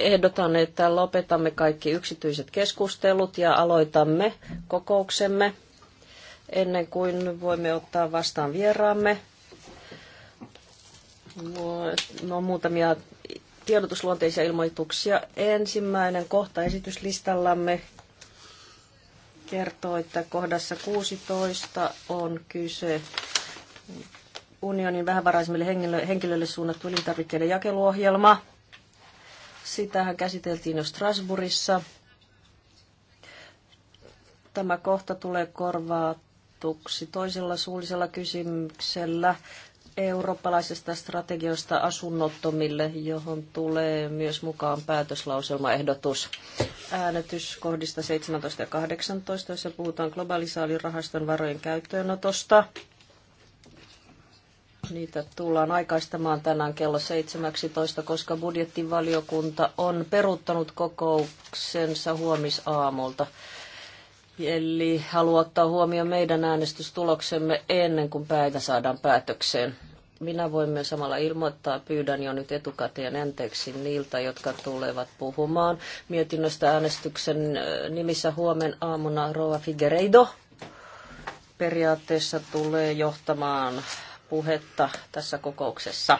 ehdotan, että lopetamme kaikki yksityiset keskustelut ja aloitamme kokouksemme ennen kuin voimme ottaa vastaan vieraamme. No, muutamia tiedotusluonteisia ilmoituksia. Ensimmäinen kohta esityslistallamme kertoo, että kohdassa 16 on kyse unionin vähävaraisimmille henkilöille suunnattu elintarvikkeiden jakeluohjelma. Sitähän käsiteltiin jo Strasbourgissa. Tämä kohta tulee korvaatuksi toisella suullisella kysymyksellä eurooppalaisesta strategiasta asunnottomille, johon tulee myös mukaan päätöslauselmaehdotus. Äänetys kohdista 17 ja 18, jossa puhutaan globalisaalirahaston varojen käyttöönotosta. Niitä tullaan aikaistamaan tänään kello 17, koska budjettivaliokunta on peruuttanut kokouksensa huomisaamulta. Eli haluaa ottaa huomioon meidän äänestystuloksemme ennen kuin päätä saadaan päätökseen. Minä voin myös samalla ilmoittaa, pyydän jo nyt etukäteen anteeksi niiltä, jotka tulevat puhumaan mietinnöstä äänestyksen nimissä huomen aamuna Roa Figueiredo periaatteessa tulee johtamaan puhetta tässä kokouksessa.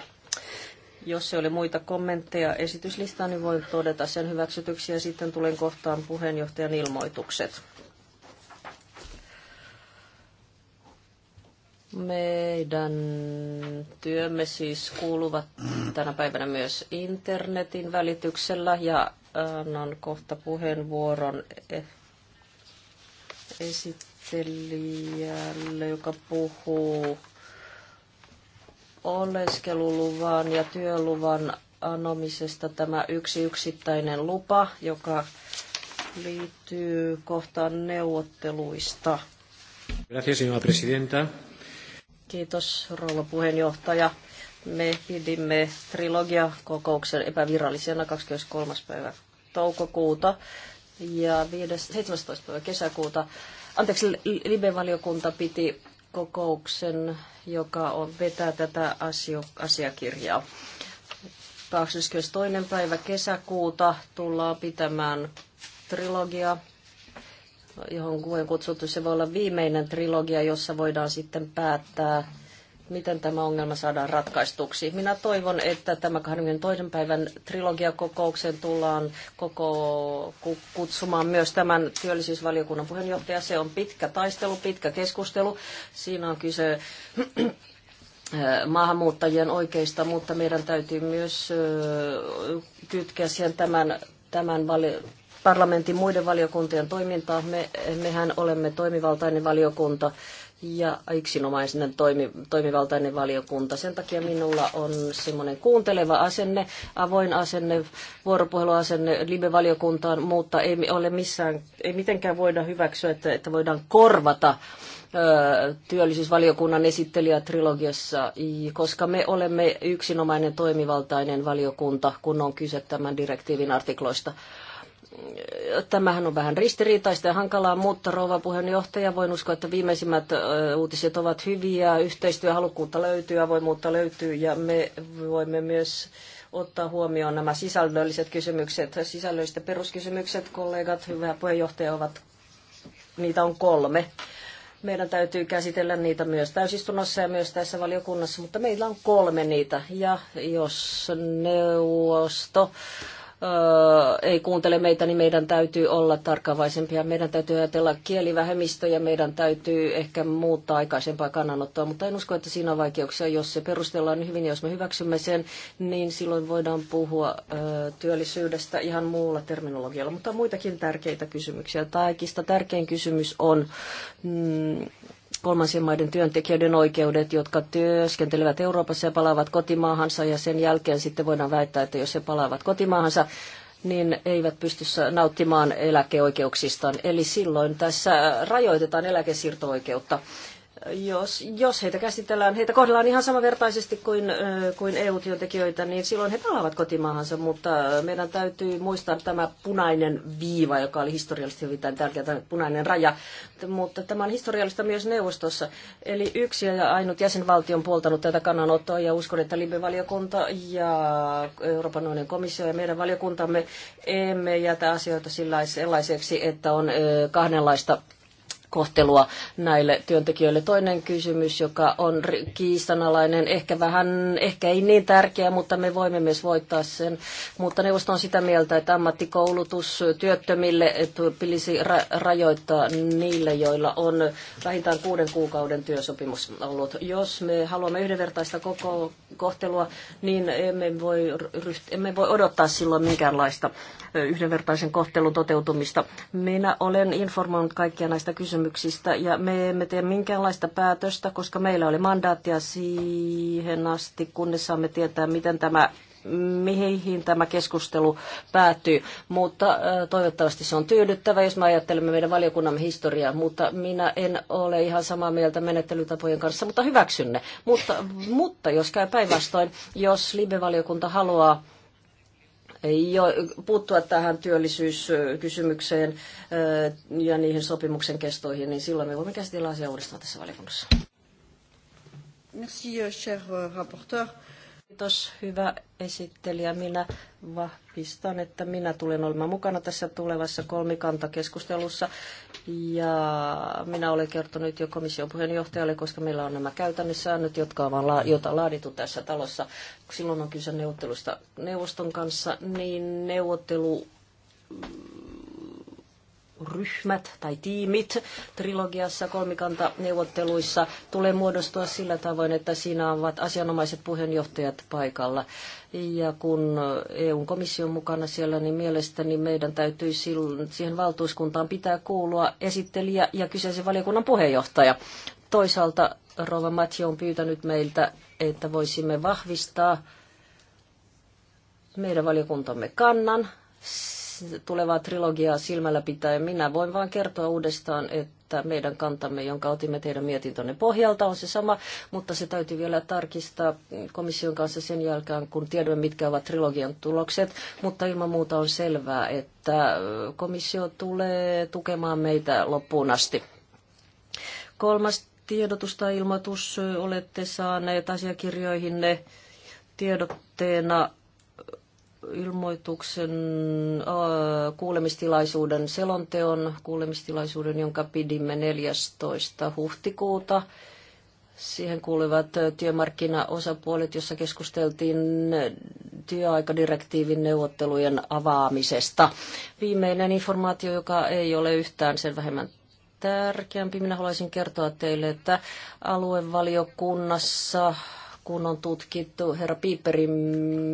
Jos ei ole muita kommentteja esityslistaan, niin voin todeta sen hyväksytyksiä ja sitten tulen kohtaan puheenjohtajan ilmoitukset. Meidän työmme siis kuuluvat tänä päivänä myös internetin välityksellä ja annan kohta puheenvuoron e- esittelijälle, joka puhuu oleskeluluvan ja työluvan anomisesta tämä yksi yksittäinen lupa, joka liittyy kohtaan neuvotteluista. Gracias, señora presidenta. Kiitos, rouva puheenjohtaja. Me pidimme trilogiakokouksen epävirallisena 23. päivä toukokuuta ja 5, 17. päivä kesäkuuta. Anteeksi, Libe-valiokunta piti kokouksen, joka on, vetää tätä asio, asiakirjaa. 22. päivä kesäkuuta tullaan pitämään trilogia, johon kuen kutsuttu se voi olla viimeinen trilogia, jossa voidaan sitten päättää miten tämä ongelma saadaan ratkaistuksi. Minä toivon, että tämä 22. päivän trilogiakokoukseen tullaan koko kutsumaan myös tämän työllisyysvaliokunnan puheenjohtaja. Se on pitkä taistelu, pitkä keskustelu. Siinä on kyse äh, maahanmuuttajien oikeista, mutta meidän täytyy myös äh, kytkeä siihen tämän, tämän parlamentin muiden valiokuntien toimintaa. Me, mehän olemme toimivaltainen valiokunta ja yksinomainen toimi, toimivaltainen valiokunta. Sen takia minulla on semmoinen kuunteleva asenne, avoin asenne, vuoropuheluasenne live-valiokuntaan, mutta ei ole missään, ei mitenkään voida hyväksyä, että, että voidaan korvata työllisyysvaliokunnan esittelijä trilogiassa, koska me olemme yksinomainen toimivaltainen valiokunta, kun on kyse tämän direktiivin artikloista. Tämähän on vähän ristiriitaista ja hankalaa, mutta rouva puheenjohtaja, voin uskoa, että viimeisimmät uutiset ovat hyviä, yhteistyöhalukkuutta löytyy, avoimuutta löytyy ja me voimme myös ottaa huomioon nämä sisällölliset kysymykset, sisällölliset peruskysymykset. Kollegat, hyvää puheenjohtaja, ovat, niitä on kolme. Meidän täytyy käsitellä niitä myös täysistunnossa ja myös tässä valiokunnassa, mutta meillä on kolme niitä. Ja jos neuvosto ei kuuntele meitä, niin meidän täytyy olla tarkkaavaisempia. Meidän täytyy ajatella kielivähemmistöjä, meidän täytyy ehkä muuttaa aikaisempaa kannanottoa, mutta en usko, että siinä on vaikeuksia. Jos se perustellaan hyvin, ja niin jos me hyväksymme sen, niin silloin voidaan puhua työllisyydestä ihan muulla terminologialla. Mutta muitakin tärkeitä kysymyksiä. Taikista tärkein kysymys on... Mm, kolmansien maiden työntekijöiden oikeudet, jotka työskentelevät Euroopassa ja palaavat kotimaahansa ja sen jälkeen sitten voidaan väittää, että jos he palaavat kotimaahansa, niin eivät pysty nauttimaan eläkeoikeuksistaan. Eli silloin tässä rajoitetaan eläkesiirtooikeutta. oikeutta jos, jos heitä käsitellään, heitä kohdellaan ihan samavertaisesti kuin, kuin EU-työntekijöitä, niin silloin he palaavat kotimaahansa, mutta meidän täytyy muistaa tämä punainen viiva, joka oli historiallisesti hyvin tärkeä, tämä punainen raja, mutta tämä on historiallista myös neuvostossa. Eli yksi ja ainut jäsenvaltio on puoltanut tätä kannanottoa ja uskon, että Libe-valiokunta ja Euroopan unionin komissio ja meidän valiokuntamme emme jätä asioita sellaiseksi, että on kahdenlaista kohtelua näille työntekijöille. Toinen kysymys, joka on kiistanalainen, ehkä vähän, ehkä ei niin tärkeä, mutta me voimme myös voittaa sen. Mutta neuvosto on sitä mieltä, että ammattikoulutus työttömille tulisi ra- rajoittaa niille, joilla on vähintään kuuden kuukauden työsopimus ollut. Jos me haluamme yhdenvertaista koko kohtelua, niin emme voi, ryht- emme voi odottaa silloin minkäänlaista yhdenvertaisen kohtelun toteutumista. Minä olen informoinut kaikkia näistä kysymyksistä kysymyksistä ja me emme tee minkäänlaista päätöstä, koska meillä oli mandaattia siihen asti, kunnes saamme tietää, miten tämä mihin tämä keskustelu päättyy, mutta äh, toivottavasti se on tyydyttävä, jos me ajattelemme meidän valiokunnamme historiaa, mutta minä en ole ihan samaa mieltä menettelytapojen kanssa, mutta hyväksyn ne. Mutta, mutta jos käy päinvastoin, jos libe valiokunta haluaa jo, puuttua tähän työllisyyskysymykseen ja niihin sopimuksen kestoihin, niin silloin me voimme käsitellä asiaa uudestaan tässä valiokunnassa. Merci, euh, cher euh, rapporteur. Kiitos, hyvä esittelijä. Minä vahvistan, että minä tulen olemaan mukana tässä tulevassa kolmikantakeskustelussa. Ja minä olen kertonut jo komission puheenjohtajalle, koska meillä on nämä käytännössäännöt, jotka on, joita on laadittu tässä talossa. Silloin on kyse neuvottelusta neuvoston kanssa, niin neuvottelu ryhmät tai tiimit trilogiassa kolmikantaneuvotteluissa tulee muodostua sillä tavoin, että siinä ovat asianomaiset puheenjohtajat paikalla. Ja kun eu komissio on mukana siellä, niin mielestäni meidän täytyy siihen valtuuskuntaan pitää kuulua esittelijä ja kyseisen valiokunnan puheenjohtaja. Toisaalta Rova Matjo on pyytänyt meiltä, että voisimme vahvistaa meidän valiokuntamme kannan tulevaa trilogiaa silmällä pitäen. Minä voin vain kertoa uudestaan, että meidän kantamme, jonka otimme teidän mietintönne pohjalta, on se sama, mutta se täytyy vielä tarkistaa komission kanssa sen jälkeen, kun tiedämme, mitkä ovat trilogian tulokset. Mutta ilman muuta on selvää, että komissio tulee tukemaan meitä loppuun asti. Kolmas tiedotus tai ilmoitus olette saaneet asiakirjoihinne tiedotteena ilmoituksen kuulemistilaisuuden, selonteon kuulemistilaisuuden, jonka pidimme 14. huhtikuuta. Siihen kuuluvat työmarkkinaosapuolet, jossa keskusteltiin työaikadirektiivin neuvottelujen avaamisesta. Viimeinen informaatio, joka ei ole yhtään sen vähemmän tärkeämpi. Minä haluaisin kertoa teille, että aluevaliokunnassa kun on tutkittu herra Piiperin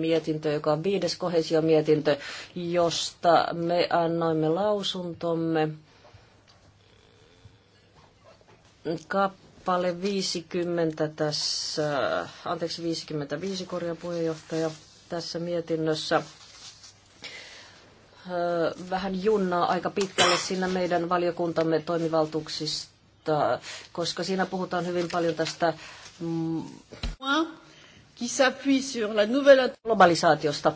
mietintö, joka on viides kohesiomietintö, josta me annoimme lausuntomme. Kappale 50 tässä, anteeksi 55 korjan puheenjohtaja tässä mietinnössä vähän junnaa aika pitkälle siinä meidän valiokuntamme toimivaltuuksista, koska siinä puhutaan hyvin paljon tästä globalisaatiosta.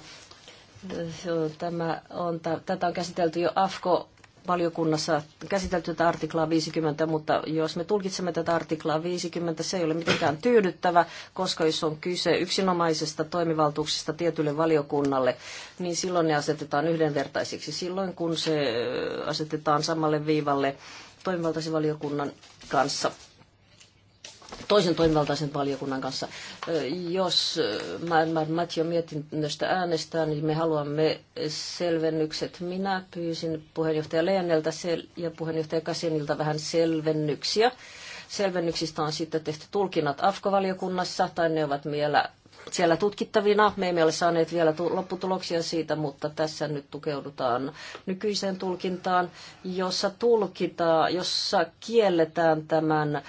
Tämä on, tätä on käsitelty jo AFKO valiokunnassa käsitelty tätä artiklaa 50, mutta jos me tulkitsemme tätä artiklaa 50, se ei ole mitenkään tyydyttävä, koska jos on kyse yksinomaisesta toimivaltuuksista tietylle valiokunnalle, niin silloin ne asetetaan yhdenvertaisiksi. Silloin kun se asetetaan samalle viivalle toimivaltaisen valiokunnan kanssa toisen toimivaltaisen valiokunnan kanssa. Jos Matio mietinnöstä äänestää, niin me haluamme selvennykset. Minä pyysin puheenjohtaja Leeneltä ja puheenjohtaja Kasenilta vähän selvennyksiä. Selvennyksistä on sitten tehty tulkinnat AFKO-valiokunnassa, tai ne ovat vielä siellä tutkittavina. Me emme ole saaneet vielä lopputuloksia siitä, mutta tässä nyt tukeudutaan nykyiseen tulkintaan, jossa tulkitaan, jossa kielletään tämän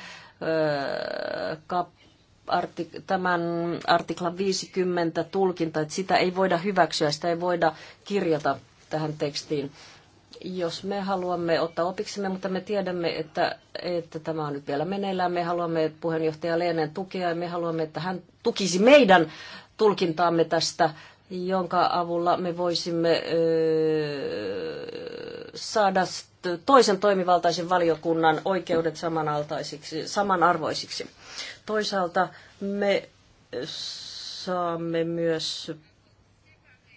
tämän artiklan 50 tulkinta, että sitä ei voida hyväksyä, sitä ei voida kirjata tähän tekstiin. Jos me haluamme ottaa opiksemme, mutta me tiedämme, että, että tämä on nyt vielä meneillään, me haluamme puheenjohtaja Leenen tukea ja me haluamme, että hän tukisi meidän tulkintaamme tästä jonka avulla me voisimme saada toisen toimivaltaisen valiokunnan oikeudet samanaltaisiksi, samanarvoisiksi. Toisaalta me saamme myös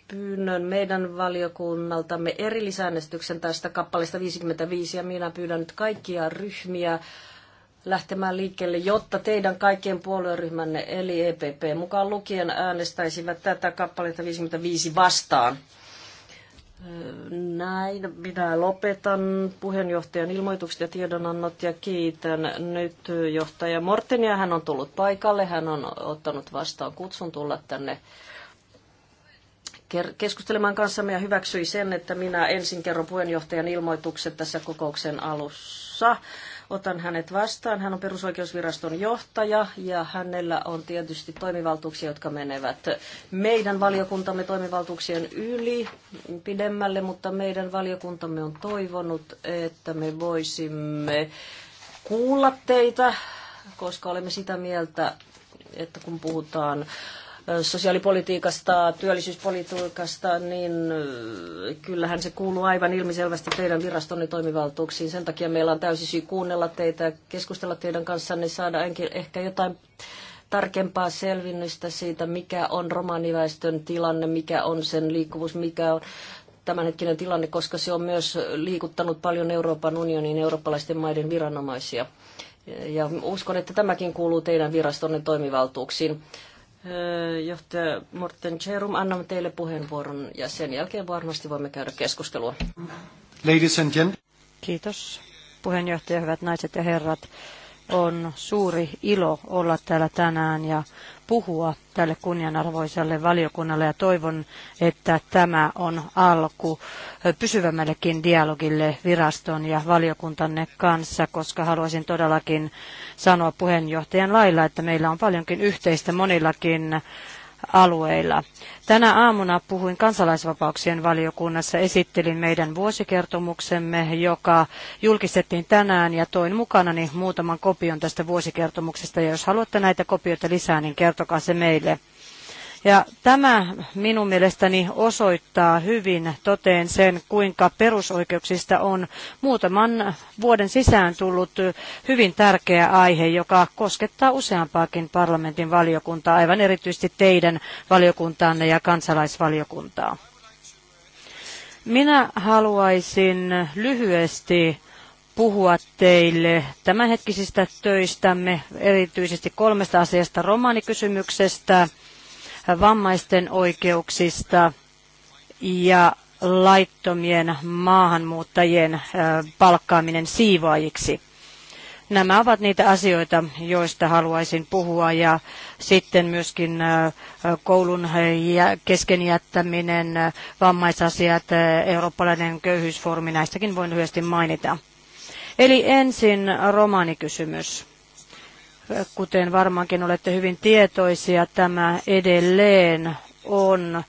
pyynnön meidän valiokunnaltamme erillisäänestyksen tästä kappaleesta 55 ja minä pyydän nyt kaikkia ryhmiä lähtemään liikkeelle, jotta teidän kaikkien puolueryhmänne, eli EPP mukaan lukien, äänestäisivät tätä kappaletta 55 vastaan. Näin minä lopetan puheenjohtajan ilmoitukset ja tiedonannot ja kiitän nyt johtaja Mortenia. Hän on tullut paikalle, hän on ottanut vastaan kutsun tulla tänne keskustelemaan kanssamme ja hyväksyi sen, että minä ensin kerron puheenjohtajan ilmoitukset tässä kokouksen alussa. Otan hänet vastaan. Hän on perusoikeusviraston johtaja ja hänellä on tietysti toimivaltuuksia, jotka menevät meidän valiokuntamme toimivaltuuksien yli pidemmälle, mutta meidän valiokuntamme on toivonut, että me voisimme kuulla teitä, koska olemme sitä mieltä, että kun puhutaan sosiaalipolitiikasta, työllisyyspolitiikasta, niin äh, kyllähän se kuuluu aivan ilmiselvästi teidän virastonne toimivaltuuksiin. Sen takia meillä on täysi syy kuunnella teitä, keskustella teidän kanssanne, saada ehkä jotain tarkempaa selvinnystä siitä, mikä on romaniväestön tilanne, mikä on sen liikkuvuus, mikä on tämänhetkinen tilanne, koska se on myös liikuttanut paljon Euroopan unionin eurooppalaisten maiden viranomaisia. Ja uskon, että tämäkin kuuluu teidän virastonne toimivaltuuksiin. Johtaja Morten Cherum, annamme teille puheenvuoron ja sen jälkeen varmasti voimme käydä keskustelua. Ladies and gentlemen. Kiitos puheenjohtaja, hyvät naiset ja herrat. On suuri ilo olla täällä tänään ja puhua tälle kunnianarvoiselle valiokunnalle ja toivon, että tämä on alku pysyvämmällekin dialogille viraston ja valiokuntanne kanssa, koska haluaisin todellakin sanoa puheenjohtajan lailla, että meillä on paljonkin yhteistä monillakin alueilla. Tänä aamuna puhuin kansalaisvapauksien valiokunnassa, esittelin meidän vuosikertomuksemme, joka julkistettiin tänään ja toin mukanani muutaman kopion tästä vuosikertomuksesta. Ja jos haluatte näitä kopioita lisää, niin kertokaa se meille. Ja tämä minun mielestäni osoittaa hyvin toteen sen, kuinka perusoikeuksista on muutaman vuoden sisään tullut hyvin tärkeä aihe, joka koskettaa useampaakin parlamentin valiokuntaa, aivan erityisesti teidän valiokuntaanne ja kansalaisvaliokuntaa. Minä haluaisin lyhyesti puhua teille tämänhetkisistä töistämme, erityisesti kolmesta asiasta romanikysymyksestä, vammaisten oikeuksista ja laittomien maahanmuuttajien äh, palkkaaminen siivoajiksi. Nämä ovat niitä asioita, joista haluaisin puhua ja sitten myöskin äh, koulun kesken jättäminen, äh, vammaisasiat, eurooppalainen köyhyysfoorumi, näistäkin voin lyhyesti mainita. Eli ensin romaanikysymys. Kuten varmaankin olette hyvin tietoisia, tämä edelleen on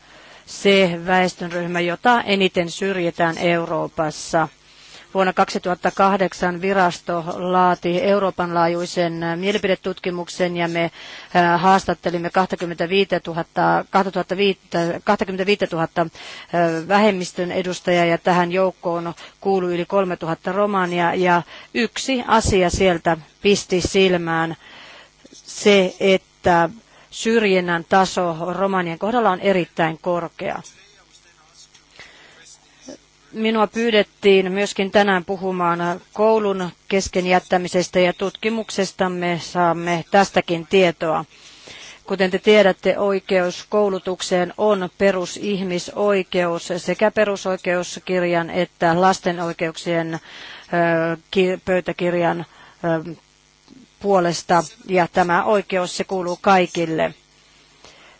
se väestönryhmä, jota eniten syrjitään Euroopassa – Vuonna 2008 virasto laati Euroopan laajuisen äh, mielipidetutkimuksen ja me äh, haastattelimme 25 000, 25 000 vähemmistön edustajaa ja tähän joukkoon kuului yli 3000 romania ja yksi asia sieltä pisti silmään se, että syrjinnän taso romanien kohdalla on erittäin korkea minua pyydettiin myöskin tänään puhumaan koulun kesken jättämisestä ja tutkimuksestamme saamme tästäkin tietoa. Kuten te tiedätte, oikeus koulutukseen on perusihmisoikeus sekä perusoikeuskirjan että lasten oikeuksien pöytäkirjan puolesta. Ja tämä oikeus se kuuluu kaikille.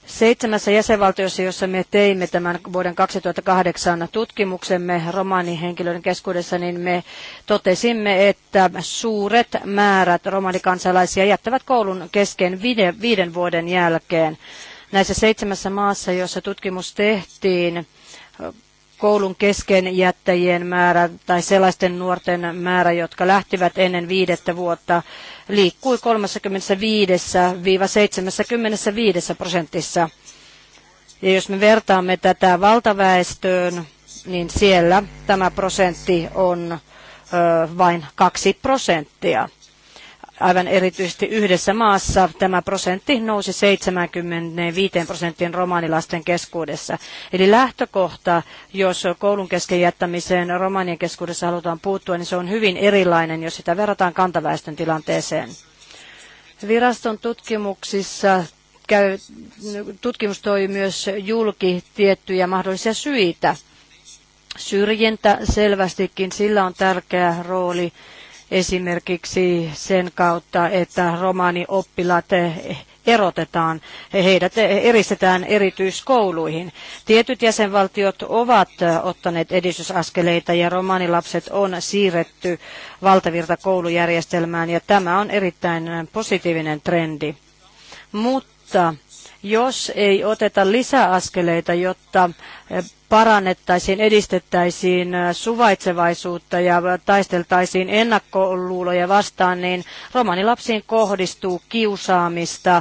Seitsemässä jäsenvaltiossa, jossa me teimme tämän vuoden 2008 tutkimuksemme romanihenkilöiden keskuudessa, niin me totesimme, että suuret määrät romanikansalaisia jättävät koulun kesken viiden vuoden jälkeen. Näissä seitsemässä maassa, jossa tutkimus tehtiin, koulun kesken jättäjien määrä tai sellaisten nuorten määrä, jotka lähtivät ennen viidettä vuotta, liikkui 35-75 prosentissa. Ja jos me vertaamme tätä valtaväestöön, niin siellä tämä prosentti on ö, vain 2 prosenttia aivan erityisesti yhdessä maassa tämä prosentti nousi 75 prosenttiin romanilasten keskuudessa. Eli lähtökohta, jos koulun kesken jättämiseen romanien keskuudessa halutaan puuttua, niin se on hyvin erilainen, jos sitä verrataan kantaväestön tilanteeseen. Viraston tutkimuksissa käy, tutkimus toi myös julki tiettyjä mahdollisia syitä. Syrjintä selvästikin, sillä on tärkeä rooli esimerkiksi sen kautta, että romaanioppilaat erotetaan, heidät eristetään erityiskouluihin. Tietyt jäsenvaltiot ovat ottaneet edistysaskeleita ja romaanilapset on siirretty valtavirtakoulujärjestelmään ja tämä on erittäin positiivinen trendi. Mutta jos ei oteta lisäaskeleita, jotta eh, parannettaisiin, edistettäisiin eh, suvaitsevaisuutta ja taisteltaisiin ennakkoluuloja vastaan, niin romanilapsiin kohdistuu kiusaamista,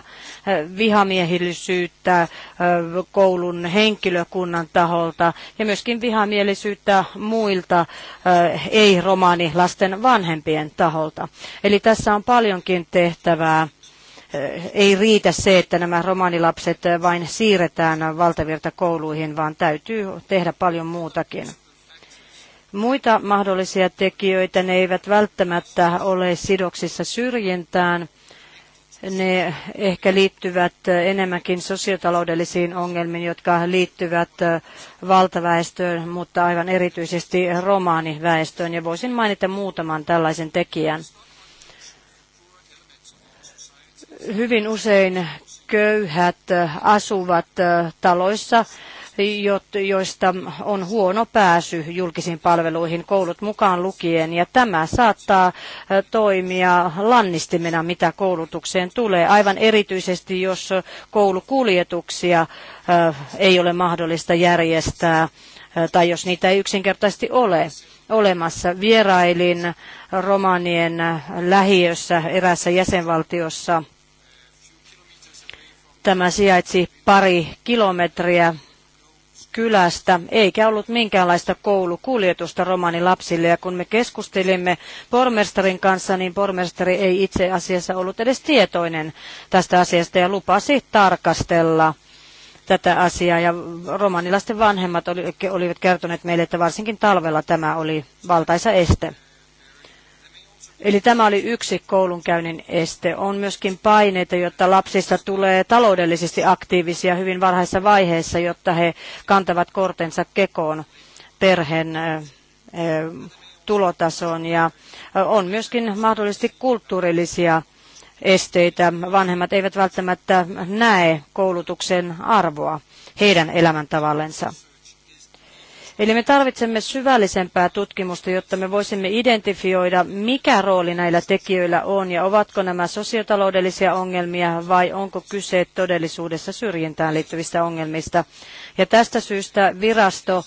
eh, vihamiehisyyttä koulun henkilökunnan taholta ja myöskin vihamielisyyttä muilta ei-romanilasten vanhempien taholta. Eli tässä on paljonkin tehtävää Äh, ei riitä se, että nämä romanilapset äh, vain siirretään valtavirtakouluihin, vaan täytyy tehdä paljon muutakin. Muita mahdollisia tekijöitä ne eivät välttämättä ole sidoksissa syrjintään. Ne ehkä liittyvät äh, enemmänkin sosiotaloudellisiin ongelmiin, jotka liittyvät valtaväestöön, mutta aivan erityisesti romaaniväestöön. Ja voisin mainita muutaman tällaisen tekijän. Hyvin usein köyhät äh, asuvat äh, taloissa, joista on huono pääsy julkisiin palveluihin, koulut mukaan lukien, ja tämä saattaa äh, toimia lannistimena, mitä koulutukseen tulee, aivan erityisesti, jos koulukuljetuksia ei ole mahdollista järjestää tai jos niitä ei yksinkertaisesti ole olemassa. Vierailin romanien lähiössä erässä jäsenvaltiossa – Tämä sijaitsi pari kilometriä kylästä, eikä ollut minkäänlaista koulukuljetusta romanilapsille. Ja kun me keskustelimme pormestarin kanssa, niin pormestari ei itse asiassa ollut edes tietoinen tästä asiasta ja lupasi tarkastella tätä asiaa. Ja romanilaisten vanhemmat olivat kertoneet meille, että varsinkin talvella tämä oli valtaisa este. Eli tämä oli yksi koulunkäynnin este. On myöskin paineita, jotta lapsista tulee taloudellisesti aktiivisia hyvin varhaisessa vaiheessa, jotta he kantavat kortensa kekoon perheen tulotasoon. Ja on myöskin mahdollisesti kulttuurillisia esteitä. Vanhemmat eivät välttämättä näe koulutuksen arvoa heidän elämäntavallensa. Eli me tarvitsemme syvällisempää tutkimusta, jotta me voisimme identifioida, mikä rooli näillä tekijöillä on ja ovatko nämä sosiotaloudellisia ongelmia vai onko kyse todellisuudessa syrjintään liittyvistä ongelmista. Ja tästä syystä virasto,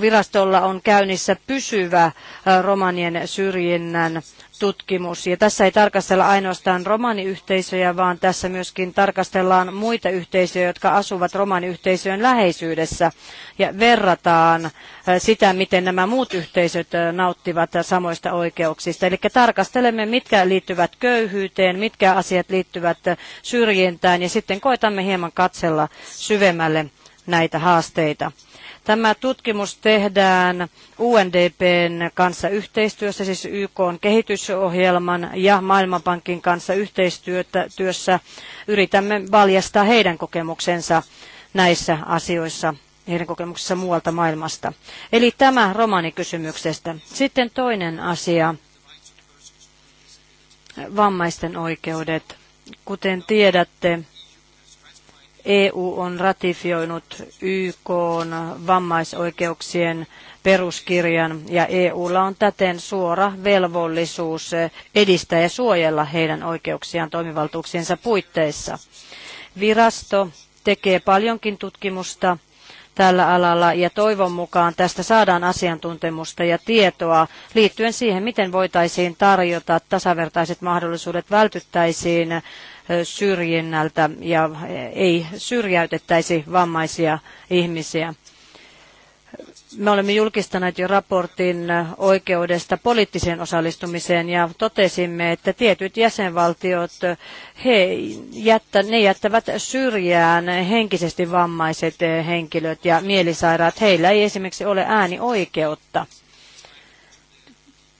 virastolla on käynnissä pysyvä äh, romanien syrjinnän tutkimus. Ja tässä ei tarkastella ainoastaan romaniyhteisöjä, vaan tässä myöskin tarkastellaan muita yhteisöjä, jotka asuvat romaniyhteisöjen läheisyydessä ja verrataan äh, sitä, miten nämä muut yhteisöt äh, nauttivat samoista oikeuksista. Eli tarkastelemme, mitkä liittyvät köyhyyteen, mitkä asiat liittyvät syrjintään ja sitten koetamme hieman katsella syvemmälle näitä haasteita. Tämä tutkimus tehdään UNDPn kanssa yhteistyössä, siis YK kehitysohjelman ja Maailmanpankin kanssa yhteistyössä. Yritämme valjastaa heidän kokemuksensa näissä asioissa heidän kokemuksensa muualta maailmasta. Eli tämä romanikysymyksestä. Sitten toinen asia, vammaisten oikeudet. Kuten tiedätte, EU on ratifioinut YK vammaisoikeuksien peruskirjan ja EUlla on täten suora velvollisuus edistää ja suojella heidän oikeuksiaan toimivaltuuksiensa puitteissa. Virasto tekee paljonkin tutkimusta tällä alalla ja toivon mukaan tästä saadaan asiantuntemusta ja tietoa liittyen siihen, miten voitaisiin tarjota tasavertaiset mahdollisuudet, vältyttäisiin syrjinnältä ja ei syrjäytettäisi vammaisia ihmisiä. Me olemme julkistaneet jo raportin oikeudesta poliittiseen osallistumiseen ja totesimme, että tietyt jäsenvaltiot, he jättä, ne jättävät syrjään henkisesti vammaiset henkilöt ja mielisairaat. Heillä ei esimerkiksi ole äänioikeutta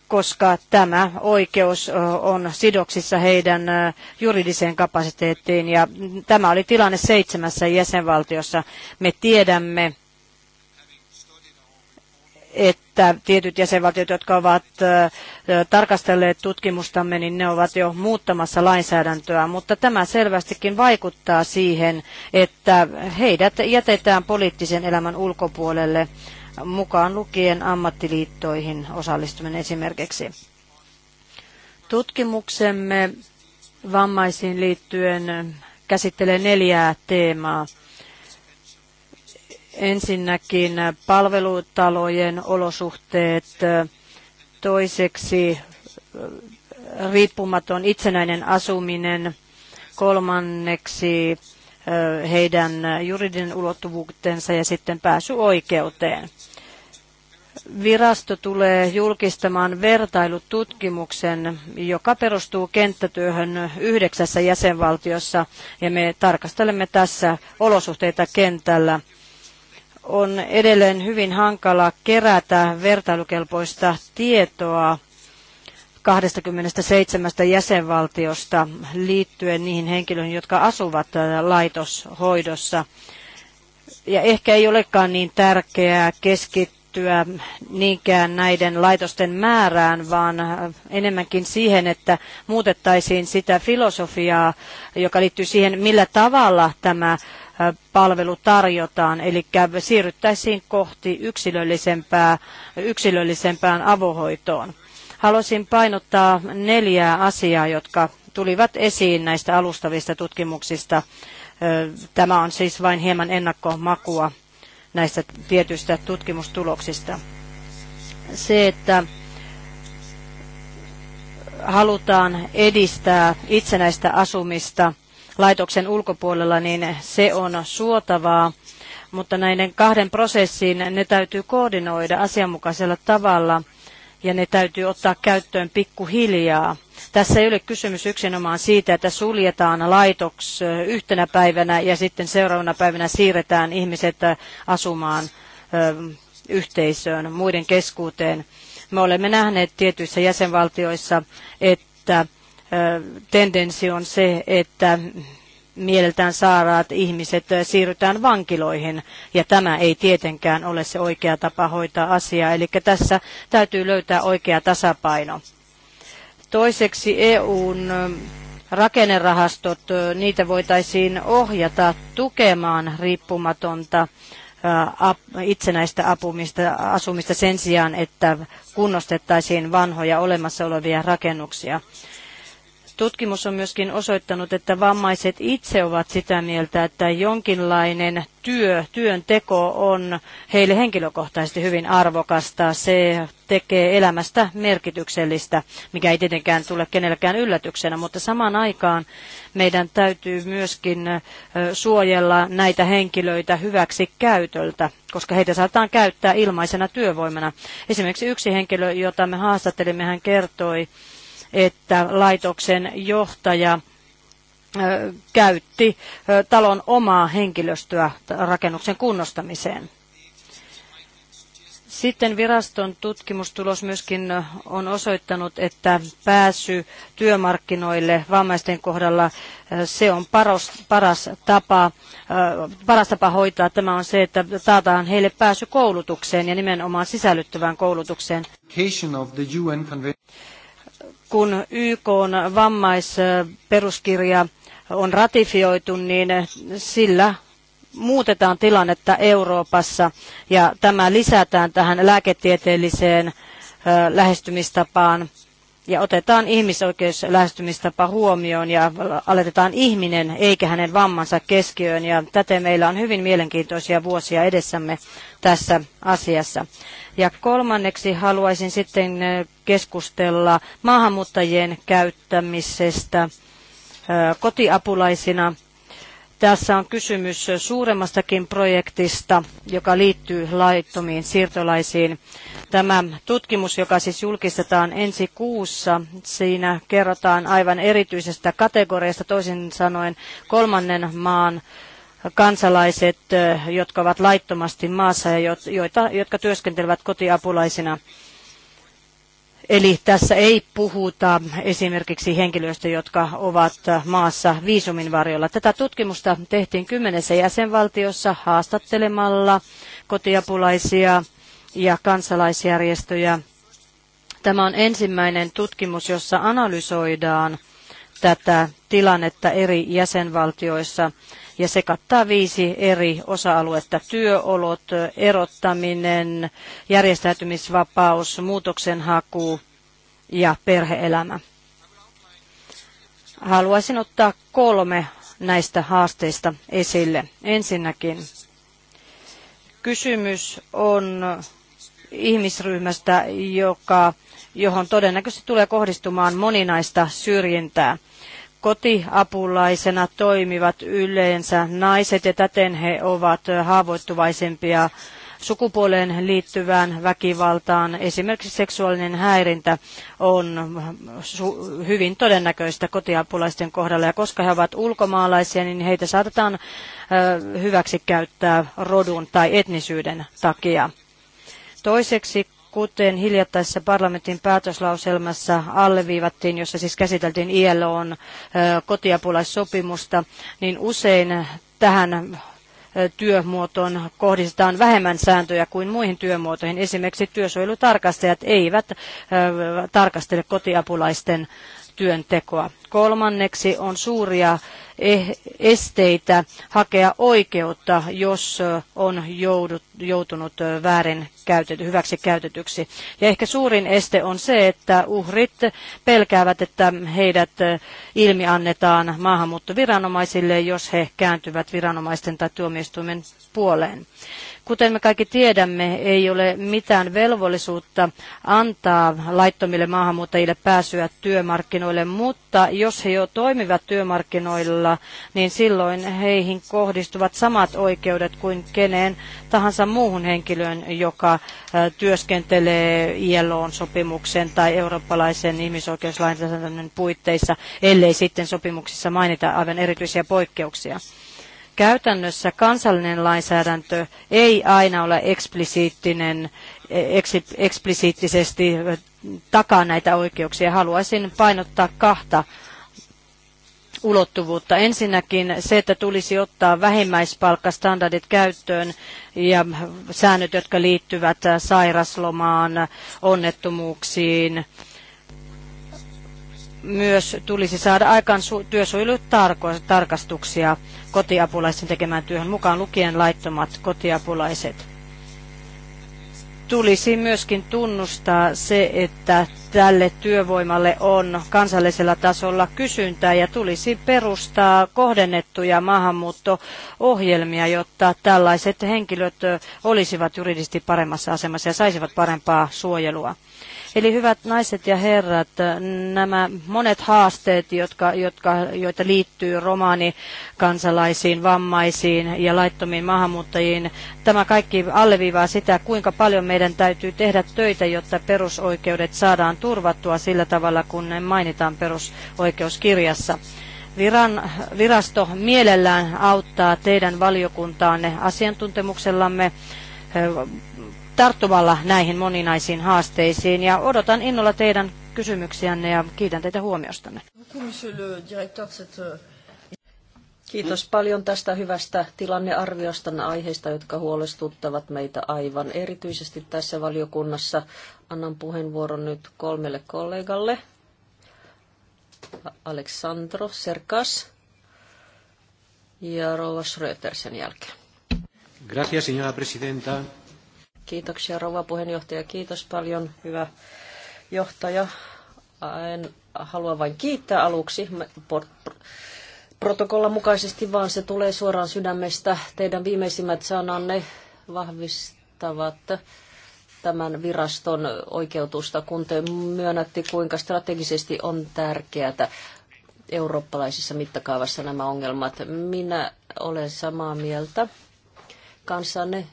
koska tämä oikeus on sidoksissa heidän juridiseen kapasiteettiin. Ja tämä oli tilanne seitsemässä jäsenvaltiossa. Me tiedämme, että tietyt jäsenvaltiot, jotka ovat tarkastelleet tutkimustamme, niin ne ovat jo muuttamassa lainsäädäntöä, mutta tämä selvästikin vaikuttaa siihen, että heidät jätetään poliittisen elämän ulkopuolelle mukaan lukien ammattiliittoihin osallistuminen esimerkiksi. Tutkimuksemme vammaisiin liittyen käsittelee neljää teemaa. Ensinnäkin palvelutalojen olosuhteet, toiseksi riippumaton itsenäinen asuminen, kolmanneksi heidän juridinen ulottuvuutensa ja sitten pääsy oikeuteen. Virasto tulee julkistamaan vertailututkimuksen, joka perustuu kenttätyöhön yhdeksässä jäsenvaltiossa, ja me tarkastelemme tässä olosuhteita kentällä on edelleen hyvin hankala kerätä vertailukelpoista tietoa 27 jäsenvaltiosta liittyen niihin henkilöihin, jotka asuvat äh, laitoshoidossa. Ja ehkä ei olekaan niin tärkeää keskittyä niinkään näiden laitosten määrään, vaan äh, enemmänkin siihen, että muutettaisiin sitä filosofiaa, joka liittyy siihen, millä tavalla tämä äh, palvelu tarjotaan, eli siirryttäisiin kohti yksilöllisempää, yksilöllisempään avohoitoon. Haluaisin painottaa neljää asiaa, jotka tulivat esiin näistä alustavista tutkimuksista. Tämä on siis vain hieman ennakkomakua näistä tietyistä tutkimustuloksista. Se, että halutaan edistää itsenäistä asumista laitoksen ulkopuolella, niin se on suotavaa, mutta näiden kahden prosessin ne täytyy koordinoida asianmukaisella tavalla – ja ne täytyy ottaa käyttöön pikkuhiljaa. Tässä ei ole kysymys yksinomaan siitä, että suljetaan laitoks yhtenä päivänä ja sitten seuraavana päivänä siirretään ihmiset asumaan yhteisöön, muiden keskuuteen. Me olemme nähneet tietyissä jäsenvaltioissa, että tendenssi on se, että mieltään saaraat ihmiset siirrytään vankiloihin, ja tämä ei tietenkään ole se oikea tapa hoitaa asiaa. Eli tässä täytyy löytää oikea tasapaino. Toiseksi EUn rakennerahastot, niitä voitaisiin ohjata tukemaan riippumatonta itsenäistä apumista, asumista sen sijaan, että kunnostettaisiin vanhoja olemassa olevia rakennuksia. Tutkimus on myöskin osoittanut, että vammaiset itse ovat sitä mieltä, että jonkinlainen työ, työnteko on heille henkilökohtaisesti hyvin arvokasta. Se tekee elämästä merkityksellistä, mikä ei tietenkään tule kenellekään yllätyksenä, mutta samaan aikaan meidän täytyy myöskin suojella näitä henkilöitä hyväksi käytöltä, koska heitä saataan käyttää ilmaisena työvoimana. Esimerkiksi yksi henkilö, jota me haastattelimme, hän kertoi, että laitoksen johtaja käytti talon omaa henkilöstöä rakennuksen kunnostamiseen. Sitten viraston tutkimustulos myöskin on osoittanut, että pääsy työmarkkinoille vammaisten kohdalla, se on paras, paras, tapa, paras tapa hoitaa. Tämä on se, että taataan heille pääsy koulutukseen ja nimenomaan sisällyttävään koulutukseen kun YK on vammaisperuskirja on ratifioitu, niin sillä muutetaan tilannetta Euroopassa ja tämä lisätään tähän lääketieteelliseen lähestymistapaan – ja otetaan ihmisoikeuslähestymistapa huomioon ja aletetaan ihminen eikä hänen vammansa keskiöön. Ja täten meillä on hyvin mielenkiintoisia vuosia edessämme tässä asiassa. Ja kolmanneksi haluaisin sitten keskustella maahanmuuttajien käyttämisestä kotiapulaisina tässä on kysymys suuremmastakin projektista, joka liittyy laittomiin siirtolaisiin. Tämä tutkimus, joka siis julkistetaan ensi kuussa, siinä kerrotaan aivan erityisestä kategoriasta, toisin sanoen kolmannen maan kansalaiset, eh, jotka ovat laittomasti maassa ja joita, jotka työskentelevät kotiapulaisina. Eli tässä ei puhuta esimerkiksi henkilöistä, jotka ovat maassa viisumin varjolla. Tätä tutkimusta tehtiin kymmenessä jäsenvaltiossa haastattelemalla kotiapulaisia ja kansalaisjärjestöjä. Tämä on ensimmäinen tutkimus, jossa analysoidaan tätä tilannetta eri jäsenvaltioissa ja se kattaa viisi eri osa-aluetta. Työolot, erottaminen, järjestäytymisvapaus, muutoksenhaku ja perheelämä. Haluaisin ottaa kolme näistä haasteista esille. Ensinnäkin kysymys on ihmisryhmästä, joka, johon todennäköisesti tulee kohdistumaan moninaista syrjintää kotiapulaisena toimivat yleensä naiset ja täten he ovat haavoittuvaisempia sukupuoleen liittyvään väkivaltaan. Esimerkiksi seksuaalinen häirintä on hyvin todennäköistä kotiapulaisten kohdalla. Ja koska he ovat ulkomaalaisia, niin heitä saatetaan hyväksi käyttää rodun tai etnisyyden takia. Toiseksi kuten hiljattaisessa parlamentin päätöslauselmassa alleviivattiin, jossa siis käsiteltiin ILOn kotiapulaissopimusta, niin usein tähän työmuotoon kohdistetaan vähemmän sääntöjä kuin muihin työmuotoihin. Esimerkiksi työsuojelutarkastajat eivät tarkastele kotiapulaisten työntekoa. Kolmanneksi on suuria Eh, esteitä hakea oikeutta, jos on joudut, joutunut väärin käytety, hyväksi käytetyksi. Ja ehkä suurin este on se, että uhrit pelkäävät, että heidät ilmi annetaan maahanmuuttoviranomaisille, jos he kääntyvät viranomaisten tai tuomioistuimen puoleen. Kuten me kaikki tiedämme, ei ole mitään velvollisuutta antaa laittomille maahanmuuttajille pääsyä työmarkkinoille, mutta jos he jo toimivat työmarkkinoilla, alueella, niin silloin heihin kohdistuvat samat oikeudet kuin keneen tahansa muuhun henkilöön, joka työskentelee ILOn sopimuksen tai eurooppalaisen ihmisoikeuslainsäädännön puitteissa, ellei sitten sopimuksissa mainita aivan erityisiä poikkeuksia. Käytännössä kansallinen lainsäädäntö ei aina ole eksplisiittinen, e, eksplisiittisesti takaa näitä oikeuksia. Haluaisin painottaa kahta ulottuvuutta. Ensinnäkin se, että tulisi ottaa vähimmäispalkkastandardit käyttöön ja säännöt, jotka liittyvät sairaslomaan, onnettomuuksiin, myös tulisi saada aikaan työsuojelutarkastuksia kotiapulaisten tekemään työhön, mukaan lukien laittomat kotiapulaiset tulisi myöskin tunnustaa se, että tälle työvoimalle on kansallisella tasolla kysyntää ja tulisi perustaa kohdennettuja maahanmuutto-ohjelmia, jotta tällaiset henkilöt olisivat juridisesti paremmassa asemassa ja saisivat parempaa suojelua. Eli hyvät naiset ja herrat, nämä monet haasteet, jotka, jotka, joita liittyy romaani kansalaisiin, vammaisiin ja laittomiin maahanmuuttajiin, tämä kaikki alleviivaa sitä, kuinka paljon meidän täytyy tehdä töitä, jotta perusoikeudet saadaan turvattua sillä tavalla, kun ne mainitaan perusoikeuskirjassa viran, virasto mielellään auttaa teidän valiokuntaanne asiantuntemuksellamme tarttumalla näihin moninaisiin haasteisiin. Ja odotan innolla teidän kysymyksiänne ja kiitän teitä huomiostanne. Kiitos paljon tästä hyvästä tilannearviosta aiheista, jotka huolestuttavat meitä aivan erityisesti tässä valiokunnassa. Annan puheenvuoron nyt kolmelle kollegalle. Aleksandro Serkas ja Rova Schröter sen jälkeen. Gracias, señora presidenta. Kiitoksia rouva puheenjohtaja. Kiitos paljon, hyvä johtaja. En halua vain kiittää aluksi protokollan mukaisesti, vaan se tulee suoraan sydämestä. Teidän viimeisimmät sananne vahvistavat tämän viraston oikeutusta, kun te myönnätte, kuinka strategisesti on tärkeää eurooppalaisessa mittakaavassa nämä ongelmat. Minä olen samaa mieltä kanssanne.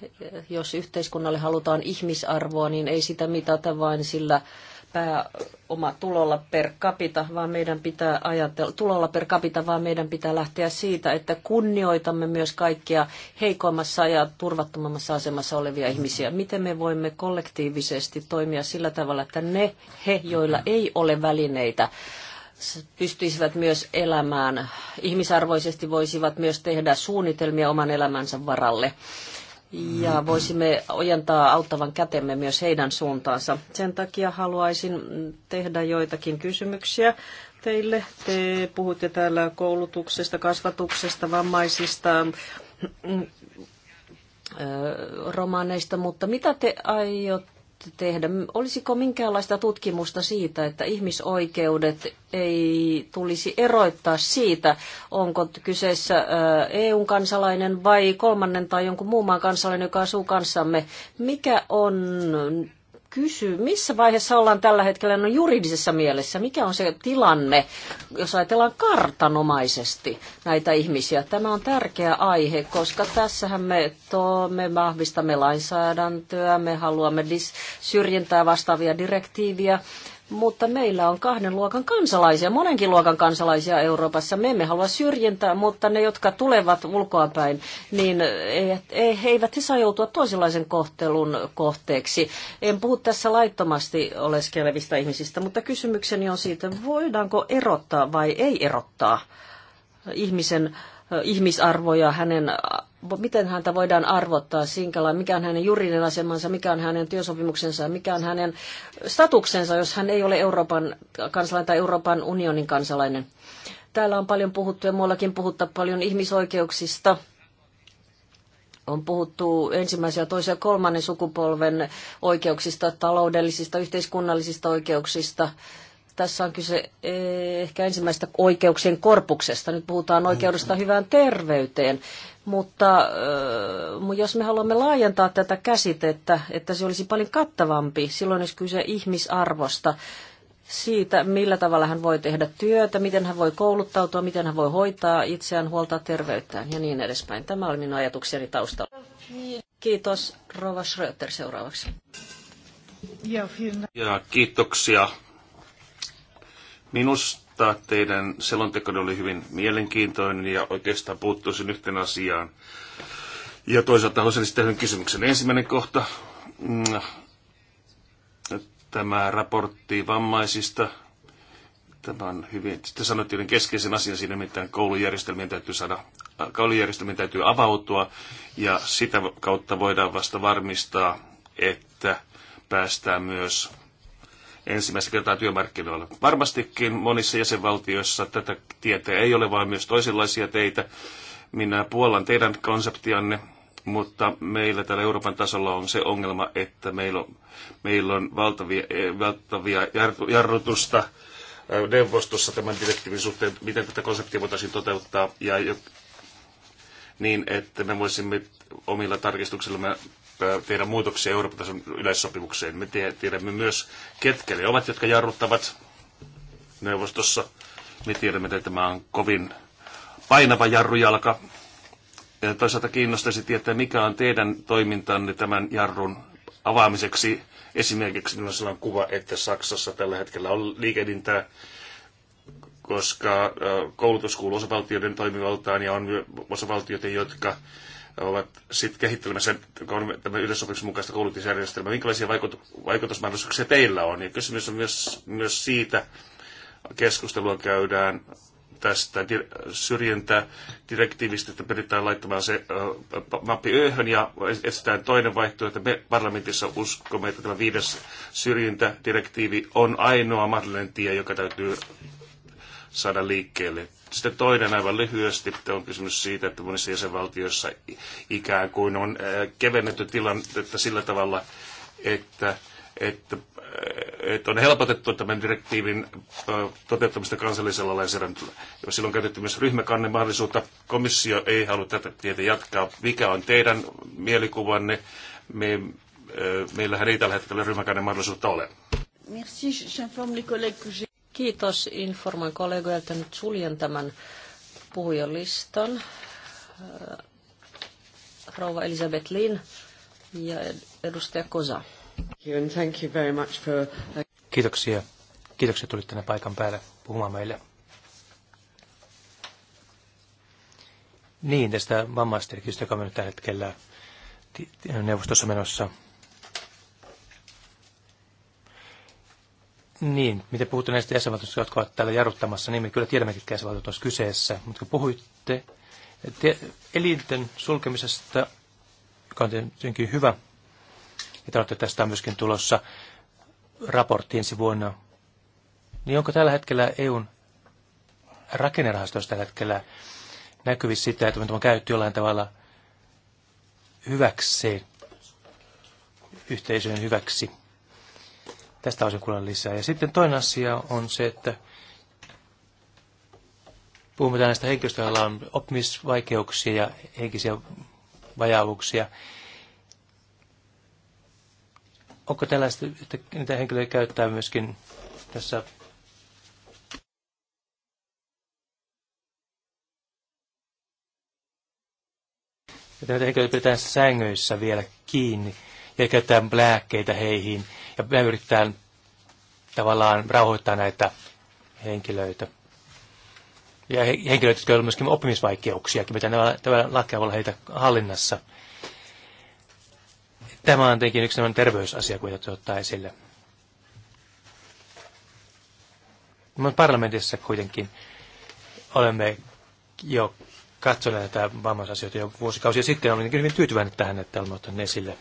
Jos yhteiskunnalle halutaan ihmisarvoa, niin ei sitä mitata vain sillä pää oma tulolla per capita, vaan meidän pitää ajatella, tulolla per capita, vaan meidän pitää lähteä siitä, että kunnioitamme myös kaikkia heikoimmassa ja turvattomammassa asemassa olevia ihmisiä. Miten me voimme kollektiivisesti toimia sillä tavalla, että ne, he, joilla ei ole välineitä, pystyisivät myös elämään ihmisarvoisesti, voisivat myös tehdä suunnitelmia oman elämänsä varalle. Ja voisimme ojentaa auttavan kätemme myös heidän suuntaansa. Sen takia haluaisin tehdä joitakin kysymyksiä teille. Te puhutte täällä koulutuksesta, kasvatuksesta, vammaisista, mm, romaaneista, mutta mitä te aiotte? tehdä. Olisiko minkäänlaista tutkimusta siitä, että ihmisoikeudet ei tulisi eroittaa siitä, onko kyseessä EU-kansalainen vai kolmannen tai jonkun muun maan kansalainen, joka asuu kanssamme? Mikä on kysyä, missä vaiheessa ollaan tällä hetkellä no juridisessa mielessä? Mikä on se tilanne, jos ajatellaan kartanomaisesti näitä ihmisiä? Tämä on tärkeä aihe, koska tässähän me, to, me vahvistamme lainsäädäntöä, me haluamme dis, syrjintää vastaavia direktiiviä, mutta meillä on kahden luokan kansalaisia, monenkin luokan kansalaisia Euroopassa. Me emme halua syrjintää, mutta ne, jotka tulevat ulkoapäin, niin e, e, eivät he saa joutua toisenlaisen kohtelun kohteeksi. En puhu tässä laittomasti oleskelevista ihmisistä, mutta kysymykseni on siitä, voidaanko erottaa vai ei erottaa ihmisen e, ihmisarvoja hänen miten häntä voidaan arvottaa sinkällä, mikä on hänen juridinen asemansa, mikä on hänen työsopimuksensa, mikä on hänen statuksensa, jos hän ei ole Euroopan kansalainen tai Euroopan unionin kansalainen. Täällä on paljon puhuttu ja muuallakin puhuttaa paljon ihmisoikeuksista. On puhuttu ensimmäisen ja toisen ja kolmannen sukupolven oikeuksista, taloudellisista, yhteiskunnallisista oikeuksista, tässä on kyse eh, ehkä ensimmäistä oikeuksien korpuksesta. Nyt puhutaan oikeudesta hyvään terveyteen. Mutta äh, jos me haluamme laajentaa tätä käsitettä, että se olisi paljon kattavampi, silloin olisi kyse ihmisarvosta, siitä, millä tavalla hän voi tehdä työtä, miten hän voi kouluttautua, miten hän voi hoitaa itseään, huoltaa terveyttään ja niin edespäin. Tämä oli minun ajatukseni taustalla. Kiitos Rova Schröter seuraavaksi. Ja kiitoksia. Minus aloittaa. Teidän selontekoni oli hyvin mielenkiintoinen ja oikeastaan puuttuisin yhteen asiaan. Ja toisaalta olisin sitten kysymyksen ensimmäinen kohta. Mm. Tämä raportti vammaisista. Tämä on hyvin, Sitten sanoit yhden keskeisen asian siinä, nimittäin koulujärjestelmien täytyy saada, koulujärjestelmien täytyy avautua ja sitä kautta voidaan vasta varmistaa, että päästään myös ensimmäistä kertaa työmarkkinoilla. Varmastikin monissa jäsenvaltioissa tätä tietä ei ole, vaan myös toisenlaisia teitä. Minä puolan teidän konseptianne, mutta meillä täällä Euroopan tasolla on se ongelma, että meillä on, meillä on valtavia, eh, valtavia jarrutusta eh, neuvostossa tämän direktiivin suhteen, miten tätä konseptia voitaisiin toteuttaa, ja niin että me voisimme omilla tarkistuksillamme tehdä muutoksia Euroopan tason yleissopimukseen. Me tiedämme myös, ketkä ne ovat, jotka jarruttavat neuvostossa. Me tiedämme, että tämä on kovin painava jarrujalka. Ja toisaalta kiinnostaisi tietää, mikä on teidän toimintanne tämän jarrun avaamiseksi. Esimerkiksi minulla on kuva, että Saksassa tällä hetkellä on liikehdintää, koska koulutus kuuluu osavaltioiden toimivaltaan ja on osavaltioita, jotka ovat sitten kehittelemässä tämän yleissopimuksen mukaista koulutusjärjestelmää. Minkälaisia vaikutusmahdollisuuksia teillä on? Ja kysymys on myös, myös siitä, keskustelua käydään tästä syrjintädirektiivistä, että pyritään laittamaan se mappi yöhön ja etsitään toinen vaihtoehto. Me parlamentissa uskomme, että tämä viides syrjintädirektiivi on ainoa mahdollinen tie, joka täytyy saada liikkeelle. Sitten toinen aivan lyhyesti on kysymys siitä, että monissa jäsenvaltioissa ikään kuin on äh, kevennetty tilannetta sillä tavalla, että, että, äh, että on helpotettu tämän direktiivin äh, toteuttamista kansallisella lainsäädäntöllä. Silloin on käytetty myös ryhmäkannen mahdollisuutta. Komissio ei halua tätä tietä jatkaa. Mikä on teidän mielikuvanne? Me, meillähän ei tällä hetkellä ryhmäkannen mahdollisuutta ole. Merci, j'informe les collègues que j'ai... Kiitos. Informoin kollegoja, että nyt suljen tämän puhujalistan. Äh, rouva Elisabeth Lin ja edustaja Koza. Thank you very much for... Uh, Kiitoksia. Kiitoksia, tulit tänne paikan päälle puhumaan meille. Niin, tästä vammaisdirektiivistä, joka on nyt tällä hetkellä neuvostossa menossa Niin, miten puhutte näistä jäsenvaltioista, jotka ovat täällä jarruttamassa, niin me kyllä tiedämme, että jäsenvaltiot olisi kyseessä. Mutta kun puhuitte elinten sulkemisesta, joka on tietenkin hyvä, ja olette tästä myöskin tulossa raportti ensi vuonna, niin onko tällä hetkellä EUn rakennerahastoissa tällä hetkellä näkyvissä sitä, että tämä käytetty jollain tavalla hyväksi, yhteisöjen hyväksi? Tästä olisin kuulla lisää. Ja sitten toinen asia on se, että puhumme näistä henkilöistä, joilla on oppimisvaikeuksia ja henkisiä vajauksia. Onko tällaista, että niitä henkilöitä käyttää myöskin tässä että näitä henkilöitä pidetään sängöissä vielä kiinni ja käytetään lääkkeitä heihin. Ja me yritetään tavallaan rauhoittaa näitä henkilöitä. Ja henkilöitä, jotka ovat myöskin oppimisvaikeuksia, mitä tämä lakia olla heitä hallinnassa. Tämä on tietenkin yksi sellainen terveysasia, kun ottaa esille. Mutta parlamentissa kuitenkin olemme jo katsoneet näitä vammaisasioita jo vuosikausia sitten. Olen hyvin tyytyväinen tähän, että olemme ottaneet esille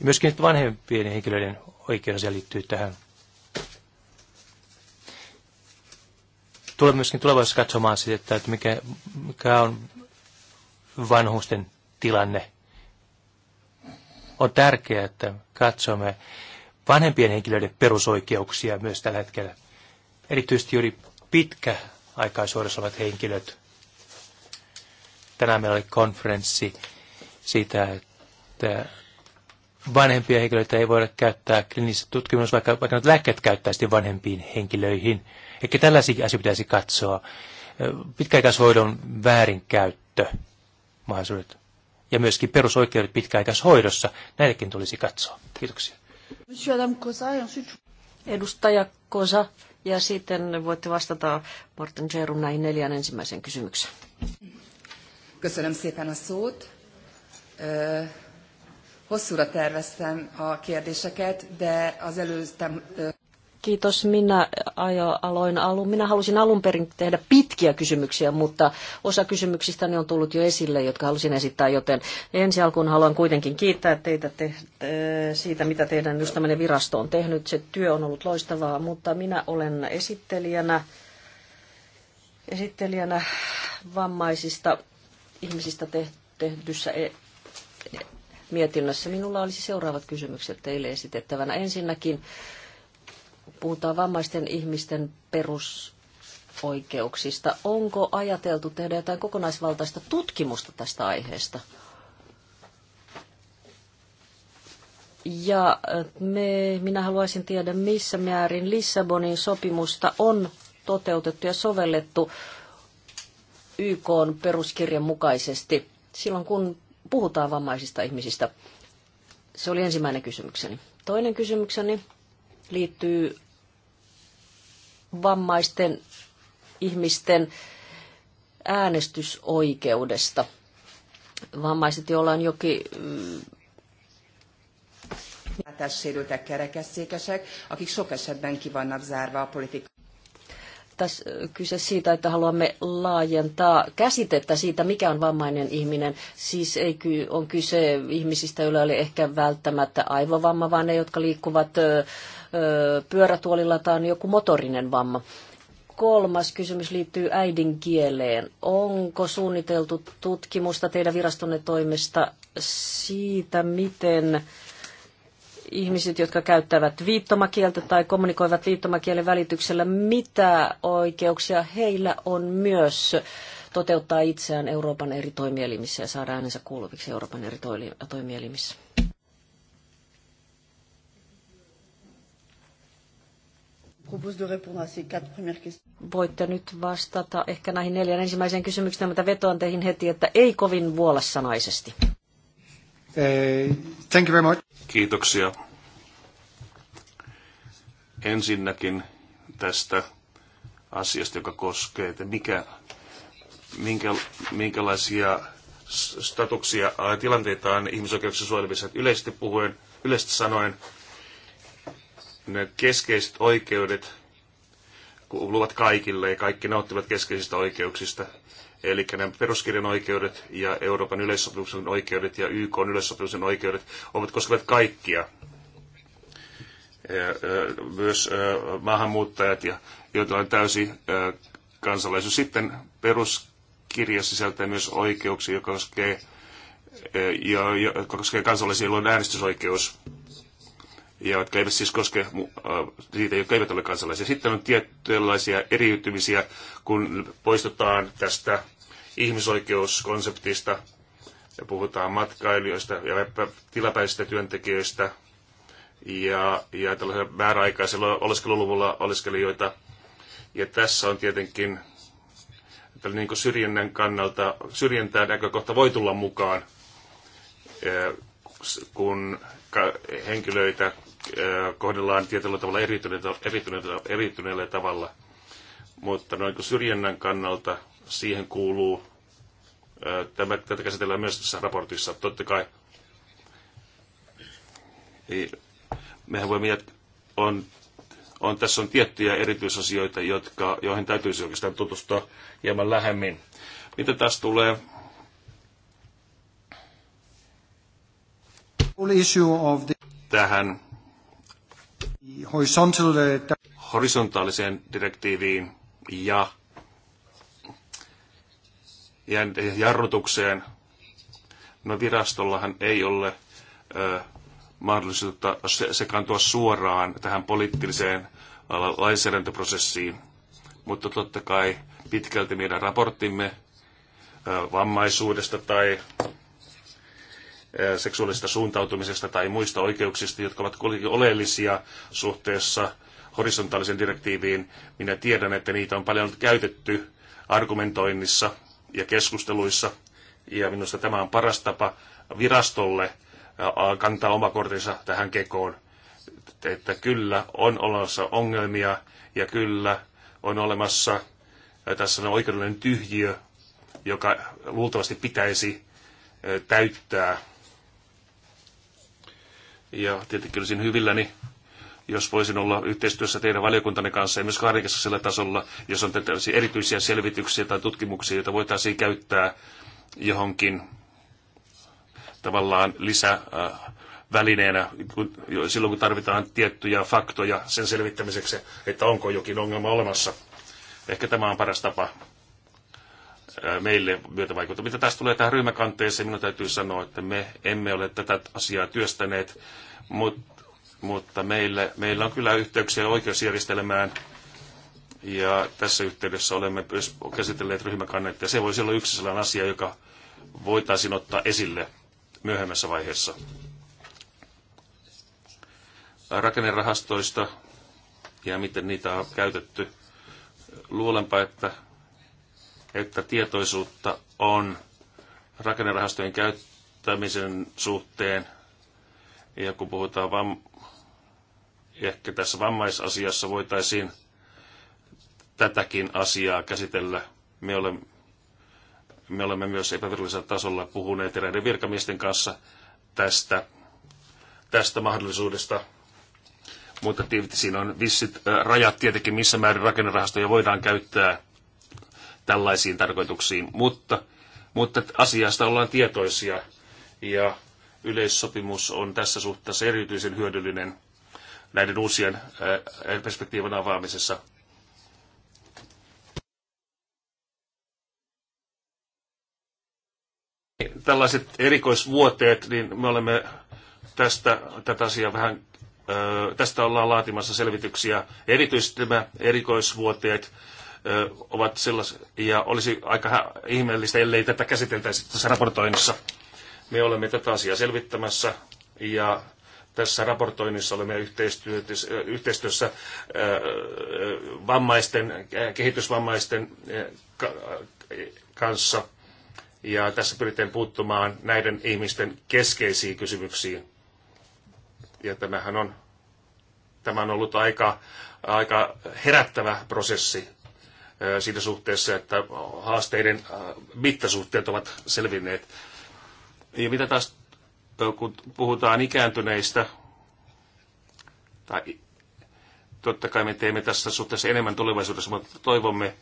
ja myöskin vanhempien henkilöiden oikeusasia liittyy tähän. Tulee myöskin tulevaisuudessa katsomaan sitä, että mikä, mikä on vanhusten tilanne. On tärkeää, että katsomme vanhempien henkilöiden perusoikeuksia myös tällä hetkellä. Erityisesti juuri pitkäaikaisuudessa olevat henkilöt. Tänään meillä oli konferenssi siitä, että vanhempia henkilöitä ei voida käyttää klinisessä tutkimuksessa, vaikka, vaikka lääkkeet käyttäisi vanhempiin henkilöihin. Ehkä tällaisia asioita pitäisi katsoa. Pitkäaikaishoidon väärinkäyttö, mahdollisuudet ja myöskin perusoikeudet pitkäaikaishoidossa, näitäkin tulisi katsoa. Kiitoksia. Edustaja Kosa, ja sitten voitte vastata Morten Jerun näihin neljän ensimmäiseen kysymykseen. Köszönöm szépen a szót. Hosszúra terveztem a kérdéseket, de az előztem... Kiitos. Minä aloin alun. Minä halusin alun perin tehdä pitkiä kysymyksiä, mutta osa kysymyksistä on tullut jo esille, jotka halusin esittää, joten ensi alkuun haluan kuitenkin kiittää teitä te, te, siitä, mitä teidän ystävänne virasto on tehnyt. Se työ on ollut loistavaa, mutta minä olen esittelijänä, esittelijänä vammaisista ihmisistä te, tehdyssä e, mietinnössä. Minulla olisi seuraavat kysymykset teille esitettävänä. Ensinnäkin puhutaan vammaisten ihmisten perusoikeuksista. Onko ajateltu tehdä jotain kokonaisvaltaista tutkimusta tästä aiheesta? Ja me, minä haluaisin tiedä, missä määrin Lissabonin sopimusta on toteutettu ja sovellettu YK peruskirjan mukaisesti. Silloin kun puhutaan vammaisista ihmisistä? Se oli ensimmäinen kysymykseni. Toinen kysymykseni liittyy vammaisten ihmisten äänestysoikeudesta. Vammaiset, joilla on jokin látássérültek, mm, kerekesszékesek, akik sok esetben ki vannak zárva a tässä kyse siitä, että haluamme laajentaa käsitettä siitä, mikä on vammainen ihminen. Siis ei ky- on kyse ihmisistä, joilla oli ehkä välttämättä aivovamma, vaan ne, jotka liikkuvat ö, ö, pyörätuolilla tai on joku motorinen vamma kolmas kysymys liittyy äidinkieleen. Onko suunniteltu tutkimusta teidän virastonne toimesta siitä, miten ihmiset, jotka käyttävät viittomakieltä tai kommunikoivat viittomakielen välityksellä, mitä oikeuksia heillä on myös toteuttaa itseään Euroopan eri toimielimissä ja saada äänensä kuuluviksi Euroopan eri toimielimissä? Voitte nyt vastata ehkä näihin neljän ensimmäiseen kysymykseen, mutta vetoan teihin heti, että ei kovin vuolassanaisesti. Thank you very much. Kiitoksia. Ensinnäkin tästä asiasta, joka koskee, että mikä, minkä, minkälaisia statuksia, tilanteita on ihmisoikeuksien suojelmissa. Yleisesti puhuen, yleisesti sanoen, ne keskeiset oikeudet kuuluvat kaikille ja kaikki nauttivat keskeisistä oikeuksista. Eli nämä peruskirjan oikeudet ja Euroopan yleissopimuksen oikeudet ja YK yleissopimuksen oikeudet ovat koskevat kaikkia. Myös maahanmuuttajat, ja joilla on täysi kansalaisuus. Sitten peruskirja sisältää myös oikeuksia, joka koskee, joka koskee kansalaisia, joilla on äänestysoikeus ja jotka eivät siis koske siitä, äh, jotka eivät ole kansalaisia. Sitten on tietynlaisia eriytymisiä, kun poistutaan tästä ihmisoikeuskonseptista ja puhutaan matkailijoista ja tilapäisistä työntekijöistä ja, ja tällaisella määräaikaisella oleskeluluvulla oleskelijoita. Ja tässä on tietenkin niin kuin syrjinnän kannalta, syrjintää näkökohta voi tulla mukaan, äh, kun henkilöitä Äh, kohdellaan tietyllä tavalla erityneellä, erityneellä tavalla. Mutta noin kuin syrjinnän kannalta siihen kuuluu, äh, tämä, tätä käsitellään myös tässä raportissa, totta kai. Mehän voimme jatkaa. On, on, tässä on tiettyjä erityisasioita, jotka, joihin täytyisi oikeastaan tutustua hieman lähemmin. Mitä taas tulee tähän Eh, horisontaaliseen direktiiviin ja jarrutukseen. No virastollahan ei ole ö, mahdollisuutta sekaantua suoraan tähän poliittiseen lainsäädäntöprosessiin, mutta totta kai pitkälti meidän raporttimme vammaisuudesta tai seksuaalisesta suuntautumisesta tai muista oikeuksista, jotka ovat kuitenkin oleellisia suhteessa horisontaalisen direktiiviin. Minä tiedän, että niitä on paljon käytetty argumentoinnissa ja keskusteluissa, ja minusta tämä on paras tapa virastolle kantaa oma kortinsa tähän kekoon, että kyllä on olemassa ongelmia ja kyllä on olemassa tässä on oikeudellinen tyhjiö, joka luultavasti pitäisi täyttää ja tietenkin olisin hyvilläni, jos voisin olla yhteistyössä teidän valiokuntanne kanssa ja myös kahdenkeskisellä tasolla, jos on tällaisia erityisiä selvityksiä tai tutkimuksia, joita voitaisiin käyttää johonkin tavallaan lisävälineenä silloin, kun tarvitaan tiettyjä faktoja sen selvittämiseksi, että onko jokin ongelma olemassa. Ehkä tämä on paras tapa meille myötävaikuttaa. Mitä taas tulee tähän ryhmäkanteeseen, minun täytyy sanoa, että me emme ole tätä asiaa työstäneet, mutta, mutta meillä, meillä on kyllä yhteyksiä oikeusjärjestelmään, ja tässä yhteydessä olemme myös käsitelleet ryhmäkannetta, se voisi olla yksi sellainen asia, joka voitaisiin ottaa esille myöhemmässä vaiheessa. Rakennerahastoista ja miten niitä on käytetty. Luulenpa, että että tietoisuutta on rakennerahastojen käyttämisen suhteen. Ja kun puhutaan vam- ehkä tässä vammaisasiassa voitaisiin tätäkin asiaa käsitellä. Me olemme, me olemme myös epävirallisella tasolla puhuneet eräiden virkamiesten kanssa tästä, tästä mahdollisuudesta. Mutta siinä on vissit äh, rajat tietenkin, missä määrin rakennerahastoja voidaan käyttää – tällaisiin tarkoituksiin, mutta, mutta asiasta ollaan tietoisia ja yleissopimus on tässä suhteessa erityisen hyödyllinen näiden uusien perspektiivin avaamisessa. Tällaiset erikoisvuoteet, niin me olemme tästä tätä asiaa vähän, tästä ollaan laatimassa selvityksiä. Erityisesti nämä erikoisvuoteet ovat sellaisia, ja olisi aika ihmeellistä, ellei tätä käsiteltäisi tässä raportoinnissa. Me olemme tätä asiaa selvittämässä, ja tässä raportoinnissa olemme yhteistyössä vammaisten, kehitysvammaisten kanssa, ja tässä pyritään puuttumaan näiden ihmisten keskeisiin kysymyksiin. Ja tämähän on, tämä on ollut aika, aika herättävä prosessi siinä suhteessa, että haasteiden mittasuhteet ovat selvinneet. Ja mitä taas, kun puhutaan ikääntyneistä, tai totta kai me teemme tässä suhteessa enemmän tulevaisuudessa, mutta toivomme,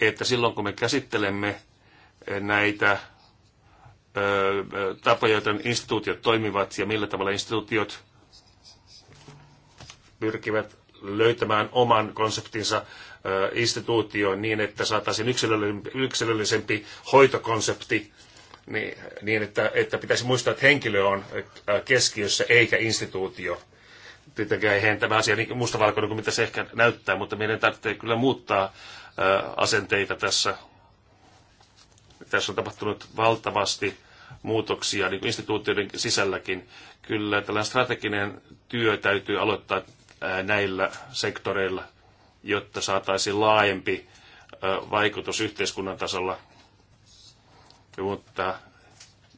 että silloin kun me käsittelemme näitä tapoja, joita instituutiot toimivat ja millä tavalla instituutiot pyrkivät löytämään oman konseptinsa instituutioon niin, että saataisiin yksilöllisempi, yksilöllisempi hoitokonsepti niin, niin että, että pitäisi muistaa, että henkilö on keskiössä eikä instituutio. Tietenkään heidän tämä asia niin mustavalkoinen kuin mitä se ehkä näyttää, mutta meidän tarvitsee kyllä muuttaa asenteita tässä. Tässä on tapahtunut valtavasti muutoksia niin kuin instituutioiden sisälläkin. Kyllä tällainen strateginen työ täytyy aloittaa näillä sektoreilla jotta saataisiin laajempi vaikutus yhteiskunnan tasolla. Mutta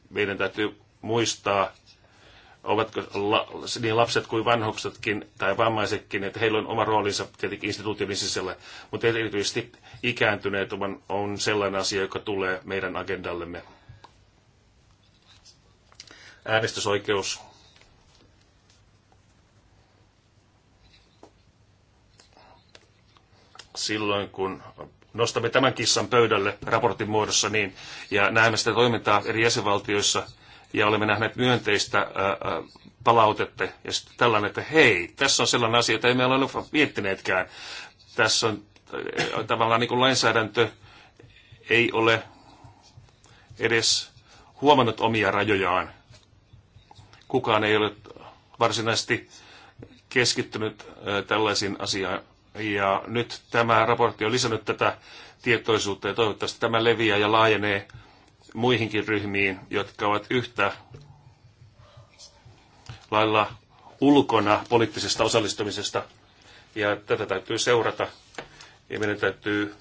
meidän täytyy muistaa, ovatko niin lapset kuin vanhuksetkin tai vammaisetkin, että heillä on oma roolinsa tietenkin instituution sisällä, mutta erityisesti ikääntyneet on sellainen asia, joka tulee meidän agendallemme. Äänestysoikeus silloin, kun nostamme tämän kissan pöydälle raportin muodossa niin, ja näemme sitä toimintaa eri jäsenvaltioissa, ja olemme nähneet myönteistä ää, palautetta, ja sitten tällainen, että hei, tässä on sellainen asia, jota emme ole miettineetkään. Tässä on tavallaan niin kuin lainsäädäntö ei ole edes huomannut omia rajojaan. Kukaan ei ole varsinaisesti keskittynyt tällaisiin asioihin. Ja nyt tämä raportti on lisännyt tätä tietoisuutta ja toivottavasti tämä leviää ja laajenee muihinkin ryhmiin, jotka ovat yhtä lailla ulkona poliittisesta osallistumisesta. Ja tätä täytyy seurata ja meidän täytyy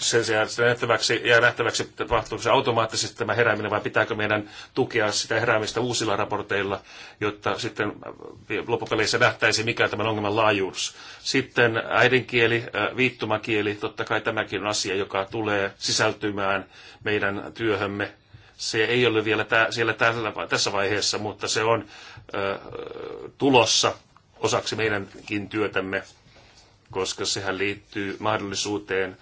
sen sijaan sitä nähtäväksi, ja nähtäväksi tapahtuuko se automaattisesti tämä herääminen vai pitääkö meidän tukea sitä heräämistä uusilla raporteilla, jotta sitten äh, loppupeleissä nähtäisi mikä on tämän ongelman laajuus. Sitten äidinkieli, äh, viittomakieli, totta kai tämäkin on asia, joka tulee sisältymään meidän työhömme. Se ei ole vielä tää, siellä tällä, tässä vaiheessa, mutta se on ö, äh, tulossa osaksi meidänkin työtämme koska sehän liittyy mahdollisuuteen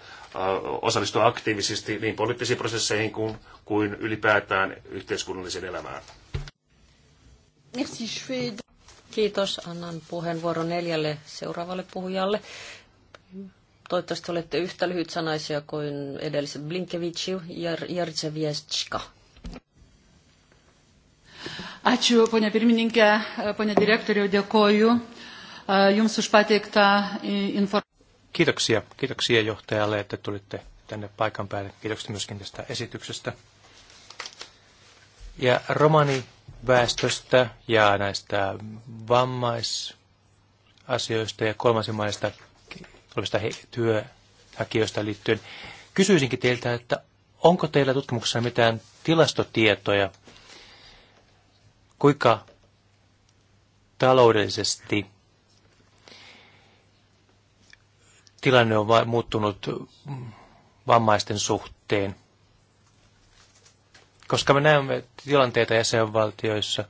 osallistua aktiivisesti niin poliittisiin prosesseihin kuin, kuin ylipäätään yhteiskunnalliseen elämään. Kiitos. Annan puheenvuoron neljälle seuraavalle puhujalle. Toivottavasti olette yhtä lyhytsanaisia kuin edelliset Blinkevich ja Jartseviestska. Ačiū, ponia pirmininkė, ponia direktoriu dėkoju e, Jums už pateiktą informaciją. Kiitoksia. Kiitoksia johtajalle, että tulitte tänne paikan päälle. Kiitoksia myöskin tästä esityksestä. Ja romaniväestöstä ja näistä vammaisasioista ja maista olevista työhakijoista liittyen. Kysyisinkin teiltä, että onko teillä tutkimuksessa mitään tilastotietoja, kuinka taloudellisesti – tilanne on muuttunut vammaisten suhteen. Koska me näemme tilanteita jäsenvaltioissa,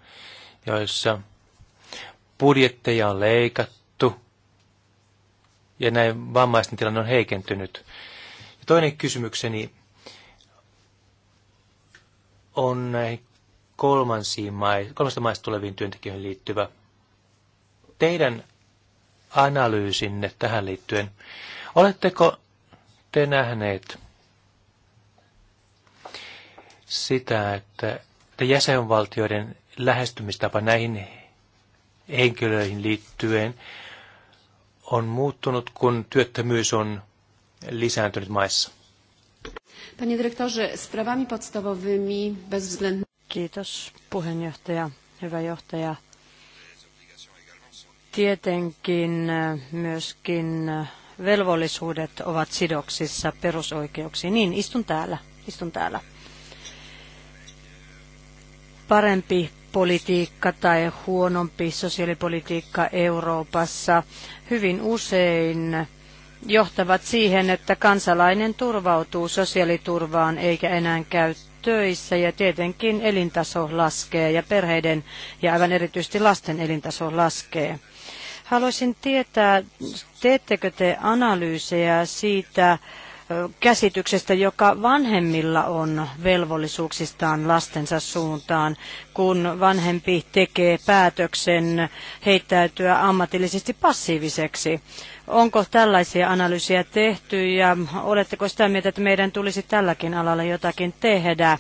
joissa budjetteja on leikattu ja näin vammaisten tilanne on heikentynyt. Ja toinen kysymykseni on näihin kolmansiin mai, kolmasta maista tuleviin työntekijöihin liittyvä. Teidän analyysinne tähän liittyen. Oletteko te nähneet sitä, että, että jäsenvaltioiden lähestymistapa näihin henkilöihin liittyen on muuttunut, kun työttömyys on lisääntynyt maissa? Panie dyrektorze, sprawami podstawowymi bezwzględnymi... Kiitos puheenjohtaja, hyvä johtaja. Tietenkin äh, myöskin äh, velvollisuudet ovat sidoksissa perusoikeuksiin. Niin, istun täällä. Istun täällä. Parempi politiikka tai huonompi sosiaalipolitiikka Euroopassa hyvin usein johtavat siihen, että kansalainen turvautuu sosiaaliturvaan eikä enää käy töissä ja tietenkin elintaso laskee ja perheiden ja aivan erityisesti lasten elintaso laskee. Haluaisin tietää, teettekö te analyysejä siitä käsityksestä, joka vanhemmilla on velvollisuuksistaan lastensa suuntaan, kun vanhempi tekee päätöksen heittäytyä ammatillisesti passiiviseksi. Onko tällaisia analyysiä tehty ja oletteko sitä mieltä, että meidän tulisi tälläkin alalla jotakin tehdä?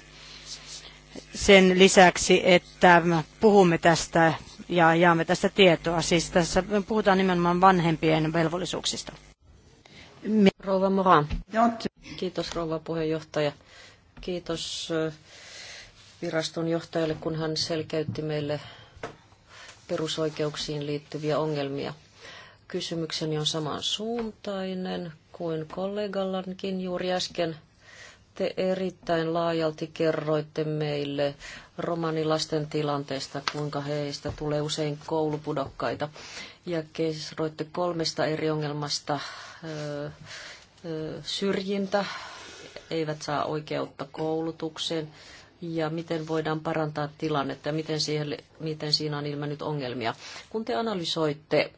sen lisäksi, että puhumme tästä ja jaamme tästä tietoa. Siis tässä puhutaan nimenomaan vanhempien velvollisuuksista. Rouva Moran. Kiitos rouva puheenjohtaja. Kiitos eh, viraston johtajalle, kun hän selkeytti meille perusoikeuksiin liittyviä ongelmia. Kysymykseni on samansuuntainen kuin kollegallankin juuri äsken. Te erittäin laajalti kerroitte meille romanilasten tilanteesta, kuinka heistä tulee usein koulupudokkaita. Ja kerroitte kolmesta eri ongelmasta. Syrjintä, eivät saa oikeutta koulutukseen ja miten voidaan parantaa tilannetta ja miten, siihen, miten siinä on ilmennyt ongelmia. Kun te analysoitte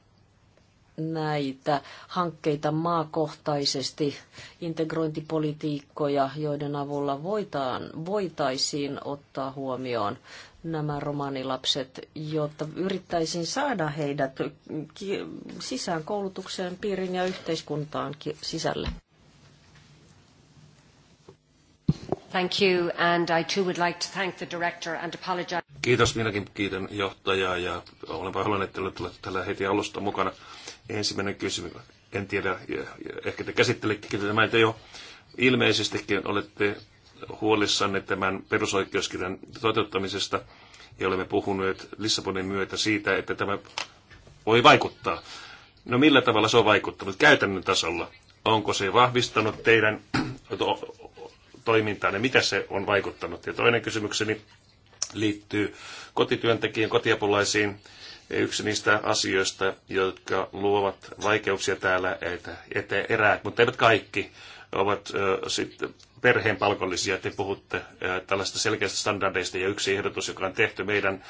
näitä hankkeita maakohtaisesti, integrointipolitiikkoja, joiden avulla voitaan, voitaisiin ottaa huomioon nämä romanilapset, jotta yrittäisiin saada heidät sisään koulutukseen, piirin ja yhteiskuntaan sisälle. Thank you, and I too would like to thank the director and apologize. Kiitos, minäkin kiitän johtajaa ja olen pahoillani, että olette tällä heti alusta mukana. Ensimmäinen kysymys. En tiedä, ehkä te käsittelittekin näitä jo. Ilmeisestikin olette huolissanne tämän perusoikeuskirjan toteuttamisesta ja olemme puhuneet Lissabonin myötä siitä, että tämä voi vaikuttaa. No millä tavalla se on vaikuttanut käytännön tasolla? Onko se vahvistanut teidän toimintaanne? Mitä se on vaikuttanut? Ja toinen kysymykseni liittyy kotityöntekijän kotiapulaisiin yksi niistä asioista, jotka luovat vaikeuksia täällä, että, erää, eräät, mutta eivät kaikki, ovat äh, sitten perheen palkollisia. Te puhutte äh, tällaista selkeästä standardeista ja yksi ehdotus, joka on tehty meidän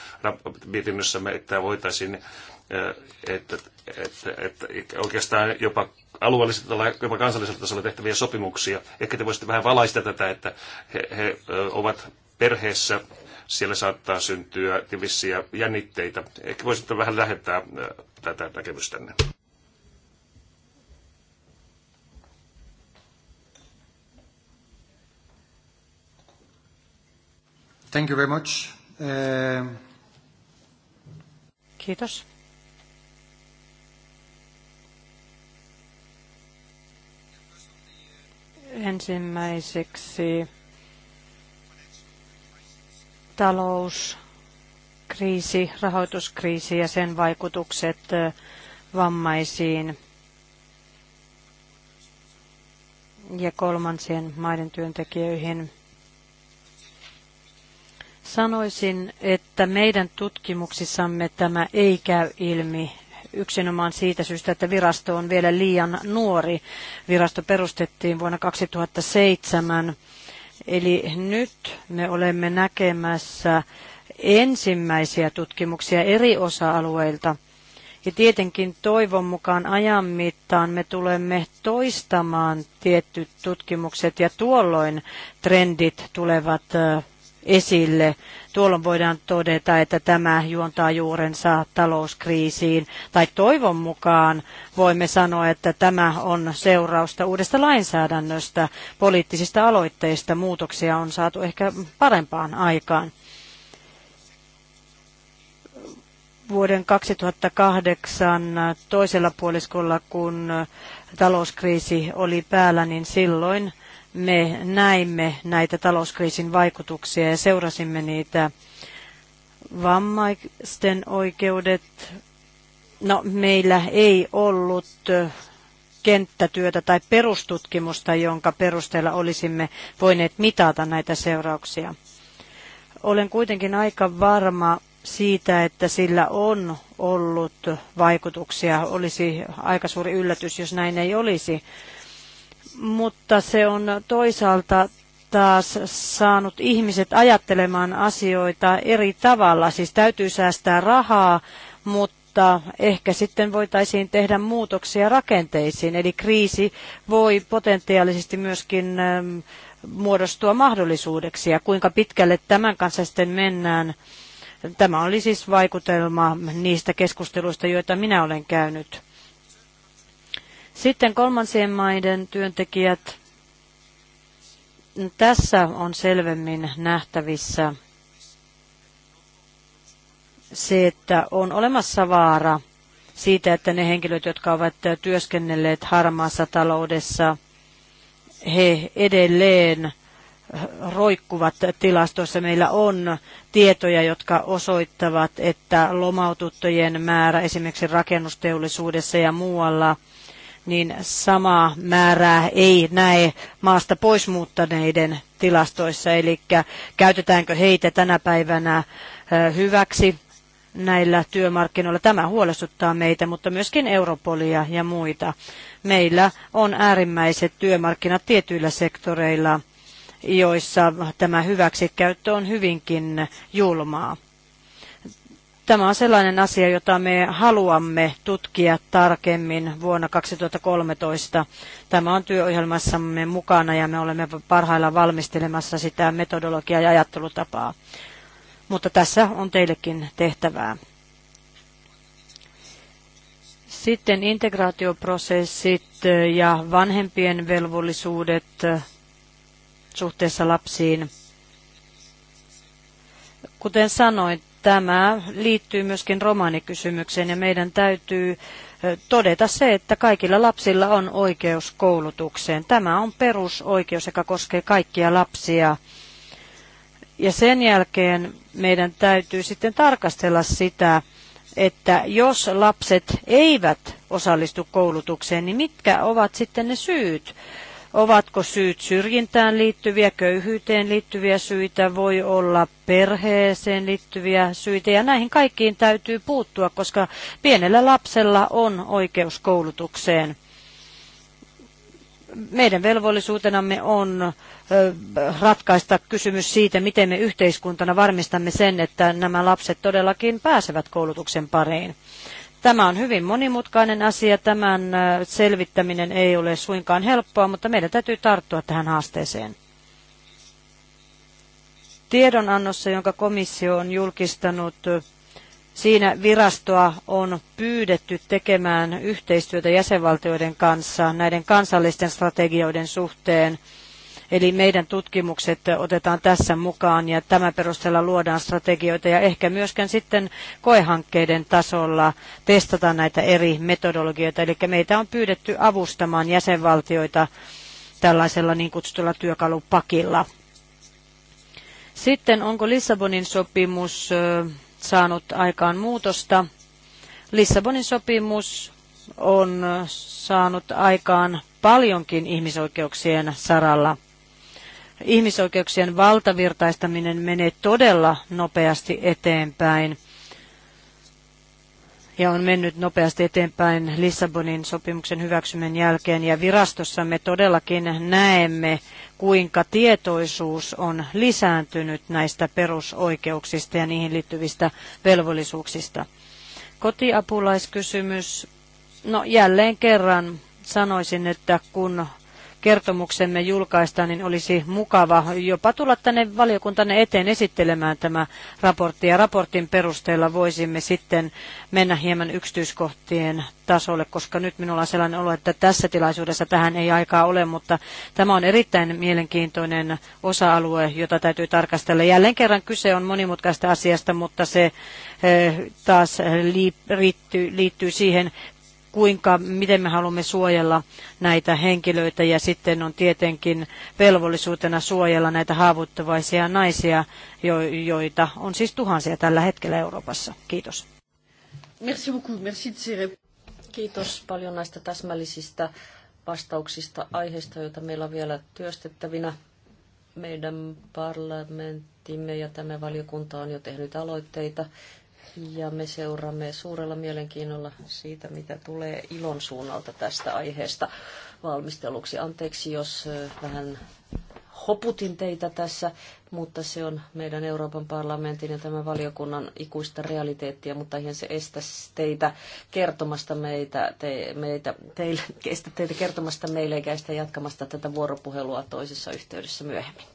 mietinnössämme, että voitaisiin, ö, että, että, että, että oikeastaan jopa alueellisella tai jopa kansallisella tasolla tehtäviä sopimuksia. Ehkä te voisitte vähän valaista tätä, että he, he ovat perheessä siellä saattaa syntyä vissiä jännitteitä. Ehkä voisitte vähän lähettää äh, tätä näkemystänne. Thank you very much. Uh... Kiitos. Ensimmäiseksi talouskriisi, rahoituskriisi ja sen vaikutukset vammaisiin ja kolmansien maiden työntekijöihin. Sanoisin, että meidän tutkimuksissamme tämä ei käy ilmi yksinomaan siitä syystä, että virasto on vielä liian nuori. Virasto perustettiin vuonna 2007 Eli nyt me olemme näkemässä ensimmäisiä tutkimuksia eri osa-alueilta. Ja tietenkin toivon mukaan ajan mittaan me tulemme toistamaan tietyt tutkimukset ja tuolloin trendit tulevat esille. Tuolloin voidaan todeta, että tämä juontaa juurensa talouskriisiin, tai toivon mukaan voimme sanoa, että tämä on seurausta uudesta lainsäädännöstä, poliittisista aloitteista, muutoksia on saatu ehkä parempaan aikaan. Vuoden 2008 toisella puoliskolla, kun talouskriisi oli päällä, niin silloin me näimme näitä talouskriisin vaikutuksia ja seurasimme niitä vammaisten oikeudet. No, meillä ei ollut kenttätyötä tai perustutkimusta, jonka perusteella olisimme voineet mitata näitä seurauksia. Olen kuitenkin aika varma siitä, että sillä on ollut vaikutuksia. Olisi aika suuri yllätys, jos näin ei olisi mutta se on toisaalta taas saanut ihmiset ajattelemaan asioita eri tavalla. Siis täytyy säästää rahaa, mutta ehkä sitten voitaisiin tehdä muutoksia rakenteisiin. Eli kriisi voi potentiaalisesti myöskin ähm, muodostua mahdollisuudeksi ja kuinka pitkälle tämän kanssa sitten mennään. Tämä oli siis vaikutelma niistä keskusteluista, joita minä olen käynyt. Sitten kolmansien maiden työntekijät. Tässä on selvemmin nähtävissä se, että on olemassa vaara siitä, että ne henkilöt, jotka ovat työskennelleet harmaassa taloudessa, he edelleen roikkuvat tilastoissa. Meillä on tietoja, jotka osoittavat, että lomaututtujen määrä esimerkiksi rakennusteollisuudessa ja muualla – niin samaa määrää ei näe maasta poismuuttaneiden tilastoissa. Eli käytetäänkö heitä tänä päivänä hyväksi näillä työmarkkinoilla. Tämä huolestuttaa meitä, mutta myöskin Europolia ja muita. Meillä on äärimmäiset työmarkkinat tietyillä sektoreilla, joissa tämä hyväksikäyttö on hyvinkin julmaa. Tämä on sellainen asia, jota me haluamme tutkia tarkemmin vuonna 2013. Tämä on työohjelmassamme mukana ja me olemme parhaillaan valmistelemassa sitä metodologiaa ja ajattelutapaa. Mutta tässä on teillekin tehtävää. Sitten integraatioprosessit ja vanhempien velvollisuudet suhteessa lapsiin. Kuten sanoin, Tämä liittyy myöskin romanikysymykseen ja meidän täytyy todeta se, että kaikilla lapsilla on oikeus koulutukseen. Tämä on perusoikeus, joka koskee kaikkia lapsia. Ja sen jälkeen meidän täytyy sitten tarkastella sitä, että jos lapset eivät osallistu koulutukseen, niin mitkä ovat sitten ne syyt? Ovatko syyt syrjintään liittyviä, köyhyyteen liittyviä syitä, voi olla perheeseen liittyviä syitä ja näihin kaikkiin täytyy puuttua, koska pienellä lapsella on oikeus koulutukseen meidän velvollisuutenamme on ratkaista kysymys siitä, miten me yhteiskuntana varmistamme sen, että nämä lapset todellakin pääsevät koulutuksen pariin. Tämä on hyvin monimutkainen asia. Tämän selvittäminen ei ole suinkaan helppoa, mutta meidän täytyy tarttua tähän haasteeseen. Tiedonannossa, jonka komissio on julkistanut, Siinä virastoa on pyydetty tekemään yhteistyötä jäsenvaltioiden kanssa näiden kansallisten strategioiden suhteen – Eli meidän tutkimukset otetaan tässä mukaan ja tämän perusteella luodaan strategioita ja ehkä myöskään sitten koehankkeiden tasolla testataan näitä eri metodologioita. Eli meitä on pyydetty avustamaan jäsenvaltioita tällaisella niin kutsutulla työkalupakilla. Sitten onko Lissabonin sopimus saanut aikaan muutosta? Lissabonin sopimus on saanut aikaan paljonkin ihmisoikeuksien saralla – ihmisoikeuksien valtavirtaistaminen menee todella nopeasti eteenpäin ja on mennyt nopeasti eteenpäin Lissabonin sopimuksen hyväksymän jälkeen. Ja virastossa me todellakin näemme, kuinka tietoisuus on lisääntynyt näistä perusoikeuksista ja niihin liittyvistä velvollisuuksista. Kotiapulaiskysymys. No jälleen kerran sanoisin, että kun kertomuksemme julkaistaan, niin olisi mukava jopa tulla tänne valiokuntanne eteen esittelemään tämä raportti. Ja raportin perusteella voisimme sitten mennä hieman yksityiskohtien tasolle, koska nyt minulla on sellainen olo, että tässä tilaisuudessa tähän ei aikaa ole, mutta tämä on erittäin mielenkiintoinen osa-alue, jota täytyy tarkastella. Jälleen kerran kyse on monimutkaista asiasta, mutta se eh, taas liittyy, liittyy siihen kuinka, miten me haluamme suojella näitä henkilöitä ja sitten on tietenkin velvollisuutena suojella näitä haavoittuvaisia naisia, jo, joita on siis tuhansia tällä hetkellä Euroopassa. Kiitos. Merci beaucoup. Merci de Kiitos paljon näistä täsmällisistä vastauksista aiheista, joita meillä on vielä työstettävinä. Meidän parlamenttimme ja tämä valiokunta on jo tehnyt aloitteita ja me seuraamme suurella mielenkiinnolla siitä, mitä tulee ilon suunnalta tästä aiheesta valmisteluksi. Anteeksi, jos vähän hoputin teitä tässä, mutta se on meidän Euroopan parlamentin ja tämän valiokunnan ikuista realiteettia, mutta ihan se estä teitä kertomasta meitä, te, meitä teille, estä teitä kertomasta meille eikä estä jatkamasta tätä vuoropuhelua toisessa yhteydessä myöhemmin.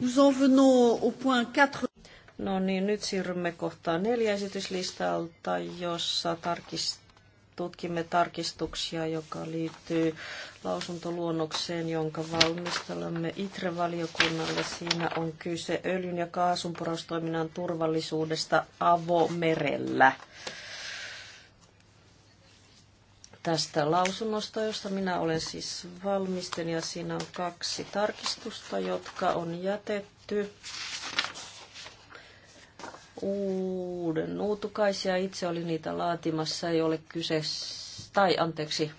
Nous en venons au point 4. No niin, nyt siirrymme kohtaan neljä esityslistalta, jossa tarkist, tutkimme tarkistuksia, joka liittyy lausuntoluonnokseen, jonka valmistelemme ITRE-valiokunnalle. Siinä on kyse öljyn ja kaasun turvallisuudesta avomerellä tästä lausunnosta, josta minä olen siis ja Siinä on kaksi tarkistusta, jotka on jätetty uuden uutukaisia. Itse oli niitä laatimassa, ei ole kyse, tai anteeksi,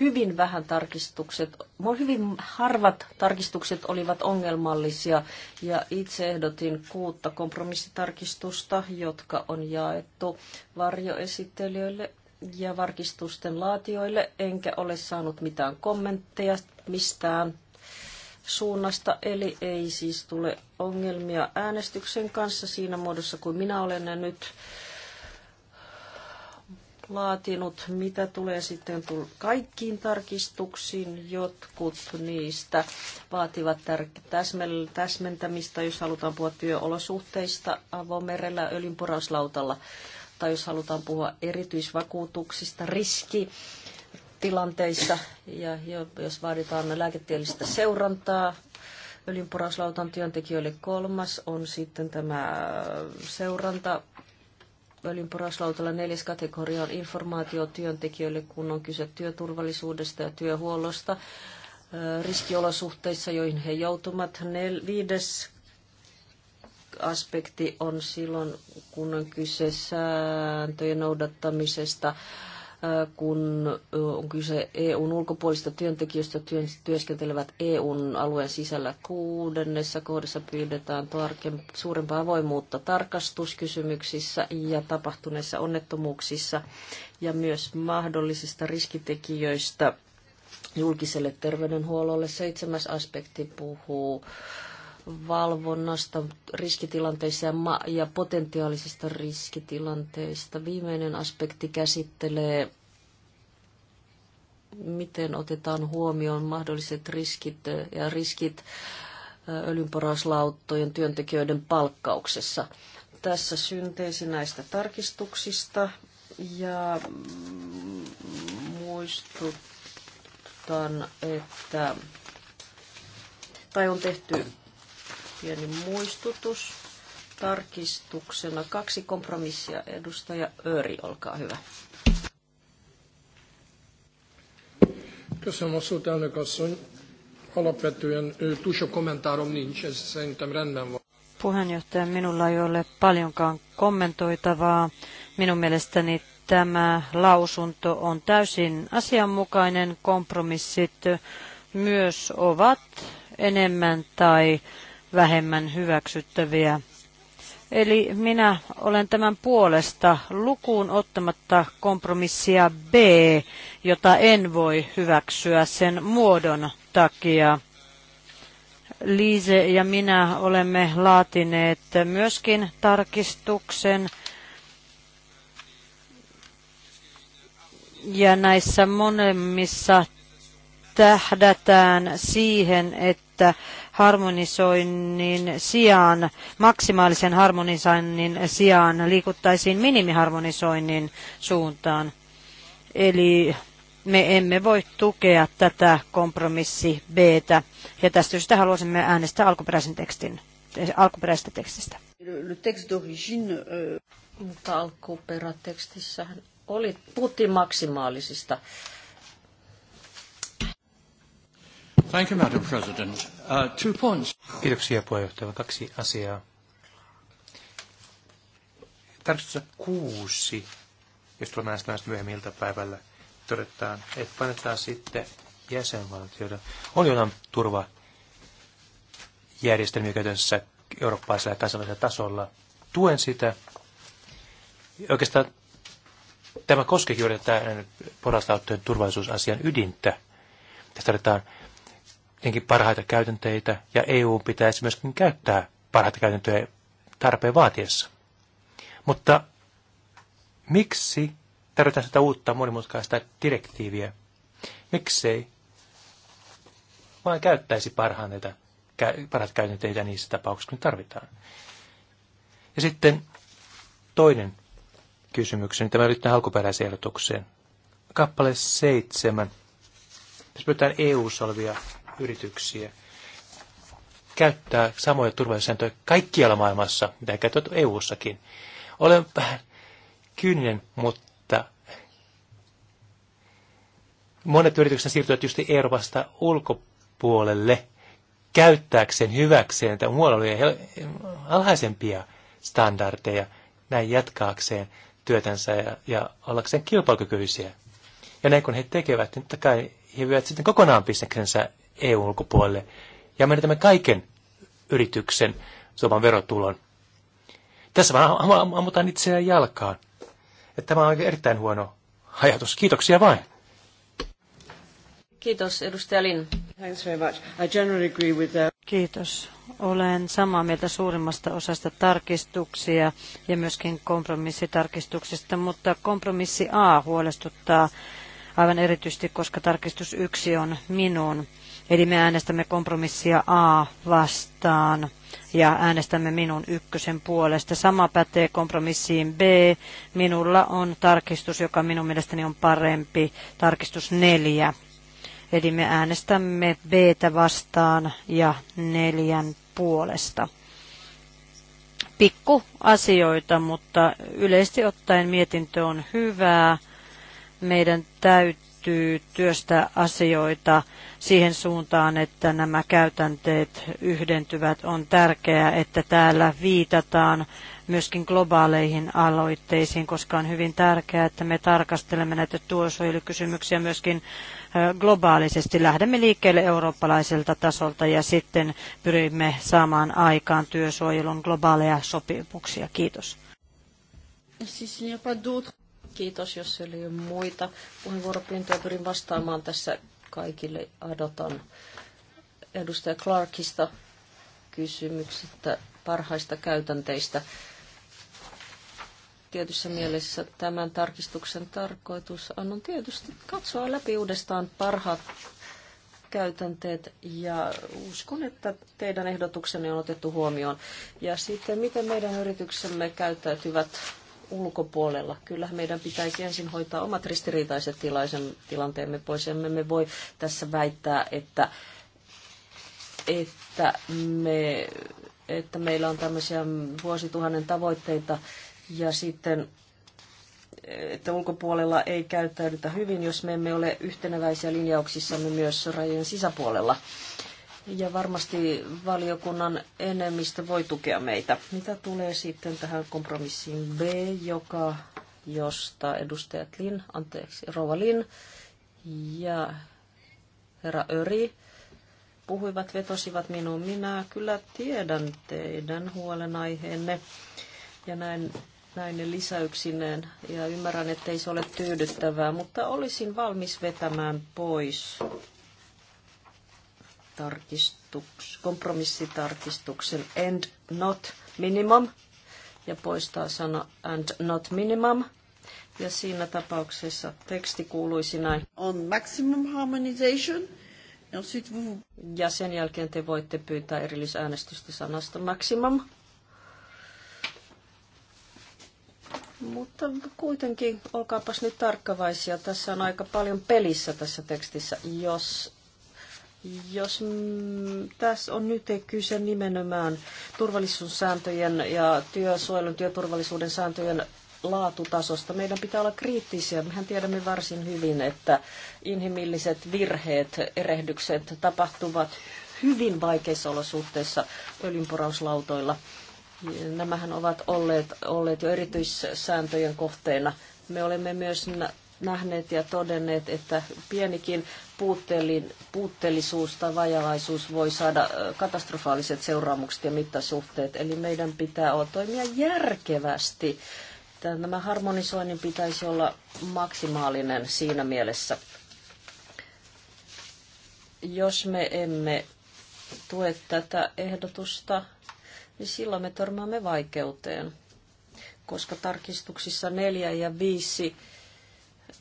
hyvin vähän tarkistukset, hyvin harvat tarkistukset olivat ongelmallisia ja itse ehdotin kuutta kompromissitarkistusta, jotka on jaettu varjoesittelijöille ja varkistusten laatioille, enkä ole saanut mitään kommentteja mistään suunnasta, eli ei siis tule ongelmia äänestyksen kanssa siinä muodossa kuin minä olen ne nyt laatinut, mitä tulee sitten kaikkiin tarkistuksiin. Jotkut niistä vaativat tär- täsmentämistä, jos halutaan puhua työolosuhteista avomerellä öljynporauslautalla tai jos halutaan puhua erityisvakuutuksista, riski, tilanteissa ja jos vaaditaan lääketieteellistä seurantaa öljynporauslautan työntekijöille kolmas on sitten tämä seuranta öljynporauslautalla neljäs kategoria on informaatio työntekijöille, kun on kyse työturvallisuudesta ja työhuollosta riskiolosuhteissa, joihin he joutuvat. Nel, viides aspekti on silloin, kun on kyse sääntöjen noudattamisesta, äh, kun on kyse EUn ulkopuolista työntekijöistä työskentelevät EUn alueen sisällä. Kuudennessa kohdassa pyydetään suurempaa avoimuutta tarkastuskysymyksissä ja tapahtuneissa onnettomuuksissa ja myös mahdollisista riskitekijöistä julkiselle terveydenhuollolle. Seitsemäs aspekti puhuu äh, valvonnasta riskitilanteissa ja, ma- ja potentiaalisista riskitilanteista. Viimeinen aspekti käsittelee, miten otetaan huomioon mahdolliset riskit ja riskit öljynporauslauttojen työntekijöiden palkkauksessa. Tässä synteesi näistä tarkistuksista ja muistutan, että tai on tehty Pieni muistutus tarkistuksena. Kaksi kompromissia. Edustaja Öri, olkaa hyvä. Köszönöm a szót, elnök asszony. Alapvetően túl sok kommentárom nincs, ez szerintem rendben van. Puheenjohtaja, minulla ei ole paljonkaan kommentoitavaa. Minun mielestäni tämä lausunto on täysin asianmukainen. Kompromissit myös ovat enemmän tai vähemmän hyväksyttäviä. Eli minä olen tämän puolesta lukuun ottamatta kompromissia B, jota en voi hyväksyä sen muodon takia. Liise ja minä olemme laatineet myöskin tarkistuksen. Ja näissä monemmissa tähdätään siihen, että harmonisoinnin sijaan, maksimaalisen harmonisoinnin sijaan liikuttaisiin minimiharmonisoinnin suuntaan. Eli me emme voi tukea tätä kompromissi b -tä. ja tästä syystä haluaisimme äänestää alkuperäisen tekstin, alkuperäisestä tekstistä. Le, texte euh, Mutta alkuperätekstissähän oli, puhuttiin maksimaalisista Thank you, Madam President. Uh, two points. Kiitoksia puheenjohtaja. Kaksi asiaa. Tarkistus kuusi, jos tulemme näistä myöhemmin iltapäivällä, todetaan, että panetaan sitten jäsenvaltioiden. On jotain turvajärjestelmiä käytössä eurooppalaisella ja kansallisella tasolla. Tuen sitä. Oikeastaan tämä koskee juuri tämän porrastautojen turvallisuusasian ydintä. Tässä tarvitaan tietenkin parhaita käytänteitä ja EU pitäisi myöskin käyttää parhaita käytäntöjä tarpeen vaatiessa. Mutta miksi tarvitaan sitä uutta monimutkaista direktiiviä? Miksei vaan käyttäisi parhaita, parhaita käytänteitä niissä tapauksissa, kun tarvitaan? Ja sitten toinen kysymykseni, tämä liittyy alkuperäiseen ehdotukseen. Kappale seitsemän. Tässä pyytään EU-solvia yrityksiä käyttää samoja turvallisuussääntöjä kaikkialla maailmassa, mitä he käyttävät EU-sakin. Olen vähän kyyninen, mutta monet yritykset siirtyvät juuri Euroopasta ulkopuolelle käyttääkseen hyväkseen näitä huonoja alhaisempia standardeja näin jatkaakseen työtänsä ja, ja ollakseen kilpailukykyisiä. Ja näin kun he tekevät, niin totta kai he sitten kokonaan bisneksensä EU-ulkopuolelle. Ja menetämme kaiken yrityksen suoman verotulon. Tässä vaan ammutaan itseään jalkaan. Että tämä on erittäin huono ajatus. Kiitoksia vain. Kiitos, edustaja Lin. Thanks very much. I generally agree with that. Uh, Kiitos. Olen samaa mieltä suurimmasta osasta tarkistuksia ja myöskin kompromissitarkistuksista, mutta kompromissi A huolestuttaa aivan erityisesti, koska tarkistus yksi on minun Eli me äänestämme kompromissia A vastaan ja äänestämme minun ykkösen puolesta. Sama pätee kompromissiin B. Minulla on tarkistus, joka minun mielestäni on parempi, tarkistus neljä. Eli me äänestämme b vastaan ja neljän puolesta. Pikku asioita, mutta yleisesti ottaen mietintö on hyvää. Meidän täytyy täytyy työstää asioita siihen suuntaan, että nämä käytänteet yhdentyvät. On tärkeää, että täällä viitataan myöskin globaaleihin aloitteisiin, koska on hyvin tärkeää, että me tarkastelemme näitä tuosuojelukysymyksiä myöskin globaalisesti. Lähdemme liikkeelle eurooppalaiselta tasolta ja sitten pyrimme saamaan aikaan työsuojelun globaaleja sopimuksia. Kiitos. Siis Kiitos, jos oli muita puheenvuoropyyntöjä. Pyrin vastaamaan tässä kaikille. Adotan edustaja Clarkista kysymyksistä parhaista käytänteistä. Tietyssä mielessä tämän tarkistuksen tarkoitus on tietysti katsoa läpi uudestaan parhaat käytänteet ja uskon, että teidän ehdotuksenne on otettu huomioon. Ja sitten, miten meidän yrityksemme käyttäytyvät ulkopuolella. Kyllä meidän pitäisi ensin hoitaa omat ristiriitaiset tilaisen, tilanteemme pois. Emme me voi tässä väittää, että, että, me, että meillä on tämmöisiä vuosituhannen tavoitteita ja sitten että ulkopuolella ei käyttäydytä hyvin, jos me emme ole yhteneväisiä linjauksissamme myös rajojen sisäpuolella. Ja varmasti valiokunnan enemmistö voi tukea meitä. Mitä tulee sitten tähän kompromissiin B, joka, josta edustajat Lin, anteeksi, Rova Lin ja herra Öri puhuivat, vetosivat minuun. Minä kyllä tiedän teidän huolenaiheenne ja näin, näin lisäyksineen. Ja ymmärrän, että ei se ole tyydyttävää, mutta olisin valmis vetämään pois tarkistuks, kompromissitarkistuksen and not minimum ja poistaa sana and not minimum. Ja siinä tapauksessa teksti kuuluisi näin. On maximum harmonization. Ja sen jälkeen te voitte pyytää erillisäänestystä sanasta maximum. Mutta kuitenkin, olkaapas nyt tarkkavaisia. Tässä on aika paljon pelissä tässä tekstissä. Jos jos tässä on nyt kyse nimenomaan turvallisuussääntöjen ja työsuojelun, työturvallisuuden sääntöjen laatutasosta. Meidän pitää olla kriittisiä. Mehän tiedämme varsin hyvin, että inhimilliset virheet, erehdykset tapahtuvat hyvin vaikeissa olosuhteissa öljynporauslautoilla. Nämähän ovat olleet, olleet jo erityissääntöjen kohteena. Me olemme myös nähneet ja todenneet, että pienikin puutteellisuus tai vajavaisuus voi saada katastrofaaliset seuraamukset ja mittasuhteet. Eli meidän pitää toimia järkevästi. Tämä harmonisoinnin pitäisi olla maksimaalinen siinä mielessä. Jos me emme tue tätä ehdotusta, niin silloin me törmäämme vaikeuteen, koska tarkistuksissa neljä ja viisi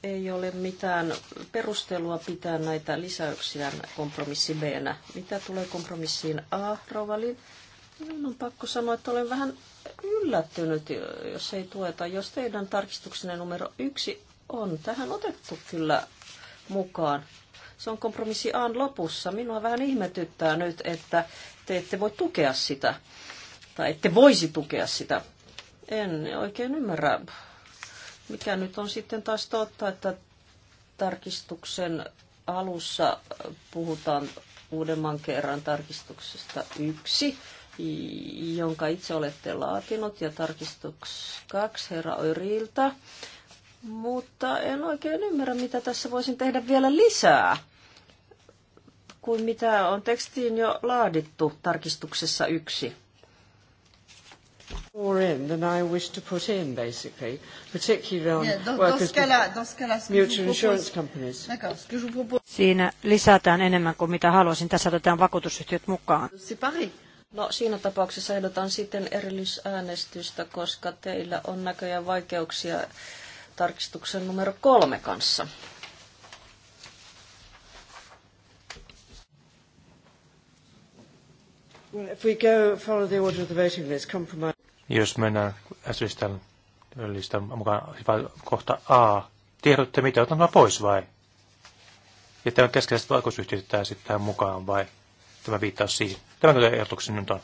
ei ole mitään perustelua pitää näitä lisäyksiä kompromissi b -nä. Mitä tulee kompromissiin A, Rovali? Minun on pakko sanoa, että olen vähän yllättynyt, jos ei tueta. Jos teidän tarkistuksenne numero yksi on tähän otettu kyllä mukaan. Se on kompromissi A lopussa. Minua vähän ihmetyttää nyt, että te ette voi tukea sitä. Tai ette voisi tukea sitä. En oikein ymmärrä mikä nyt on sitten taas totta, että tarkistuksen alussa puhutaan uudemman kerran tarkistuksesta yksi, jonka itse olette laatinut, ja tarkistuks kaksi herra Öriltä. Mutta en oikein ymmärrä, mitä tässä voisin tehdä vielä lisää kuin mitä on tekstiin jo laadittu tarkistuksessa yksi more in than I wish to put in, basically, particularly on yeah, workers dans cala, mutual insurance companies. Siinä lisätään enemmän kuin mitä haluaisin. Tässä otetaan vakuutusyhtiöt mukaan. No siinä tapauksessa ehdotan sitten erillisäänestystä, koska teillä on näköjään vaikeuksia tarkistuksen numero kolme kanssa. Well, if we go follow the order of the voting list, compromise. Jos mennään S-listan mukaan siis kohta A, tiedotte mitä, otan tämä pois vai? Ja tämä keskeisesti vaikutusyhtiötetään sitten tähän mukaan vai? Tämä viittaa siihen. Tämä kyllä ehdotukseni nyt on.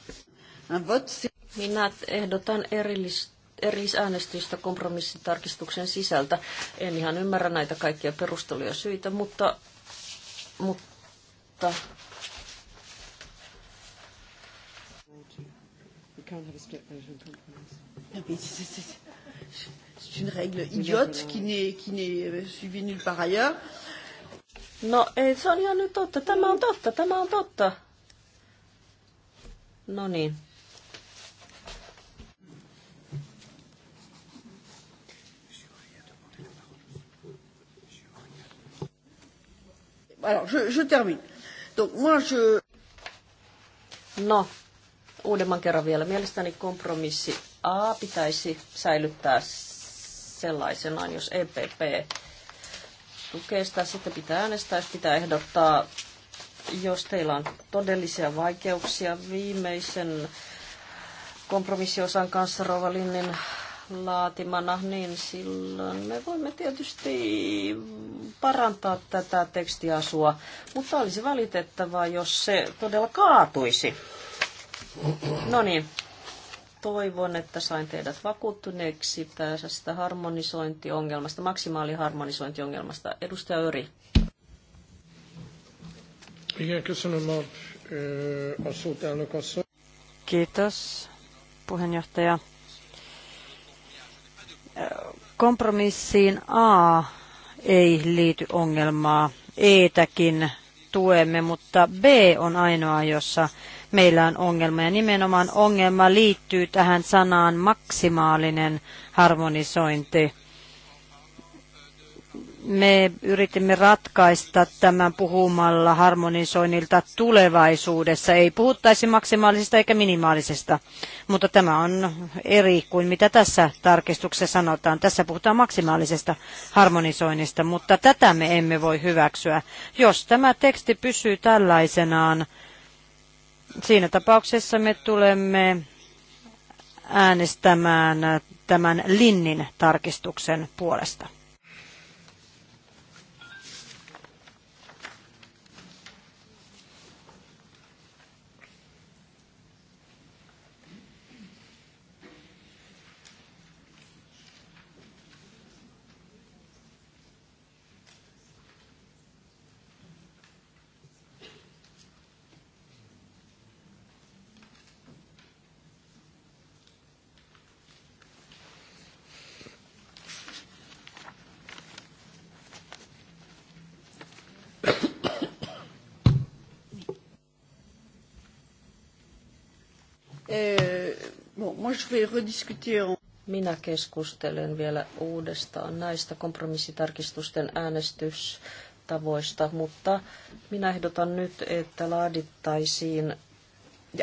Minä ehdotan erillistä erisäänestystä kompromissitarkistuksen sisältä. En ihan ymmärrä näitä kaikkia perusteluja syitä, mutta, mutta can't have a split vote on compromise. Non, mais c'est une règle idiote qui n'est, qui n'est euh, suivie nulle part ailleurs. Non, ei, se on ihan nyt totta. Tämä on totta, tämä on totta. No niin. Alors, je, je termine. Donc, moi, je... Non, uudemman kerran vielä. Mielestäni kompromissi A pitäisi säilyttää sellaisenaan, jos EPP tukee sitä, sitten pitää äänestää, jos pitää ehdottaa, jos teillä on todellisia vaikeuksia viimeisen kompromissiosan kanssa Rovalinnin laatimana, niin silloin me voimme tietysti parantaa tätä tekstiasua, mutta olisi valitettavaa, jos se todella kaatuisi No niin, toivon, että sain teidät vakuuttuneeksi pääsästä harmonisointiongelmasta, maksimaaliharmonisointiongelmasta. Edustaja Öri. Kiitos, puheenjohtaja. Kompromissiin A ei liity ongelmaa. Etäkin tuemme, mutta B on ainoa, jossa meillä on ongelma. Ja nimenomaan ongelma liittyy tähän sanaan maksimaalinen harmonisointi. Me yritimme ratkaista tämän puhumalla harmonisoinnilta tulevaisuudessa. Ei puhuttaisi maksimaalisesta eikä minimaalisesta, mutta tämä on eri kuin mitä tässä tarkistuksessa sanotaan. Tässä puhutaan maksimaalisesta harmonisoinnista, mutta tätä me emme voi hyväksyä. Jos tämä teksti pysyy tällaisenaan, Siinä tapauksessa me tulemme äänestämään tämän Linnin tarkistuksen puolesta. Minä keskustelen vielä uudestaan näistä kompromissitarkistusten äänestystavoista, mutta minä ehdotan nyt, että laadittaisiin,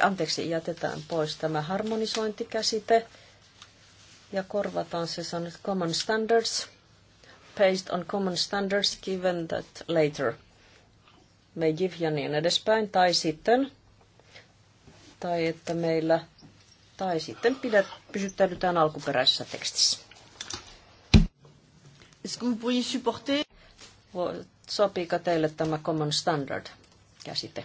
anteeksi, jätetään pois tämä harmonisointikäsite ja korvataan se sanot common standards, based on common standards given that later may give ja niin edespäin, tai sitten, tai että meillä tai sitten pidät, pysyttäydytään alkuperäisessä tekstissä. Sopiiko teille tämä common standard käsite?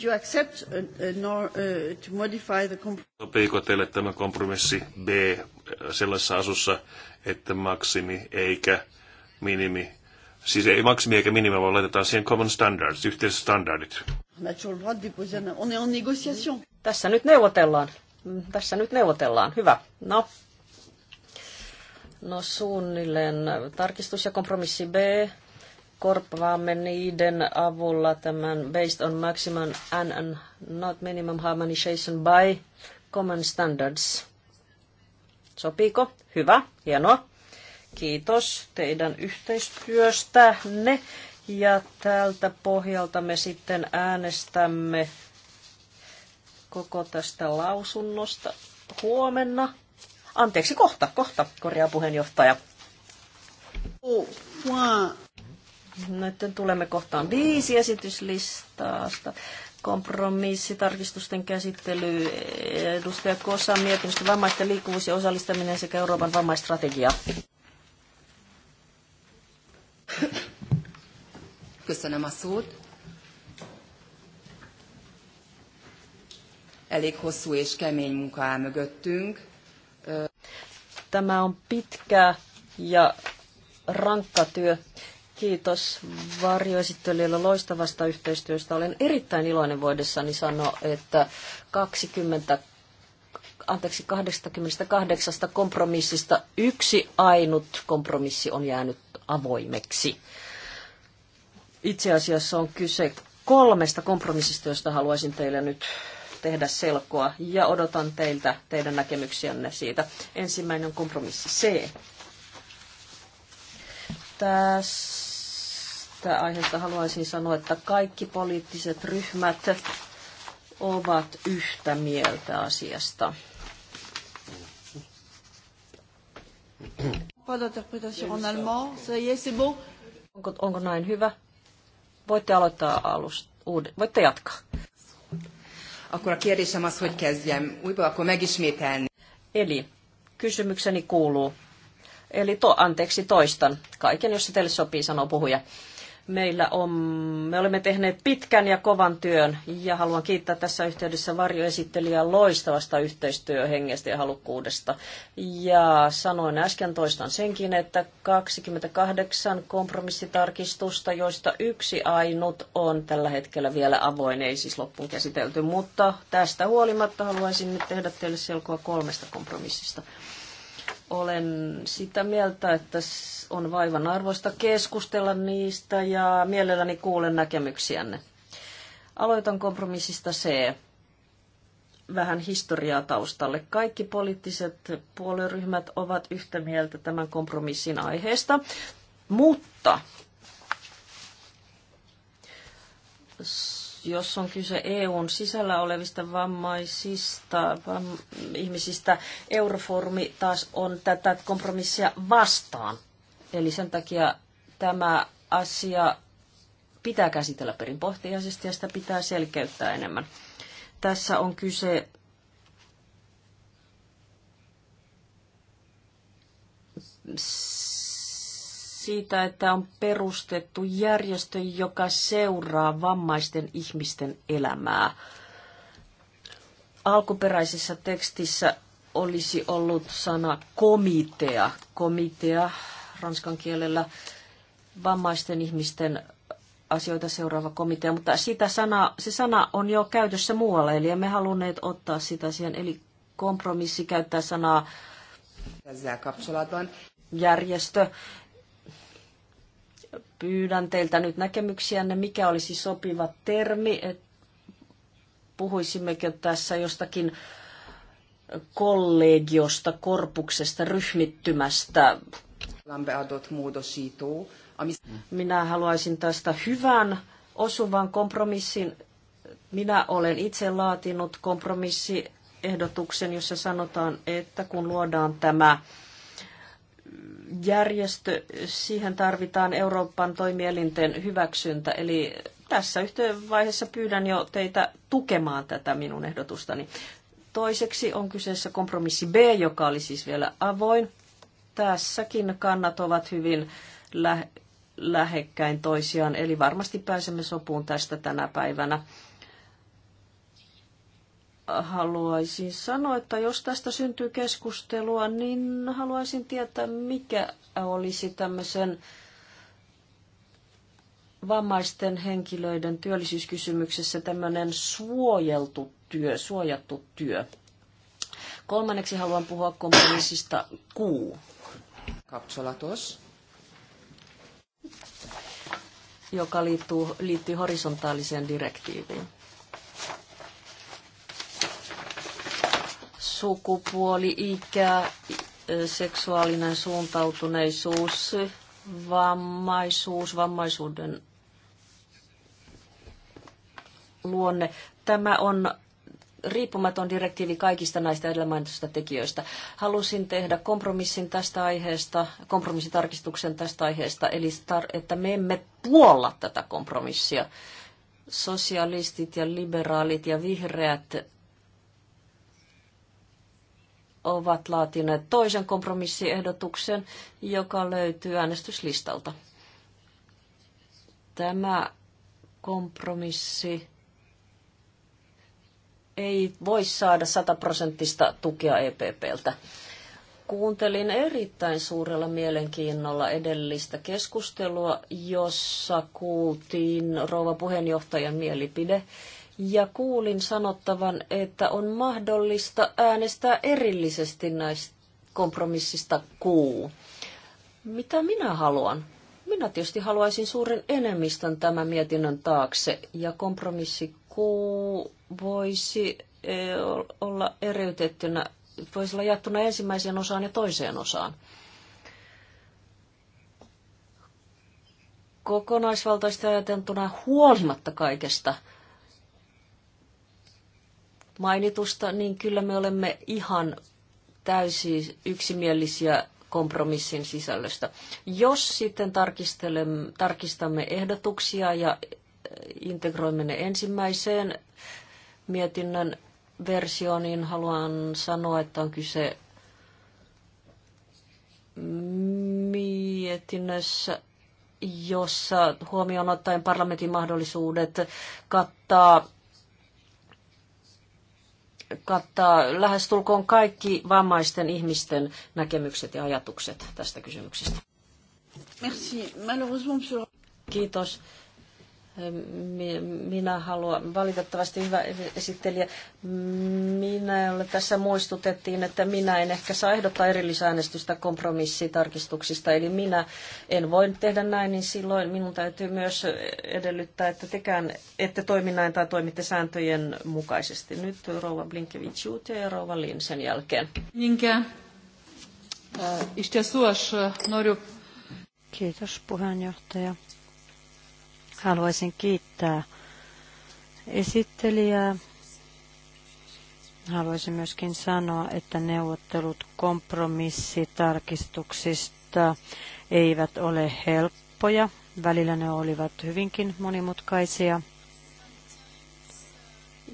Would you accept uh, uh, uh, to modify the Sopiiko teille tämä kompromissi B äh, sellaisessa asussa, että maksimi eikä minimi, siis ei maksimi eikä minimi, vaan laitetaan siihen common standards, yhteiset standardit? Tässä nyt neuvotellaan. Mm, tässä nyt neuvotellaan. Hyvä. No. No suunnilleen tarkistus ja kompromissi B korvaamme niiden avulla tämän based on maximum and, and not minimum harmonization by common standards. Sopiiko? Hyvä, hienoa. Kiitos teidän yhteistyöstänne. Ja tältä pohjalta me sitten äänestämme koko tästä lausunnosta huomenna. Anteeksi, kohta, kohta, korjaa puheenjohtaja. Oh, nyt no, tulemme kohtaan viisi esityslistaasta. Kompromissitarkistusten käsittely, edustaja Kossa, mietinnöstä vammaisten liikkuvuus ja osallistaminen sekä Euroopan vammaistrategia. Köszönöm a szót. Elég hosszú és kemény munka áll mögöttünk. Tämä on pitkä ja rankka työ. Kiitos varjoesittelijällä loistavasta yhteistyöstä. Olen erittäin iloinen voidessani sanoa, että 20 anteeksi, 88 kompromissista yksi ainut kompromissi on jäänyt avoimeksi. Itse asiassa on kyse kolmesta kompromissista, josta haluaisin teille nyt tehdä selkoa ja odotan teiltä teidän näkemyksiänne siitä. Ensimmäinen on kompromissi C. Tässä tästä aiheesta haluaisin sanoa, että kaikki poliittiset ryhmät ovat yhtä mieltä asiasta. Onko, onko näin hyvä? Voitte aloittaa alusta. Uuden. Voitte jatkaa. Akkor kérdésem az, hogy kezdjem. Újból akkor megismételni. Eli kysymykseni kuuluu. Eli to, anteeksi toistan kaiken, jos se teille sopii, sanoo puhuja. Meillä on, me olemme tehneet pitkän ja kovan työn ja haluan kiittää tässä yhteydessä varjoesittelijää loistavasta yhteistyöhengestä ja halukkuudesta. Ja sanoin äsken toistan senkin, että 28 kompromissitarkistusta, joista yksi ainut on tällä hetkellä vielä avoin, ei siis loppuun käsitelty, mutta tästä huolimatta haluaisin nyt tehdä teille selkoa kolmesta kompromissista olen sitä mieltä, että on vaivan arvoista keskustella niistä ja mielelläni kuulen näkemyksiänne. Aloitan kompromissista C. Vähän historiaa taustalle. Kaikki poliittiset puolueryhmät ovat yhtä mieltä tämän kompromissin aiheesta, mutta jos on kyse EUn sisällä olevista vammaisista vam, ihmisistä, Euroformi taas on tätä kompromissia vastaan. Eli sen takia tämä asia pitää käsitellä perinpohtiaisesti ja sitä pitää selkeyttää enemmän. Tässä on kyse siitä, että on perustettu järjestö, joka seuraa vammaisten ihmisten elämää. Alkuperäisessä tekstissä olisi ollut sana komitea, komitea ranskan kielellä, vammaisten ihmisten asioita seuraava komitea, mutta sitä sana, se sana on jo käytössä muualla, eli emme halunneet ottaa sitä siihen, eli kompromissi käyttää sanaa järjestö, Pyydän teiltä nyt näkemyksiänne, mikä olisi sopiva termi, että puhuisimmekö tässä jostakin kollegiosta, korpuksesta, ryhmittymästä. Minä haluaisin tästä hyvän osuvan kompromissin. Minä olen itse laatinut kompromissiehdotuksen, jossa sanotaan, että kun luodaan tämä järjestö, siihen tarvitaan Euroopan toimielinten hyväksyntä. Eli tässä yhteenvaiheessa pyydän jo teitä tukemaan tätä minun ehdotustani. Toiseksi on kyseessä kompromissi B, joka oli siis vielä avoin. Tässäkin kannat ovat hyvin lähe- lähekkäin toisiaan, eli varmasti pääsemme sopuun tästä tänä päivänä haluaisin sanoa, että jos tästä syntyy keskustelua, niin haluaisin tietää, mikä olisi tämmöisen vammaisten henkilöiden työllisyyskysymyksessä tämmöinen suojeltu työ, suojattu työ. Kolmanneksi haluan puhua kompromissista Q. Kapsolatos. Joka liittyy, liittyy horisontaaliseen direktiiviin. sukupuoli, ikä, seksuaalinen suuntautuneisuus, vammaisuus, vammaisuuden luonne. Tämä on riippumaton direktiivi kaikista näistä edellä mainitusta tekijöistä. Halusin tehdä kompromissin tästä aiheesta, kompromissitarkistuksen tästä aiheesta, eli että me emme puolla tätä kompromissia. Sosialistit ja liberaalit ja vihreät ovat laatineet toisen kompromissiehdotuksen, joka löytyy äänestyslistalta. Tämä kompromissi ei voi saada sataprosenttista tukea EPPltä. Kuuntelin erittäin suurella mielenkiinnolla edellistä keskustelua, jossa kuultiin rouva puheenjohtajan mielipide ja kuulin sanottavan, että on mahdollista äänestää erillisesti näistä kompromissista kuu. Mitä minä haluan? Minä tietysti haluaisin suuren enemmistön tämän mietinnön taakse ja kompromissi kuu voisi e, olla eriytettynä, voisi olla jaettuna ensimmäiseen osaan ja toiseen osaan. Kokonaisvaltaista ajateltuna huolimatta kaikesta – mainitusta, niin kyllä me olemme ihan täysin yksimielisiä kompromissin sisällöstä. Jos sitten tarkistamme ehdotuksia ja e, integroimme ne ensimmäiseen mietinnön versioon, niin haluan sanoa, että on kyse mietinnössä, jossa huomioon ottaen parlamentin mahdollisuudet kattaa kattaa lähestulkoon kaikki vammaisten ihmisten näkemykset ja ajatukset tästä kysymyksestä. Merci. Kiitos. Minä haluan, valitettavasti hyvä esittelijä, minulle tässä muistutettiin, että minä en ehkä saa ehdottaa erillisäänestystä kompromissitarkistuksista, eli minä en voi tehdä näin, niin silloin minun täytyy myös edellyttää, että tekään ette toimi näin tai toimitte sääntöjen mukaisesti. Nyt rouva Blinkevich ja rouva Lin sen jälkeen. Minkä? Äh, Kiitos puheenjohtaja. Haluaisin kiittää esittelijää. Haluaisin myöskin sanoa, että neuvottelut kompromissitarkistuksista eivät ole helppoja. Välillä ne olivat hyvinkin monimutkaisia.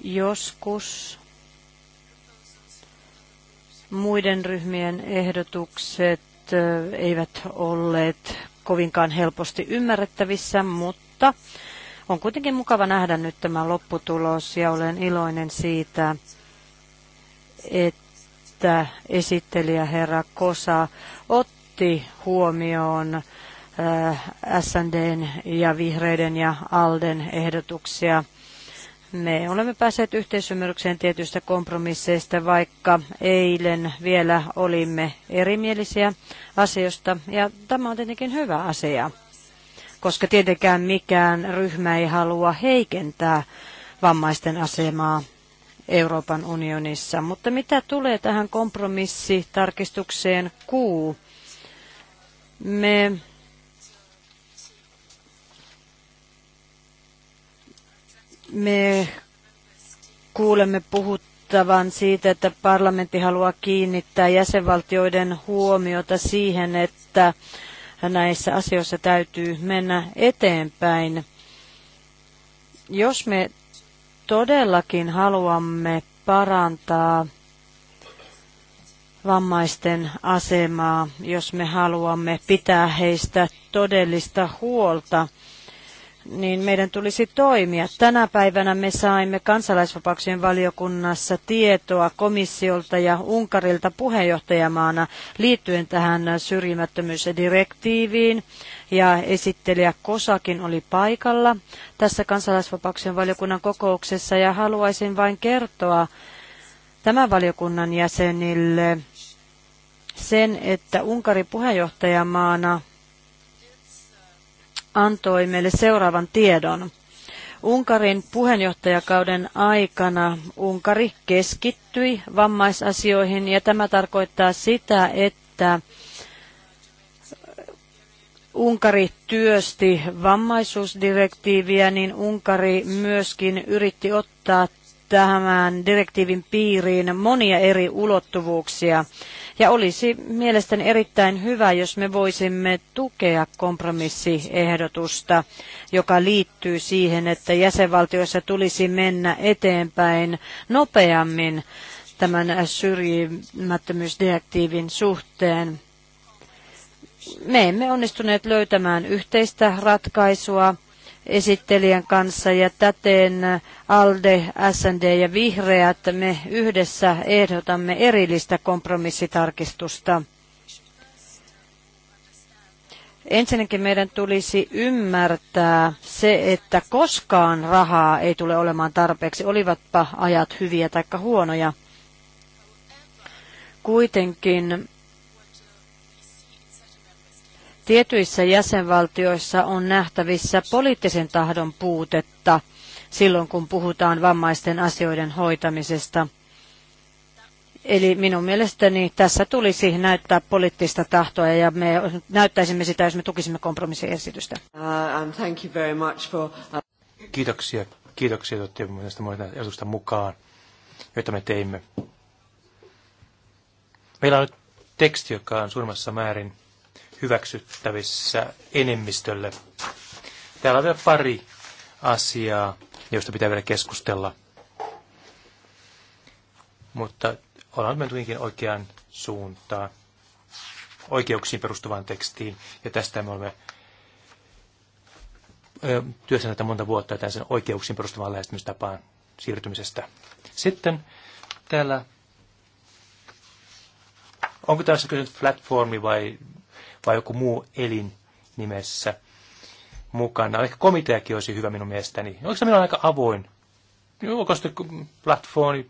Joskus muiden ryhmien ehdotukset eivät olleet kovinkaan helposti ymmärrettävissä, mutta mutta on kuitenkin mukava nähdä nyt tämä lopputulos ja olen iloinen siitä, että esittelijä herra Kosa otti huomioon äh, SNDn ja vihreiden ja ALDEn ehdotuksia. Me olemme päässeet yhteisymmärrykseen tietyistä kompromisseista, vaikka eilen vielä olimme erimielisiä asioista, ja tämä on tietenkin hyvä asia koska tietenkään mikään ryhmä ei halua heikentää vammaisten asemaa Euroopan unionissa. Mutta mitä tulee tähän kompromissitarkistukseen Q, me me kuulemme puhuttavan siitä, että parlamentti haluaa kiinnittää jäsenvaltioiden huomiota siihen, että näissä asioissa täytyy mennä eteenpäin. Jos me todellakin haluamme parantaa vammaisten asemaa, jos me haluamme pitää heistä todellista huolta, niin meidän tulisi toimia. Tänä päivänä me saimme kansalaisvapauksien valiokunnassa tietoa komissiolta ja Unkarilta puheenjohtajamaana liittyen tähän syrjimättömyysdirektiiviin. Ja esittelijä Kosakin oli paikalla tässä kansalaisvapauksien valiokunnan kokouksessa ja haluaisin vain kertoa tämän valiokunnan jäsenille sen, että Unkari puheenjohtajamaana – antoi meille seuraavan tiedon. Unkarin puheenjohtajakauden aikana Unkari keskittyi vammaisasioihin ja tämä tarkoittaa sitä, että Unkari työsti vammaisuusdirektiiviä, niin Unkari myöskin yritti ottaa tämän direktiivin piiriin monia eri ulottuvuuksia. Ja olisi mielestäni erittäin hyvä, jos me voisimme tukea kompromissiehdotusta, joka liittyy siihen, että jäsenvaltioissa tulisi mennä eteenpäin nopeammin tämän syrjimättömyysdirektiivin suhteen. Me emme onnistuneet löytämään yhteistä ratkaisua esittelijän kanssa ja täten ALDE, SND ja Vihreät me yhdessä ehdotamme erillistä kompromissitarkistusta. Ensinnäkin meidän tulisi ymmärtää se, että koskaan rahaa ei tule olemaan tarpeeksi, olivatpa ajat hyviä tai huonoja. Kuitenkin Tietyissä jäsenvaltioissa on nähtävissä poliittisen tahdon puutetta silloin, kun puhutaan vammaisten asioiden hoitamisesta. Eli minun mielestäni tässä tulisi näyttää poliittista tahtoa ja me näyttäisimme sitä, jos me tukisimme kompromissiesitystä. Uh, for... Uh, Kiitoksia. Kiitoksia, että otitte tästä ajatusta mukaan, jota me teimme. Meillä on nyt teksti, joka on suurimmassa määrin hyväksyttävissä enemmistölle. Täällä on vielä pari asiaa, joista pitää vielä keskustella. Mutta ollaan mennyt kuitenkin oikeaan suuntaan, oikeuksiin perustuvaan tekstiin, ja tästä me olemme työssä näitä monta vuotta tämän sen oikeuksiin perustuvaan lähestymistapaan siirtymisestä. Sitten täällä, onko tässä kysynyt platformi vai vai joku muu elin nimessä mukana. Ehkä komiteakin olisi hyvä minun mielestäni. Onko se minulla aika avoin? Onko se platformi,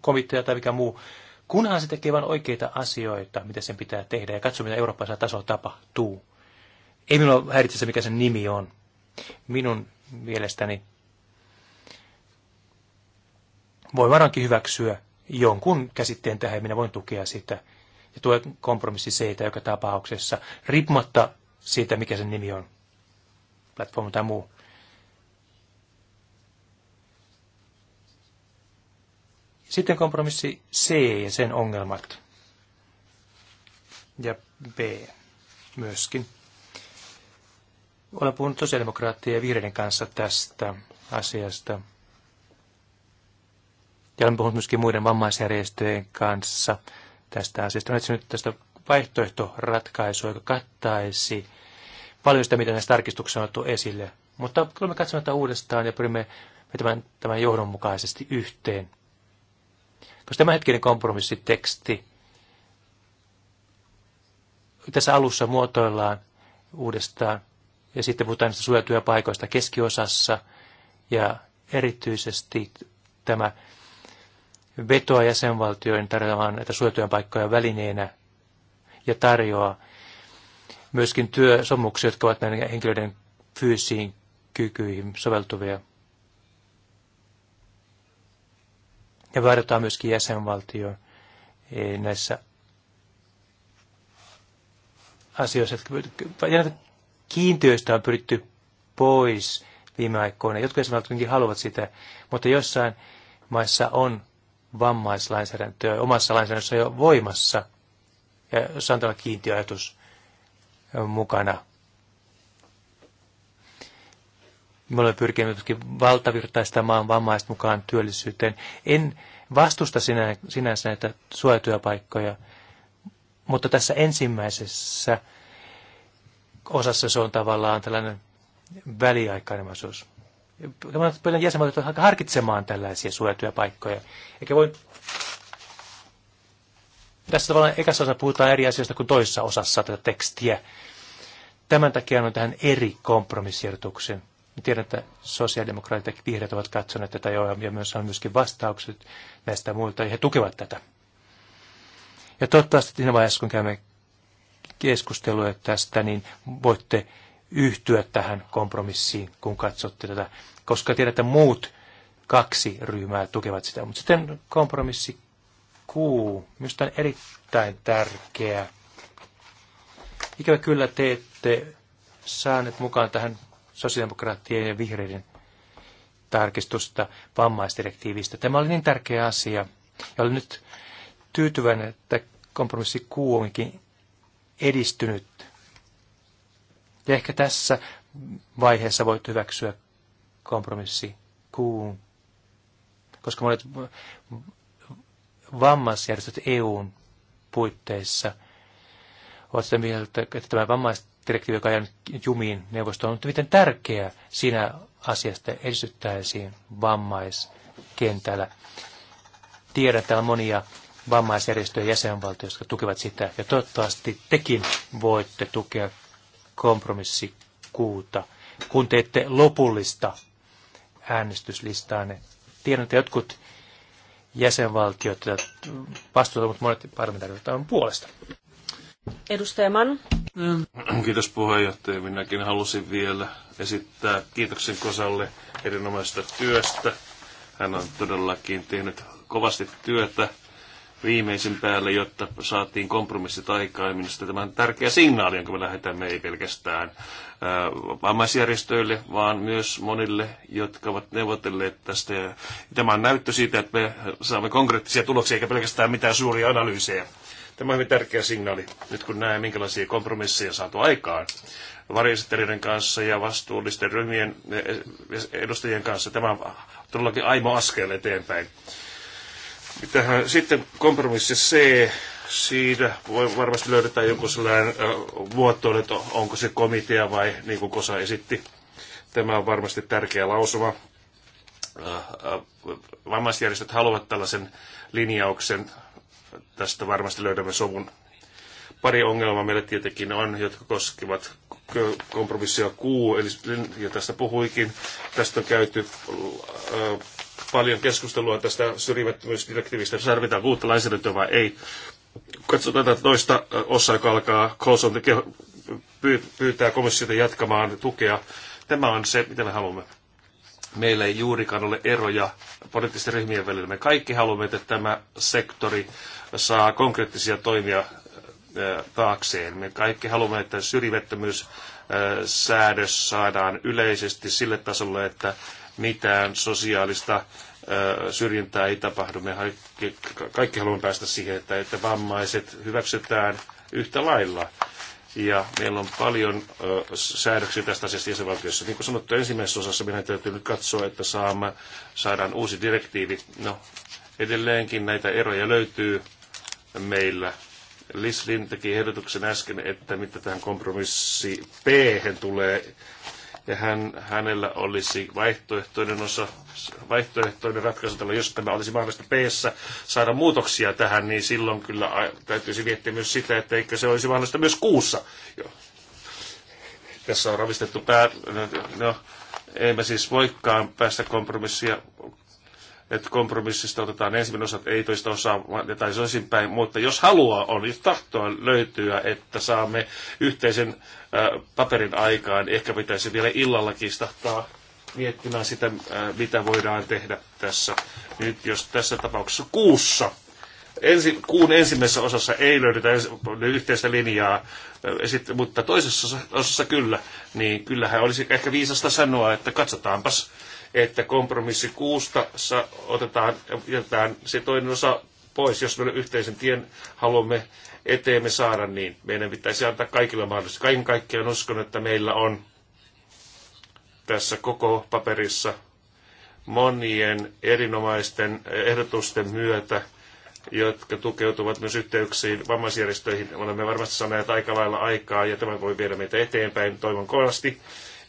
komitea tai mikä muu? Kunhan se tekee vain oikeita asioita, mitä sen pitää tehdä, ja katso, mitä eurooppalaisella tasolla tapahtuu. Ei minua häiritse se, mikä sen nimi on. Minun mielestäni voi varankin hyväksyä jonkun käsitteen tähän, minä voin tukea sitä ja tuo kompromissi siitä joka tapauksessa, riippumatta siitä, mikä sen nimi on, platform tai muu. Sitten kompromissi C ja sen ongelmat. Ja B myöskin. Olen puhunut sosiaalidemokraattien ja vihreiden kanssa tästä asiasta. Ja olen puhunut myöskin muiden vammaisjärjestöjen kanssa – tästä asiasta. Olen etsinyt tästä vaihtoehtoratkaisua, joka kattaisi paljon sitä, mitä näissä tarkistuksissa on otettu esille. Mutta kyllä me katsomme tätä uudestaan ja pyrimme vetämään tämän johdonmukaisesti yhteen. Koska tämä hetkinen kompromissiteksti tässä alussa muotoillaan uudestaan ja sitten puhutaan näistä suojatyöpaikoista keskiosassa ja erityisesti tämä vetoa jäsenvaltioiden tarjoamaan näitä suojatyön paikkoja välineenä ja tarjoaa myöskin työsomuksia, jotka ovat näiden henkilöiden fyysisiin kykyihin soveltuvia. Ja vaaditaan myöskin jäsenvaltio e, näissä asioissa. Kiintiöistä on pyritty pois viime aikoina. Jotkut jäsenvaltiot haluavat sitä, mutta jossain maissa on vammaislainsäädäntöä omassa lainsäädännössä jo voimassa. Ja jos on tällainen kiintiöajatus mukana. Me olemme pyrkineet myöskin valtavirtaistamaan vammaiset mukaan työllisyyteen. En vastusta sinä, sinänsä näitä suojatyöpaikkoja, mutta tässä ensimmäisessä osassa se on tavallaan tällainen väliaikainen mahdollisuus pyydän aika harkitsemaan tällaisia suojattuja paikkoja. Eikä voi... Tässä tavallaan ekassa osassa puhutaan eri asioista kuin toisessa osassa tätä tekstiä. Tämän takia on tähän eri kompromissiertuksen. Tiedän, että sosiaalidemokraatit ja vihreät ovat katsoneet tätä jo, ja myös on myöskin vastaukset näistä muilta, ja he tukevat tätä. Ja toivottavasti siinä vaiheessa, kun käymme keskusteluja tästä, niin voitte yhtyä tähän kompromissiin, kun katsotte tätä, koska tiedätte että muut kaksi ryhmää tukevat sitä. Mutta sitten kompromissi Q, minusta on erittäin tärkeä. Ikävä kyllä te ette saaneet mukaan tähän sosiaalidemokraattien ja vihreiden tarkistusta vammaisdirektiivistä. Tämä oli niin tärkeä asia. Ja olen nyt tyytyväinen, että kompromissi Q onkin edistynyt ja ehkä tässä vaiheessa voit hyväksyä kompromissi kuun, koska monet vammaisjärjestöt EUn puitteissa ovat sitä mieltä, että tämä vammaisdirektiivi, joka on jäänyt jumiin neuvostoon, on miten tärkeää siinä asiasta edistyttäisiin vammaiskentällä. Tiedän, että täällä on monia vammaisjärjestöjä jäsenvaltioita, jotka tukevat sitä, ja toivottavasti tekin voitte tukea kompromissikuuta, kun teette lopullista äänestyslistaanne. Tiedän, että jotkut jäsenvaltiot vastuuta, mutta monet parlamentaarit on puolesta. Edustaja Mann. Kiitos puheenjohtaja. Minäkin halusin vielä esittää kiitoksen Kosalle erinomaisesta työstä. Hän on todellakin tehnyt kovasti työtä viimeisen päälle, jotta saatiin kompromissit aikaa. Minusta tämä on tärkeä signaali, jonka me lähetämme ei pelkästään äh, vammaisjärjestöille, vaan myös monille, jotka ovat neuvotelleet tästä. Ja tämä on näyttö siitä, että me saamme konkreettisia tuloksia, eikä pelkästään mitään suuria analyysejä. Tämä on hyvin tärkeä signaali, nyt kun näemme, minkälaisia kompromisseja on saatu aikaan varjesittelijöiden kanssa ja vastuullisten ryhmien eh, eh, edustajien kanssa. Tämä on todellakin aimo askel eteenpäin. Tähän, sitten kompromissi C, siinä voi varmasti löydetään joku sellainen muotoon, että onko se komitea vai niin kuin Kosa esitti. Tämä on varmasti tärkeä lausuma. Vammaisjärjestöt haluavat tällaisen linjauksen. Tästä varmasti löydämme sovun. Pari ongelmaa meillä tietenkin on, jotka koskevat kompromissia Q, eli jo tästä puhuikin. Tästä on käyty paljon keskustelua tästä syrjimättömyysdirektiivistä, tarvitaan uutta lainsäädäntöä vai ei. Katsotaan tätä toista osaa, joka alkaa Colson pyytää komissiota jatkamaan tukea. Tämä on se, mitä me haluamme. Meillä ei juurikaan ole eroja poliittisten ryhmien välillä. Me kaikki haluamme, että tämä sektori saa konkreettisia toimia taakseen. Me kaikki haluamme, että syrjimättömyyssäädös saadaan yleisesti sille tasolle, että mitään sosiaalista syrjintää ei tapahdu. Me kaikki haluamme päästä siihen, että, että vammaiset hyväksytään yhtä lailla. Ja meillä on paljon ö, säädöksiä tästä asiasta jäsenvaltiossa. Niin kuin sanottu, ensimmäisessä osassa meidän täytyy nyt katsoa, että saamme, saadaan uusi direktiivi. No, edelleenkin näitä eroja löytyy meillä. Lislin teki ehdotuksen äsken, että mitä tähän kompromissi p tulee, ja hän, hänellä olisi vaihtoehtoinen, osa, vaihtoehtoinen ratkaisu, tällä, jos tämä olisi mahdollista p saada muutoksia tähän, niin silloin kyllä täytyisi miettiä myös sitä, että eikö se olisi mahdollista myös kuussa. Jo. Tässä on ravistettu pää... No, no, ei me siis voikaan päästä kompromissia että kompromissista otetaan ensimmäinen osa, ei toista osaa, tai se päin, mutta jos haluaa on, jos tahtoa löytyä, että saamme yhteisen ää, paperin aikaan, ehkä pitäisi vielä illallakin stahtaa miettimään sitä, ää, mitä voidaan tehdä tässä. Nyt jos tässä tapauksessa kuussa, ensi, kuun ensimmäisessä osassa ei löydetä ensi, yhteistä linjaa, sit, mutta toisessa osassa kyllä, niin kyllähän olisi ehkä viisasta sanoa, että katsotaanpas, että kompromissi kuusta otetaan, jätetään se toinen osa pois, jos me yhteisen tien haluamme eteemme saada, niin meidän pitäisi antaa kaikille mahdollisuus. Kaiken kaikkiaan uskon, että meillä on tässä koko paperissa monien erinomaisten ehdotusten myötä, jotka tukeutuvat myös yhteyksiin vammaisjärjestöihin. Olemme varmasti saaneet aika lailla aikaa ja tämä voi viedä meitä eteenpäin. Toivon kovasti,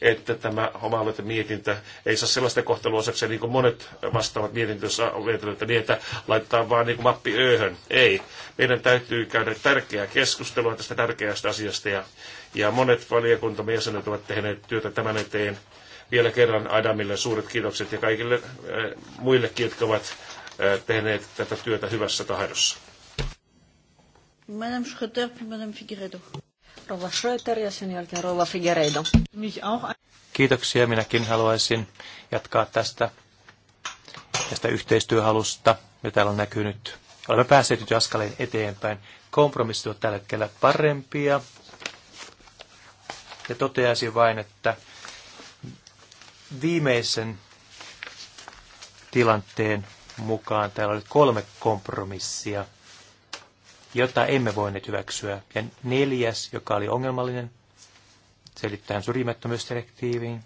että tämä oma mietintä ei saa sellaista kohtelua osaksi, niin kuin monet vastaavat mietintössä on että niitä laittaa laitetaan vaan niin kuin mappi ööhön. Ei. Meidän täytyy käydä tärkeää keskustelua tästä tärkeästä asiasta ja, ja monet valiokuntamme jäsenet ovat tehneet työtä tämän eteen. Vielä kerran Adamille suuret kiitokset ja kaikille äh, muillekin, jotka ovat äh, tehneet tätä työtä hyvässä tahdossa. Madame Schröter, puis Madame Figueredo. Schröter ja sen jälkeen Figueiredo. Kiitoksia. Minäkin haluaisin jatkaa tästä, tästä yhteistyöhalusta, mitä täällä on näkynyt. Olemme päässeet nyt askaleen eteenpäin. Kompromissit ovat tällä hetkellä parempia. Ja toteaisin vain, että viimeisen tilanteen mukaan täällä oli kolme kompromissia – jota emme voineet hyväksyä. Ja neljäs, joka oli ongelmallinen, se liittyy tähän syrjimättömyysdirektiiviin.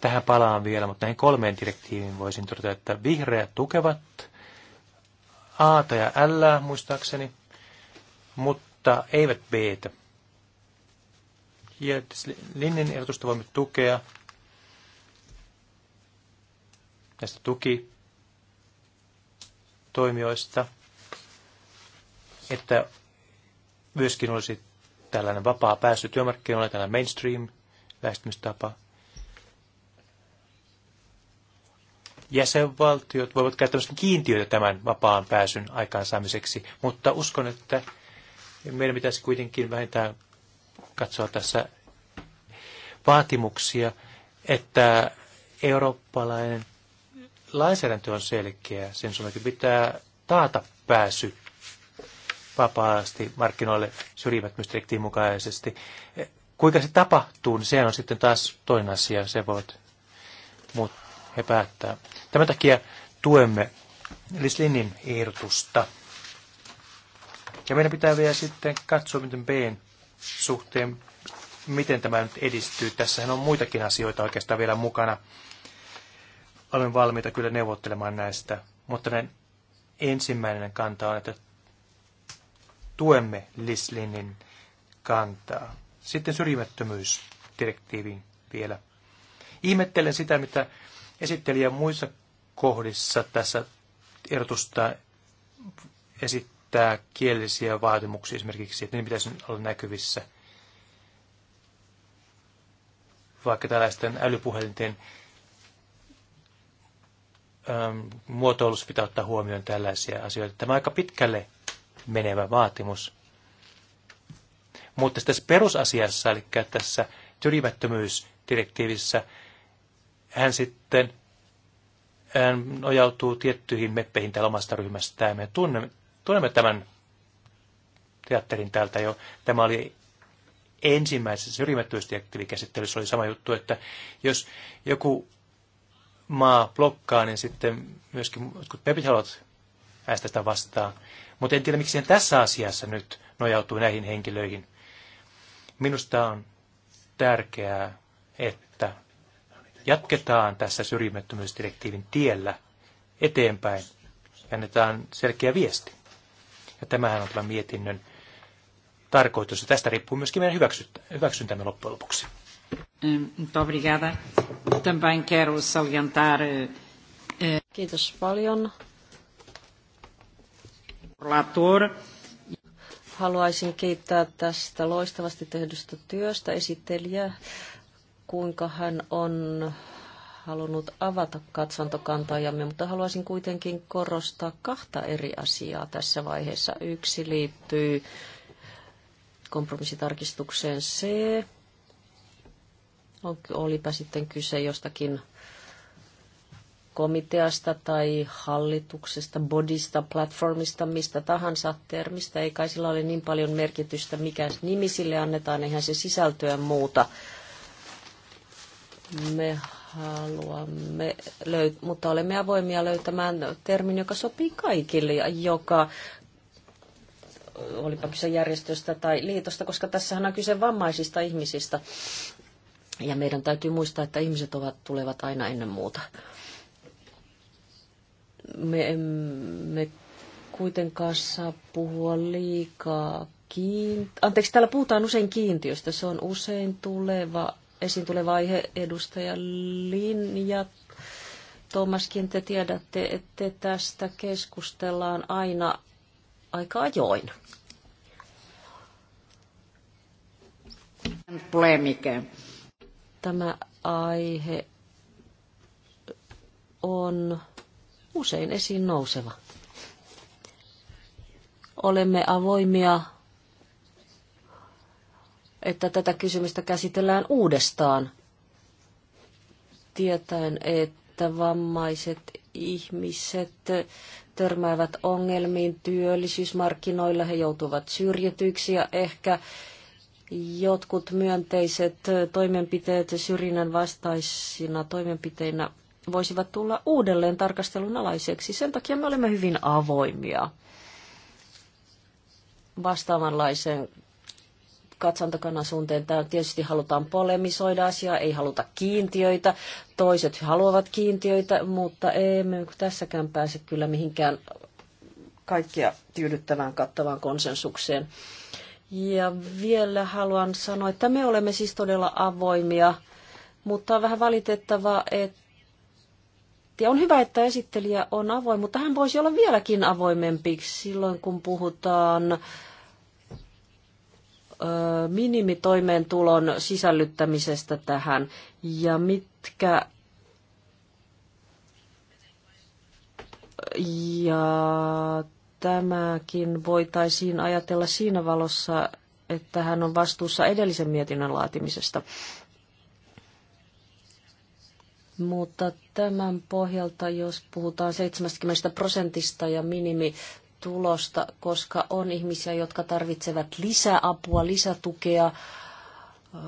Tähän palaan vielä, mutta näihin kolmeen direktiiviin voisin todeta, että vihreät tukevat A ja L muistaakseni, mutta eivät B. -tä. Ja Linnin ehdotusta voimme tukea. Näistä tuki toimijoista että myöskin olisi tällainen vapaa pääsy työmarkkinoille, tällainen mainstream lähestymistapa. Jäsenvaltiot voivat käyttää kiintiöitä tämän vapaan pääsyn aikaansaamiseksi, mutta uskon, että meidän pitäisi kuitenkin vähintään katsoa tässä vaatimuksia, että eurooppalainen lainsäädäntö on selkeä. Sen suunnakin pitää taata pääsy vapaasti markkinoille syrjimättömyysdirektiin mukaisesti. Kuinka se tapahtuu, niin se on sitten taas toinen asia, se voit mut he päättää. Tämän takia tuemme Lislinin ehdotusta. Ja meidän pitää vielä sitten katsoa, miten Bn suhteen, miten tämä nyt edistyy. Tässähän on muitakin asioita oikeastaan vielä mukana. Olemme valmiita kyllä neuvottelemaan näistä, mutta näin ensimmäinen kanta on, että tuemme Lislinin kantaa. Sitten syrjimättömyysdirektiiviin vielä. Ihmettelen sitä, mitä esittelijä muissa kohdissa tässä ehdotusta esittää kielisiä vaatimuksia esimerkiksi, että ne pitäisi olla näkyvissä. Vaikka tällaisten älypuhelinten muotoilussa pitää ottaa huomioon tällaisia asioita. Tämä aika pitkälle menevä vaatimus. Mutta tässä perusasiassa, eli tässä syrjimättömyysdirektiivissä, hän sitten hän nojautuu tiettyihin meppeihin täällä omasta ryhmästään. Me tunnemme, tunnemme tämän teatterin täältä jo. Tämä oli ensimmäisessä syrjimättömyysdirektiivikäsittelyssä oli sama juttu, että jos joku maa blokkaa, niin sitten myöskin jotkut pepit haluavat äänestää sitä vastaan. Mutta en tiedä, miksi en tässä asiassa nyt nojautuu näihin henkilöihin. Minusta on tärkeää, että jatketaan tässä syrjimättömyysdirektiivin tiellä eteenpäin ja annetaan selkeä viesti. Ja tämähän on tämän mietinnön tarkoitus, ja tästä riippuu myöskin meidän hyväksyntämme loppujen lopuksi. Eh, eh, Kiitos paljon. Haluaisin kiittää tästä loistavasti tehdystä työstä esittelijää, kuinka hän on halunnut avata katsontokantajamme, mutta haluaisin kuitenkin korostaa kahta eri asiaa tässä vaiheessa. Yksi liittyy kompromissitarkistukseen C, olipa sitten kyse jostakin komiteasta tai hallituksesta, bodista, platformista, mistä tahansa termistä. Ei kai sillä ole niin paljon merkitystä, mikä nimi sille annetaan, eihän se sisältöä muuta. Me haluamme löyt- mutta olemme avoimia löytämään termin, joka sopii kaikille ja joka olipa kyse järjestöstä tai liitosta, koska tässähän on kyse vammaisista ihmisistä. Ja meidän täytyy muistaa, että ihmiset ovat, tulevat aina ennen muuta me emme kuitenkaan saa puhua liikaa kiint... Anteeksi, täällä puhutaan usein kiintiöstä. Se on usein tuleva, esiin tuleva aihe edustaja Lin ja Tomaskin, te tiedätte, että tästä keskustellaan aina aika ajoin. Tämä aihe on usein esiin nouseva. Olemme avoimia, että tätä kysymystä käsitellään uudestaan, tietäen, että vammaiset ihmiset törmäävät ongelmiin työllisyysmarkkinoilla, he joutuvat syrjityksi ja ehkä jotkut myönteiset toimenpiteet syrjinnän vastaisina toimenpiteinä voisivat tulla uudelleen tarkastelun alaiseksi. Sen takia me olemme hyvin avoimia vastaavanlaiseen katsantokannan suunteen. Tämä tietysti halutaan polemisoida asiaa, ei haluta kiintiöitä. Toiset haluavat kiintiöitä, mutta emme tässäkään pääse kyllä mihinkään kaikkia tyydyttävään kattavaan konsensukseen. Ja vielä haluan sanoa, että me olemme siis todella avoimia, mutta on vähän valitettavaa, että ja on hyvä, että esittelijä on avoin, mutta hän voisi olla vieläkin avoimempi silloin, kun puhutaan minimitoimeentulon sisällyttämisestä tähän ja mitkä ja tämäkin voitaisiin ajatella siinä valossa, että hän on vastuussa edellisen mietinnön laatimisesta. Mutta tämän pohjalta, jos puhutaan 70 prosentista ja minimi tulosta, koska on ihmisiä, jotka tarvitsevat lisäapua, lisätukea. Öö,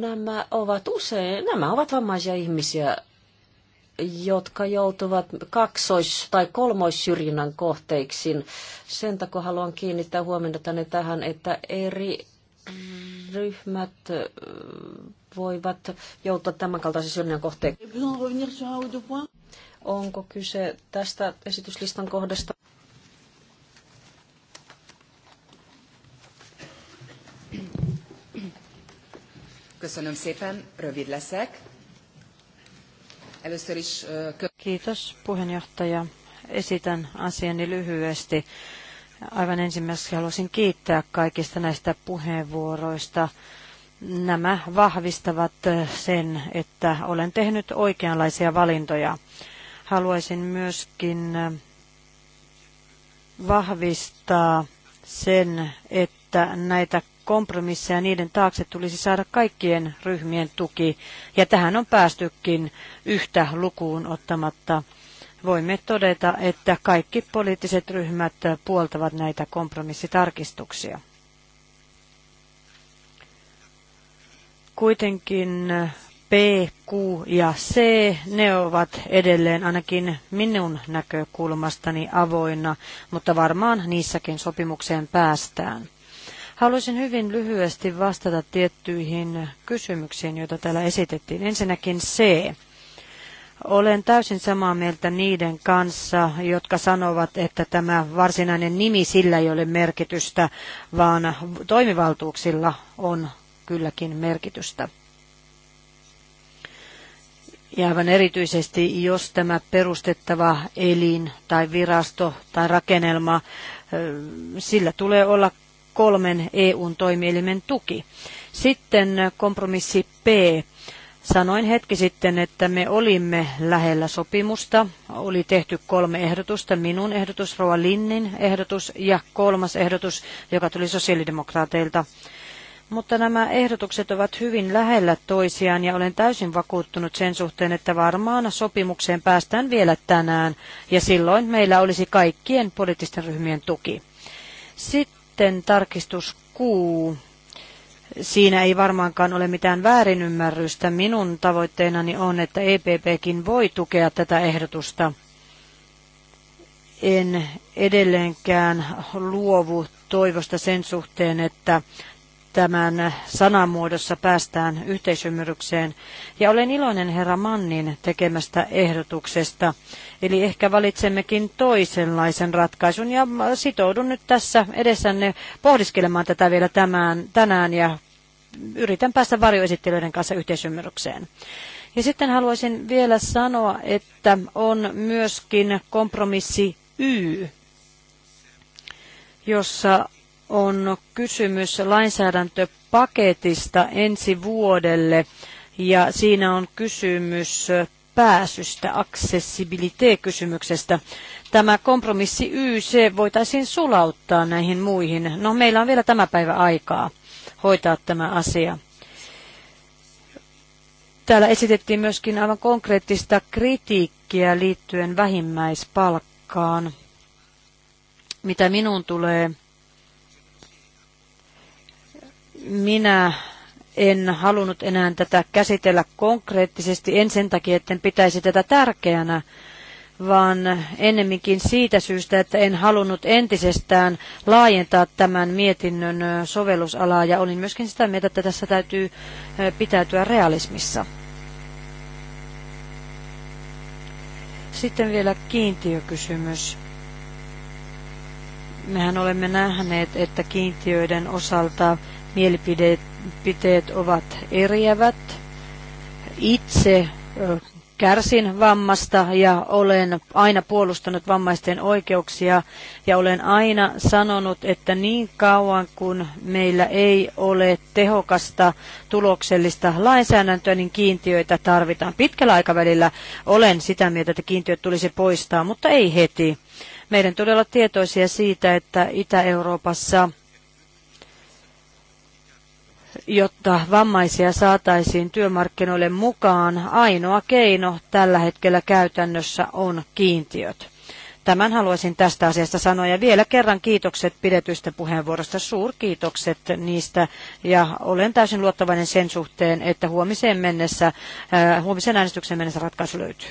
nämä ovat usein, nämä ovat vammaisia ihmisiä, jotka joutuvat kaksois- tai kolmoissyrjinnän kohteiksi. Sen takia haluan kiinnittää huomiota tähän, että eri ryhmät öö, voivat joutua tämänkaltaisen syrjinnän kohteen. Onko kyse tästä esityslistan kohdasta? Köszönöm szépen, rövid leszek. Először is... Kiitos puheenjohtaja. Esitän asiani lyhyesti. Aivan ensimmäiseksi haluaisin kiittää kaikista näistä puheenvuoroista. Nämä vahvistavat sen, että olen tehnyt oikeanlaisia valintoja. Haluaisin myöskin vahvistaa sen, että näitä kompromisseja niiden taakse tulisi saada kaikkien ryhmien tuki. Ja tähän on päästykin yhtä lukuun ottamatta. Voimme todeta, että kaikki poliittiset ryhmät puoltavat näitä kompromissitarkistuksia. Kuitenkin P, Q ja C, ne ovat edelleen ainakin minun näkökulmastani avoinna, mutta varmaan niissäkin sopimukseen päästään. Haluaisin hyvin lyhyesti vastata tiettyihin kysymyksiin, joita täällä esitettiin. Ensinnäkin C. Olen täysin samaa mieltä niiden kanssa, jotka sanovat, että tämä varsinainen nimi sillä ei ole merkitystä, vaan toimivaltuuksilla on kylläkin merkitystä. Ja aivan erityisesti, jos tämä perustettava elin tai virasto tai rakennelma, sillä tulee olla kolmen eu toimielimen tuki. Sitten kompromissi P. Sanoin hetki sitten, että me olimme lähellä sopimusta. Oli tehty kolme ehdotusta, minun ehdotus, Roa Linnin ehdotus ja kolmas ehdotus, joka tuli sosiaalidemokraateilta. Mutta nämä ehdotukset ovat hyvin lähellä toisiaan ja olen täysin vakuuttunut sen suhteen, että varmaan sopimukseen päästään vielä tänään ja silloin meillä olisi kaikkien poliittisten ryhmien tuki. Sitten tarkistus kuu. Siinä ei varmaankaan ole mitään väärinymmärrystä. Minun tavoitteenani on, että EPPkin voi tukea tätä ehdotusta. En edelleenkään luovu toivosta sen suhteen, että tämän sanamuodossa päästään yhteisymmärrykseen. Ja olen iloinen herra Mannin tekemästä ehdotuksesta. Eli ehkä valitsemmekin toisenlaisen ratkaisun ja sitoudun nyt tässä edessänne pohdiskelemaan tätä vielä tämän, tänään ja yritän päästä varjoesittelyiden kanssa yhteisymmärrykseen. Ja sitten haluaisin vielä sanoa, että on myöskin kompromissi Y, jossa on kysymys lainsäädäntöpaketista ensi vuodelle ja siinä on kysymys pääsystä, accessibility-kysymyksestä. Tämä kompromissi YC se voitaisiin sulauttaa näihin muihin. No, meillä on vielä tämä päivä aikaa hoitaa tämä asia. Täällä esitettiin myöskin aivan konkreettista kritiikkiä liittyen vähimmäispalkkaan. Mitä minun tulee, minä en halunnut enää tätä käsitellä konkreettisesti, en sen takia, että en pitäisi tätä tärkeänä, vaan ennemminkin siitä syystä, että en halunnut entisestään laajentaa tämän mietinnön sovellusalaa ja olin myöskin sitä mieltä, että tässä täytyy pitäytyä realismissa. Sitten vielä kiintiökysymys. Mehän olemme nähneet, että kiintiöiden osalta mielipiteet ovat eriävät. Itse kärsin vammasta ja olen aina puolustanut vammaisten oikeuksia ja olen aina sanonut, että niin kauan kun meillä ei ole tehokasta tuloksellista lainsäädäntöä, niin kiintiöitä tarvitaan. Pitkällä aikavälillä olen sitä mieltä, että kiintiöt tulisi poistaa, mutta ei heti. Meidän todella tietoisia siitä, että Itä-Euroopassa jotta vammaisia saataisiin työmarkkinoille mukaan, ainoa keino tällä hetkellä käytännössä on kiintiöt. Tämän haluaisin tästä asiasta sanoa ja vielä kerran kiitokset pidetystä puheenvuorosta, suurkiitokset niistä ja olen täysin luottavainen sen suhteen, että huomiseen mennessä, äh, huomisen äänestyksen mennessä ratkaisu löytyy.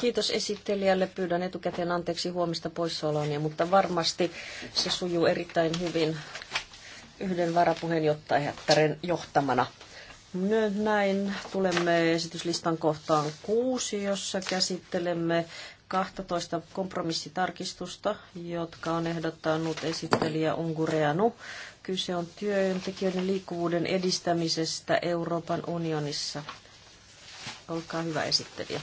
Kiitos esittelijälle. Pyydän etukäteen anteeksi huomista poissaoloani, mutta varmasti se sujuu erittäin hyvin yhden varapuheenjohtajattaren johtamana. Nyt näin tulemme esityslistan kohtaan kuusi, jossa käsittelemme 12 kompromissitarkistusta, jotka on ehdottanut esittelijä Ungureanu. Kyse on työntekijöiden liikkuvuuden edistämisestä Euroopan unionissa. Olkaa hyvä esittelijä.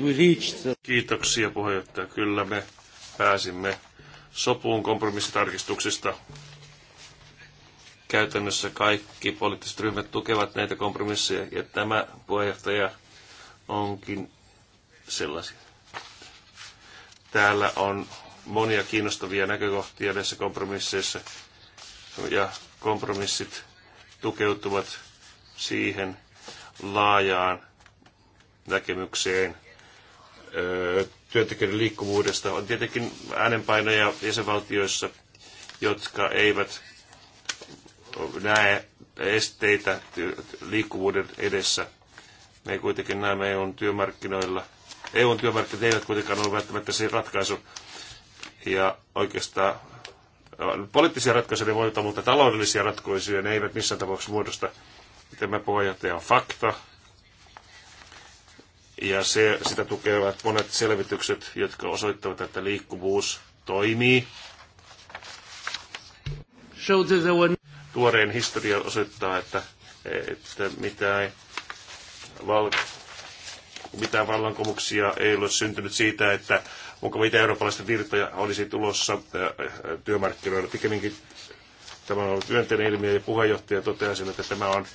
Uh, Kiitoksia puheenjohtaja. Kyllä me pääsimme sopuun kompromissitarkistuksista. Käytännössä kaikki poliittiset ryhmät tukevat näitä kompromisseja, ja tämä puheenjohtaja onkin sellaisia. Täällä on monia kiinnostavia näkökohtia näissä kompromisseissa, ja kompromissit tukeutuvat siihen laajaan näkemykseen, työntekijöiden liikkuvuudesta on tietenkin äänenpainoja jäsenvaltioissa, jotka eivät näe esteitä liikkuvuuden edessä. Me kuitenkin näemme EUn työmarkkinoilla. EUn työmarkkinat eivät kuitenkaan ole välttämättä se ratkaisu. Ja oikeastaan poliittisia ratkaisuja voi olla, mutta taloudellisia ratkaisuja ne eivät missään tapauksessa muodosta. Tämä puheenjohtaja on fakta, ja se, sitä tukevat monet selvitykset, jotka osoittavat, että liikkuvuus toimii. Tuoreen historia osoittaa, että, että mitään, val, mitään vallankumouksia ei ole syntynyt siitä, että onko mitä eurooppalaista virtoja olisi tulossa työmarkkinoilla. Pikemminkin tämä on ollut myönteinen ilmiö ja puheenjohtaja toteaa että tämä on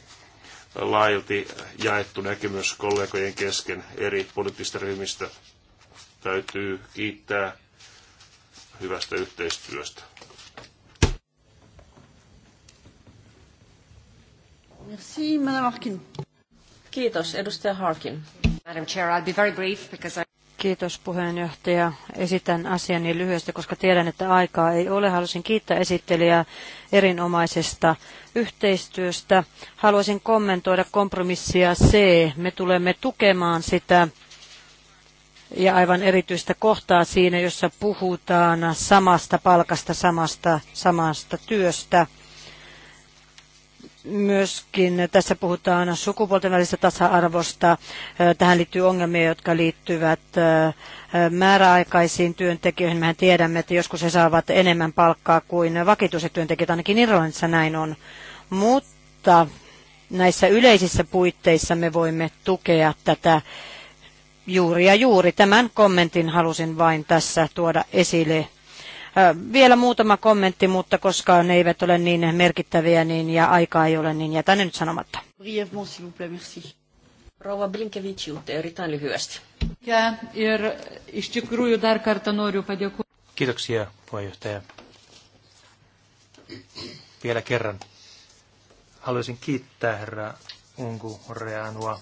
laajalti jaettu näkemys kollegojen kesken eri poliittisista ryhmistä. Täytyy kiittää hyvästä yhteistyöstä. Merci, Madame Harkin. Kiitos, edustaja Harkin. Madam Chair, I'll be very brief because I... Kiitos puheenjohtaja. Esitän niin lyhyesti, koska tiedän, että aikaa ei ole. Haluaisin kiittää esittelijää erinomaisesta yhteistyöstä. Haluaisin kommentoida kompromissia C. Me tulemme tukemaan sitä ja aivan erityistä kohtaa siinä, jossa puhutaan samasta palkasta, samasta, samasta työstä myöskin tässä puhutaan sukupuolten välisestä tasa-arvosta. Tähän liittyy ongelmia, jotka liittyvät määräaikaisiin työntekijöihin. Mehän tiedämme, että joskus he saavat enemmän palkkaa kuin vakituiset työntekijät, ainakin Irlannissa näin on. Mutta näissä yleisissä puitteissa me voimme tukea tätä juuri ja juuri. Tämän kommentin halusin vain tässä tuoda esille vielä muutama kommentti, mutta koska ne eivät ole niin merkittäviä niin, ja aikaa ei ole, niin jätän ne nyt sanomatta. Rouva Blinkevičiūtė, erittäin lyhyesti. Kiitoksia, puheenjohtaja. Vielä kerran haluaisin kiittää herra Unku Reanua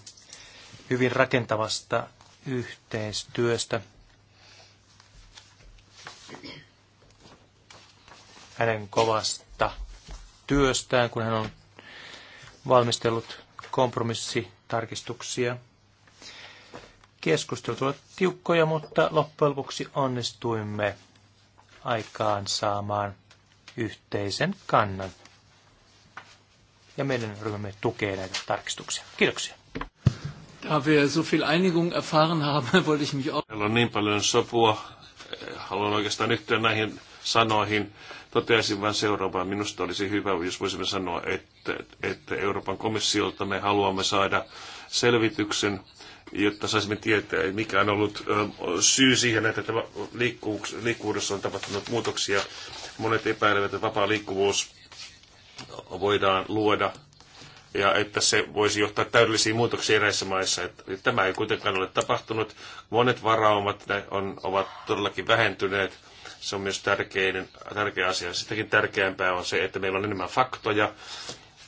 hyvin rakentavasta yhteistyöstä hänen kovasta työstään, kun hän on valmistellut kompromissitarkistuksia. Keskustelut ovat tiukkoja, mutta loppujen lopuksi onnistuimme aikaan saamaan yhteisen kannan. Ja meidän ryhmämme tukee näitä tarkistuksia. Kiitoksia. Da wir so viel Einigung erfahren haben, wollte ich mich auch... Meillä on niin paljon sopua. Haluan oikeastaan yhtyä näihin sanoihin Toteaisin vain seuraavaa. Minusta olisi hyvä, jos voisimme sanoa, että, että Euroopan komissiolta me haluamme saada selvityksen, jotta saisimme tietää, mikä on ollut syy siihen, että tämä liikkuvuudessa on tapahtunut muutoksia. Monet epäilevät, että vapaa liikkuvuus voidaan luoda ja että se voisi johtaa täydellisiin muutoksiin eräissä maissa. Että tämä ei kuitenkaan ole tapahtunut. Monet varaumat on, ovat todellakin vähentyneet se on myös tärkein, tärkeä asia. Sitäkin tärkeämpää on se, että meillä on enemmän faktoja,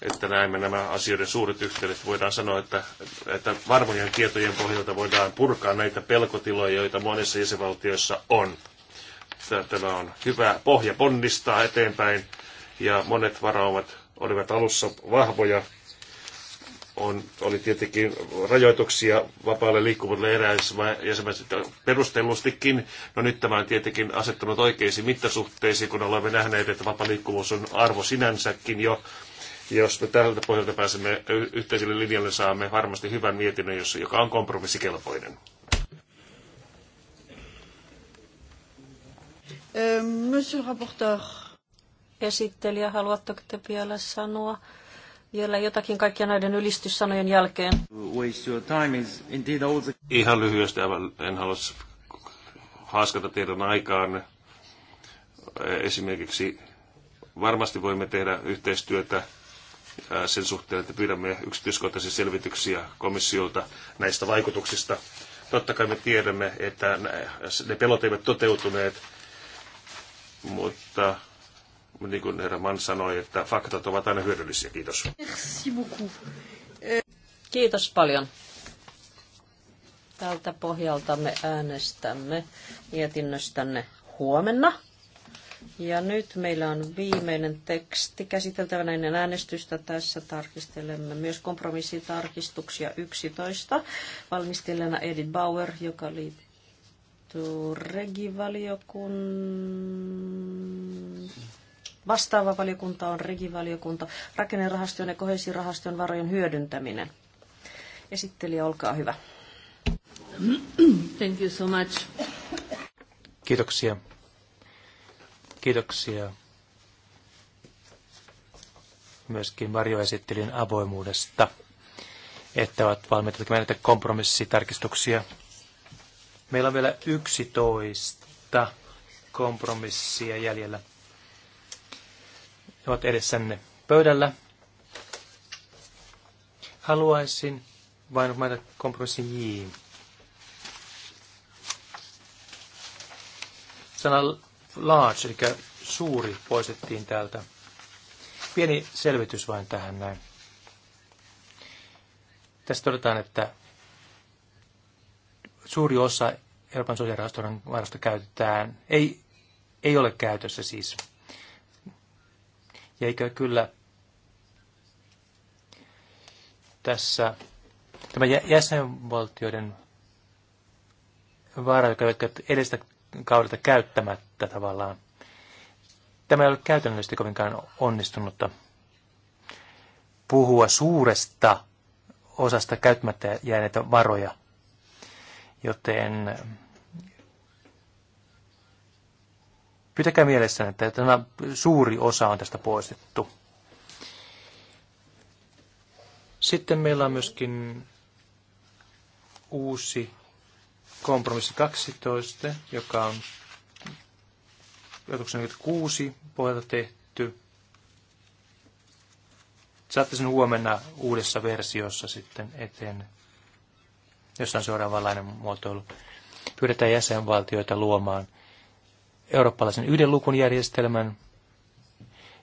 että näemme nämä asioiden suuret yhteydet. Voidaan sanoa, että, että varmojen tietojen pohjalta voidaan purkaa näitä pelkotiloja, joita monissa jäsenvaltioissa on. Tämä on hyvä pohja ponnistaa eteenpäin ja monet varaumat olivat alussa vahvoja on, oli tietenkin rajoituksia vapaalle liikkuvuudelle eräissä jäsenmaissa perustellustikin. No nyt tämä on tietenkin asettunut oikeisiin mittasuhteisiin, kun olemme nähneet, että vapaa liikkuvuus on arvo sinänsäkin jo. Jos me tältä pohjalta pääsemme yhteiselle linjalle, saamme varmasti hyvän mietinnön, joka on kompromissikelpoinen. Äh, monsieur le rapporteur, esittelijä, haluatteko te vielä sanoa? Vielä jotakin kaikkien näiden ylistyssanojen jälkeen. Ihan lyhyesti, aivan en halua haaskata teidän aikaan. Esimerkiksi varmasti voimme tehdä yhteistyötä sen suhteen, että pyydämme yksityiskohtaisia selvityksiä komissiolta näistä vaikutuksista. Totta kai me tiedämme, että ne pelot eivät toteutuneet, mutta niin kuin herra Mann sanoi, että faktat ovat aina hyödyllisiä. Kiitos. Kiitos paljon. Tältä pohjalta me äänestämme mietinnöstänne huomenna. Ja nyt meillä on viimeinen teksti käsiteltävänä ennen äänestystä. Tässä tarkistelemme myös kompromissitarkistuksia 11. Valmistelijana Edith Bauer, joka liittyy regivaliokuntaan Vastaava valiokunta on regivaliokunta, rakennerahastojen ja kohesirahaston varojen hyödyntäminen. Esittelijä, olkaa hyvä. Thank you so much. Kiitoksia. Kiitoksia myöskin varjoesittelijän avoimuudesta, että ovat valmiita tekemään näitä kompromissitarkistuksia. Meillä on vielä 11 kompromissia jäljellä. Ne ovat edessänne pöydällä. Haluaisin vain mainita kompromissin J. Sana large, eli suuri, poistettiin täältä. Pieni selvitys vain tähän näin. Tässä todetaan, että suuri osa Euroopan sosiaalirahaston varasta käytetään, ei, ei ole käytössä siis ja eikö kyllä tässä tämä jäsenvaltioiden vaara, joka edestä kaudelta käyttämättä tavallaan. Tämä ei ole käytännöllisesti kovinkaan onnistunutta puhua suuresta osasta käyttämättä jääneitä varoja, joten Pitäkää mielessä, että tämä suuri osa on tästä poistettu. Sitten meillä on myöskin uusi kompromissi 12, joka on 46 pohjalta tehty. Saatte sen huomenna uudessa versiossa sitten eteen, jossa on seuraavanlainen muotoilu. Pyydetään jäsenvaltioita luomaan – eurooppalaisen yhden lukun järjestelmän,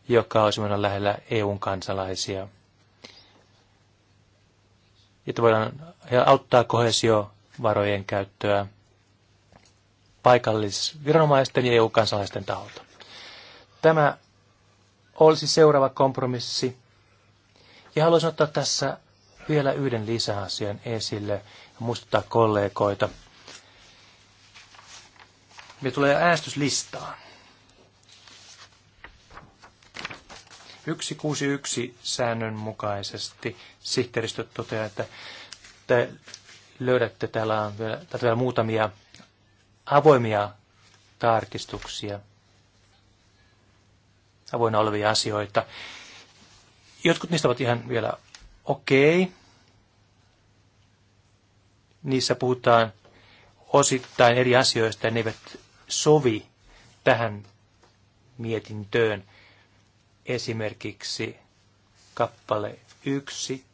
joka olisi meillä lähellä EUn kansalaisia. Jotta voidaan auttaa kohesiovarojen käyttöä paikallisviranomaisten ja EU-kansalaisten taholta. Tämä olisi seuraava kompromissi. Ja haluaisin ottaa tässä vielä yhden lisäasian esille ja muistuttaa kollegoita – me tulee äänestyslistaan. 161 säännön mukaisesti sihteeristö toteaa, että te löydätte täällä, on vielä, täällä on muutamia avoimia tarkistuksia, avoinna olevia asioita. Jotkut niistä ovat ihan vielä okei. Okay. Niissä puhutaan osittain eri asioista ja ne eivät sovi tähän mietintöön. Esimerkiksi kappale 1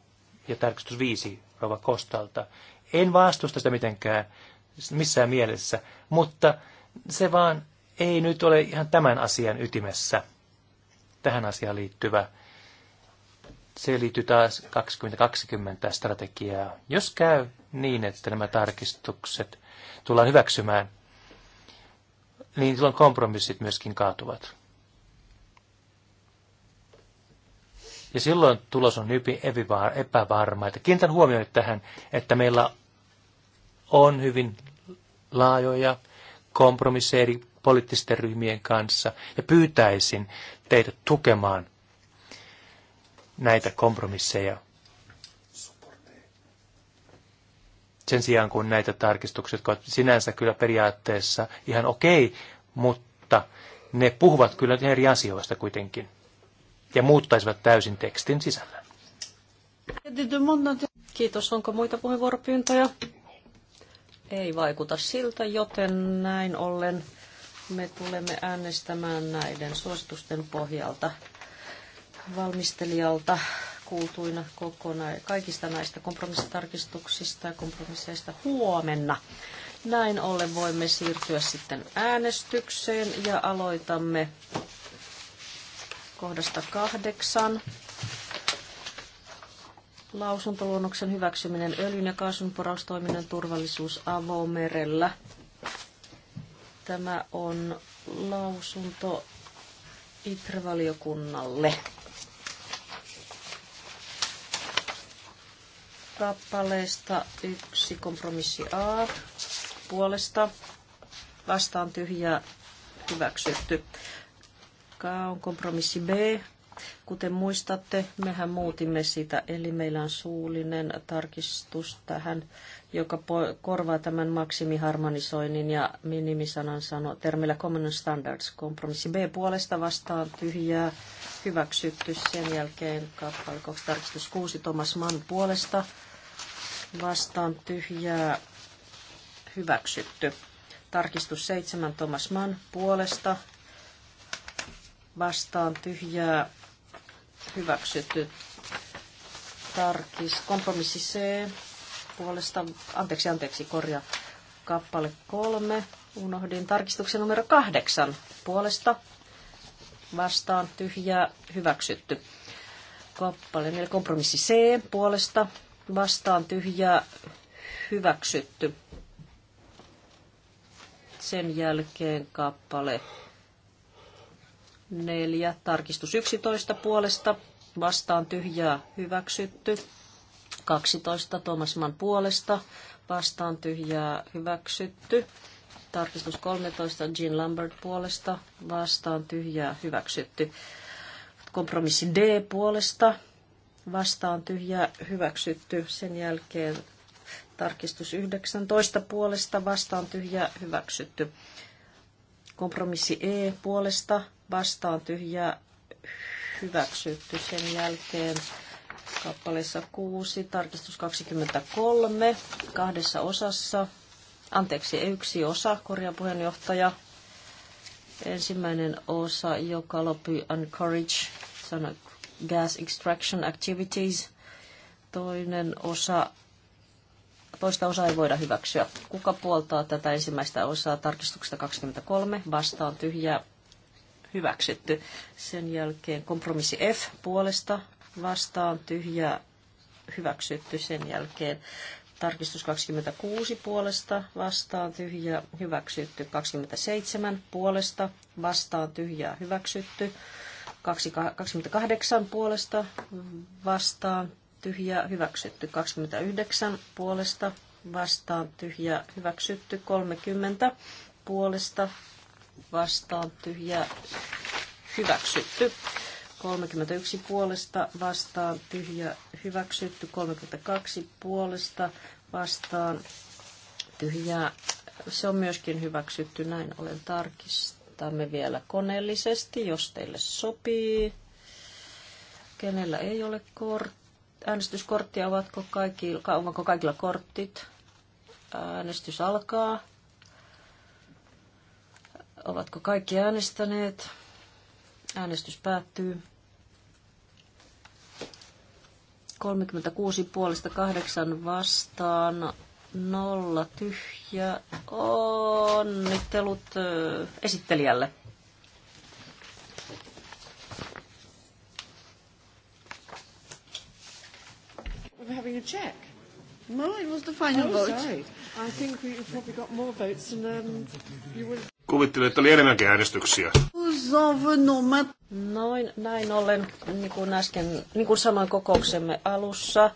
ja tarkistus 5 Rova Kostalta. En vastusta sitä mitenkään missään mielessä, mutta se vaan ei nyt ole ihan tämän asian ytimessä, tähän asiaan liittyvä. Se liittyy taas 2020 strategiaa. Jos käy niin, että nämä tarkistukset tullaan hyväksymään, niin silloin kompromissit myöskin kaatuvat. Ja silloin tulos on hyvin epävarma. Että kiinnitän huomioon tähän, että meillä on hyvin laajoja kompromisseja eri poliittisten ryhmien kanssa. Ja pyytäisin teitä tukemaan näitä kompromisseja sen sijaan, kun näitä tarkistuksia, jotka ovat sinänsä kyllä periaatteessa ihan okei, mutta ne puhuvat kyllä eri asioista kuitenkin ja muuttaisivat täysin tekstin sisällä. Kiitos. Onko muita puheenvuoropyyntöjä? Ei vaikuta siltä, joten näin ollen me tulemme äänestämään näiden suositusten pohjalta valmistelijalta kuultuina kokona- kaikista näistä kompromissitarkistuksista ja kompromisseista huomenna. Näin ollen voimme siirtyä sitten äänestykseen ja aloitamme kohdasta kahdeksan. Lausuntoluonnoksen hyväksyminen öljyn ja kaasun poraustoiminnan turvallisuus avomerellä. Tämä on lausunto ITRE-valiokunnalle. kappaleesta yksi kompromissi A puolesta vastaan tyhjä hyväksytty. Ka on kompromissi B. Kuten muistatte, mehän muutimme sitä, eli meillä on suullinen tarkistus tähän, joka korvaa tämän maksimiharmonisoinnin ja minimisanan sano termillä common standards. Kompromissi B puolesta vastaan tyhjää hyväksytty. Sen jälkeen kappale tarkistus 6 Thomas Mann puolesta vastaan tyhjää hyväksytty. Tarkistus 7 Thomas Mann puolesta vastaan tyhjää hyväksytty. Tarkis, kompromissi C puolesta, anteeksi, anteeksi, korja kappale kolme, unohdin tarkistuksen numero kahdeksan puolesta vastaan tyhjää hyväksytty. Kappale 4, kompromissi C puolesta vastaan tyhjää hyväksytty. Sen jälkeen kappale 4, tarkistus 11 puolesta, vastaan tyhjää hyväksytty. 12 Tomasman puolesta, vastaan tyhjää hyväksytty. Tarkistus 13 Jean Lambert puolesta, vastaan tyhjää hyväksytty. Kompromissi D puolesta, vastaan tyhjä hyväksytty. Sen jälkeen tarkistus 19 puolesta vastaan tyhjä hyväksytty. Kompromissi E puolesta vastaan tyhjä hyväksytty. Sen jälkeen kappaleessa 6, tarkistus 23, kahdessa osassa. Anteeksi, yksi osa, korjaa puheenjohtaja. Ensimmäinen osa, joka loppui encourage, sanoi gas extraction activities. Toinen osa, toista osaa ei voida hyväksyä. Kuka puoltaa tätä ensimmäistä osaa tarkistuksesta 23? Vastaan tyhjä, hyväksytty. Sen jälkeen kompromissi F puolesta vastaan tyhjä, hyväksytty. Sen jälkeen tarkistus 26 puolesta vastaan tyhjä, hyväksytty. 27 puolesta vastaan tyhjä, hyväksytty. 28 puolesta vastaan tyhjä hyväksytty. 29 puolesta vastaan tyhjä hyväksytty. 30 puolesta vastaan tyhjä hyväksytty. 31 puolesta vastaan tyhjä hyväksytty. 32 puolesta vastaan tyhjä Se on myöskin hyväksytty, näin olen tarkistanut Aloitamme vielä koneellisesti, jos teille sopii. Kenellä ei ole kort... äänestyskorttia, ovatko kaikilla, ovatko kaikilla kortit? Äänestys alkaa. Ovatko kaikki äänestäneet? Äänestys päättyy. 36 puolesta 8 vastaan nolla tyhjä. Onnittelut esittelijälle. We're having a check. No, it was the final oh, vote. Sorry. I think we probably got more votes than um, you would. Kuvittelin, että oli enemmänkin äänestyksiä. Noin, näin ollen, niin kuin äsken, niin kuin sanoin kokouksemme alussa,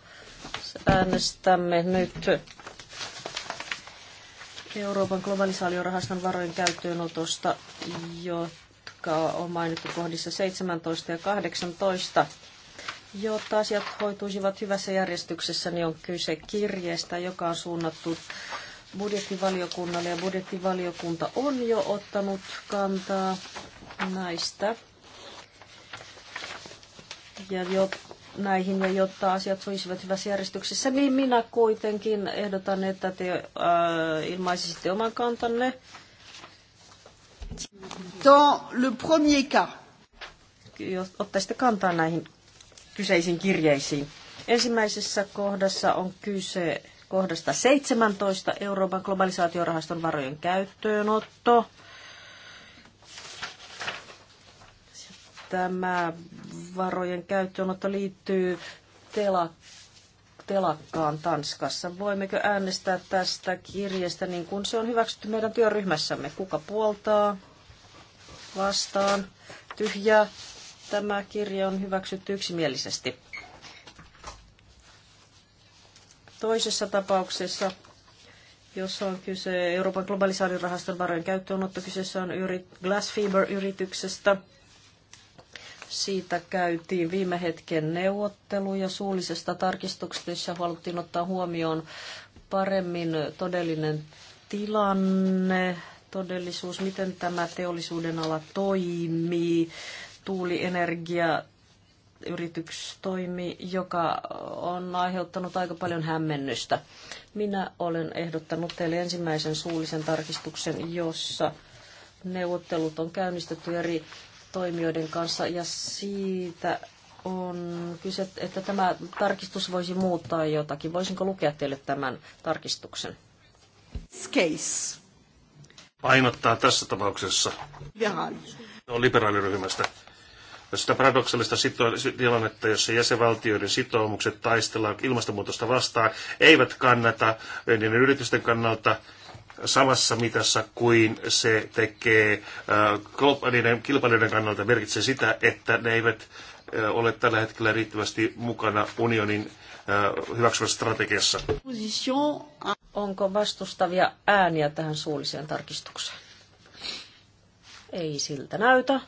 äänestämme nyt Euroopan globalisaaliorahaston varojen käyttöönotosta, jotka on mainittu kohdissa 17 ja 18. Jotta asiat hoituisivat hyvässä järjestyksessä, niin on kyse kirjeestä, joka on suunnattu budjettivaliokunnalle ja budjettivaliokunta on jo ottanut kantaa näistä. Ja jo näihin ja jotta asiat suisivat hyvässä järjestyksessä, niin minä kuitenkin ehdotan, että te äh, ilmaisisitte oman kantanne. Dans le premier cas. Ottaisitte kantaa näihin kyseisiin kirjeisiin. Ensimmäisessä kohdassa on kyse kohdasta 17 Euroopan globalisaatiorahaston varojen käyttöönotto. tämä varojen käyttöönotto liittyy telakkaan Tanskassa. Voimmeko äänestää tästä kirjasta niin kuin se on hyväksytty meidän työryhmässämme? Kuka puoltaa? Vastaan. Tyhjä. Tämä kirja on hyväksytty yksimielisesti. Toisessa tapauksessa, jossa on kyse Euroopan globalisaatiorahaston varojen käyttöönotto, kyseessä on Glassfiber-yrityksestä siitä käytiin viime hetken neuvotteluja suullisesta tarkistuksesta, jossa haluttiin ottaa huomioon paremmin todellinen tilanne, todellisuus, miten tämä teollisuuden ala toimii, tuulienergia, toimii, joka on aiheuttanut aika paljon hämmennystä. Minä olen ehdottanut teille ensimmäisen suullisen tarkistuksen, jossa neuvottelut on käynnistetty eri toimijoiden kanssa ja siitä on kyse, että tämä tarkistus voisi muuttaa jotakin. Voisinko lukea teille tämän tarkistuksen? Case. Painottaa tässä tapauksessa. Viral. On liberaaliryhmästä. Sitä paradoksaalista sito- tilannetta, jossa jäsenvaltioiden sitoumukset taistella ilmastonmuutosta vastaan, eivät kannata niiden yritysten kannalta samassa mitassa kuin se tekee äh, niiden kilpailijoiden kannalta merkitsee sitä, että ne eivät äh, ole tällä hetkellä riittävästi mukana unionin äh, hyväksyvässä strategiassa. Onko vastustavia ääniä tähän suulliseen tarkistukseen? Ei siltä näytä,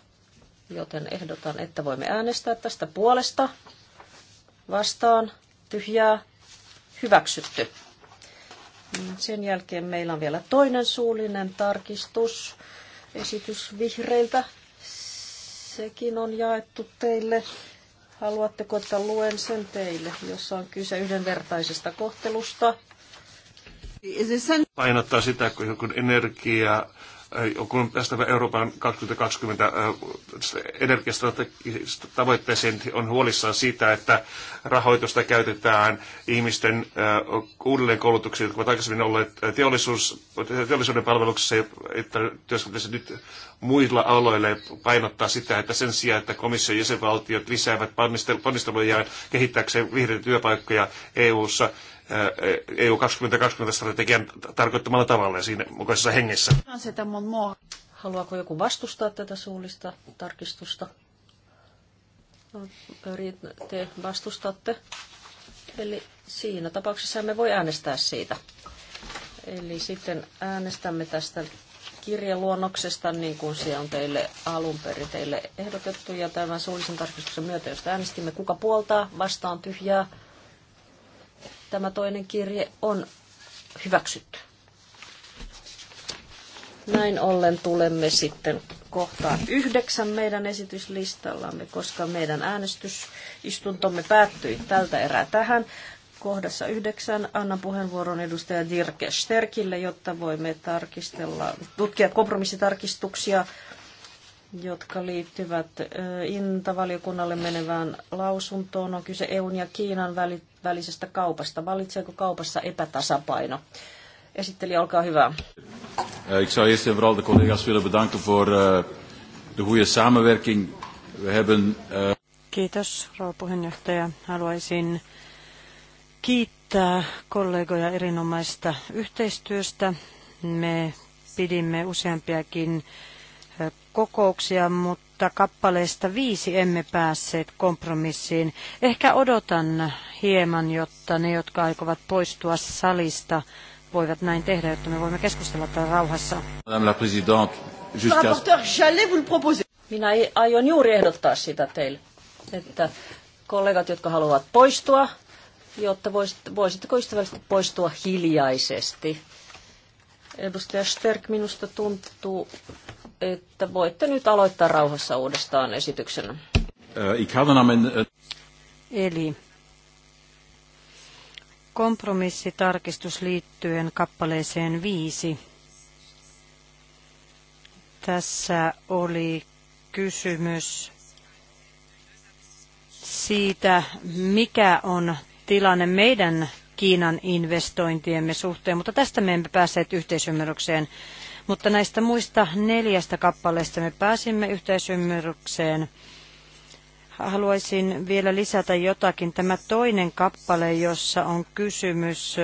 joten ehdotan, että voimme äänestää tästä puolesta vastaan tyhjää hyväksytty. Sen jälkeen meillä on vielä toinen suullinen tarkistus, esitys vihreiltä. Sekin on jaettu teille. Haluatteko, että luen sen teille, jossa on kyse yhdenvertaisesta kohtelusta? Painottaa sitä, kun energia kun tästä Euroopan 2020 energiastrategisista tavoitteisiin on huolissaan siitä, että rahoitusta käytetään ihmisten uudelleenkoulutuksiin, jotka ovat aikaisemmin olleet teollisuus, teollisuuden palveluksessa, että työskentelyssä nyt muilla aloilla painottaa sitä, että sen sijaan, että komission jäsenvaltiot lisäävät ponnistelujaan kehittääkseen vihreitä työpaikkoja EU-ssa, EU 2020-strategian tarkoittamalla tavalla ja siinä mukaisessa hengessä. Haluaako joku vastustaa tätä suullista tarkistusta? No, te vastustatte. Eli siinä tapauksessa me voi äänestää siitä. Eli sitten äänestämme tästä kirjaluonnoksesta, niin kuin se on teille alun perin teille ehdotettu. Ja tämän suullisen tarkistuksen myötä, jos äänestimme, kuka puoltaa, vastaan tyhjää, Tämä toinen kirje on hyväksytty. Näin ollen tulemme sitten kohtaan yhdeksän meidän esityslistallamme, koska meidän äänestysistuntomme päättyi tältä erää tähän. Kohdassa yhdeksän annan puheenvuoron edustaja Dirke Sterkille, jotta voimme tarkistella, tutkia kompromissitarkistuksia jotka liittyvät Intavaliokunnalle menevään lausuntoon. On kyse EUn ja Kiinan välisestä kaupasta. Valitseeko kaupassa epätasapaino? Esitteli, olkaa hyvä. Eh, ik zou eerst en vooral de collega's willen bedanken voor eh, de goede samenwerking. We hebben... Eh, Kiitos, rouva puheenjohtaja. Haluaisin kiittää kollegoja erinomaista yhteistyöstä. Me pidimme useampiakin kokouksia, mutta kappaleista viisi emme päässeet kompromissiin. Ehkä odotan hieman, jotta ne, jotka aikovat poistua salista, voivat näin tehdä, jotta me voimme keskustella täällä rauhassa. Madame la présidente, Minä aion juuri ehdottaa sitä teille, että kollegat, jotka haluavat poistua, jotta voisitteko ystävällisesti poistua hiljaisesti. Edustaja Sterk, minusta tuntuu, että voitte nyt aloittaa rauhassa uudestaan esityksenä. Äh, äh, Eli kompromissitarkistus liittyen kappaleeseen viisi. Tässä oli kysymys siitä, mikä on tilanne meidän Kiinan investointiemme suhteen, mutta tästä me emme päässeet yhteisymmärrykseen. Mutta näistä muista neljästä kappaleesta me pääsimme yhteisymmärrykseen. Haluaisin vielä lisätä jotakin. Tämä toinen kappale, jossa on kysymys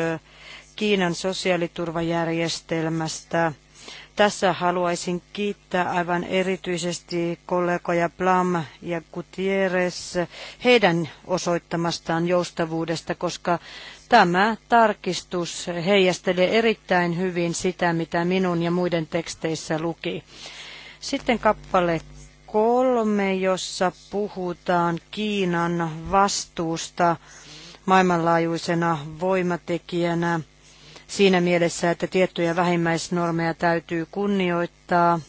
Kiinan sosiaaliturvajärjestelmästä. Tässä haluaisin kiittää aivan erityisesti kollegoja Plam ja Gutierrez heidän osoittamastaan joustavuudesta, koska Tämä tarkistus heijastelee erittäin hyvin sitä, mitä minun ja muiden teksteissä luki. Sitten kappale kolme, jossa puhutaan Kiinan vastuusta maailmanlaajuisena voimatekijänä siinä mielessä, että tiettyjä vähimmäisnormeja täytyy kunnioittaa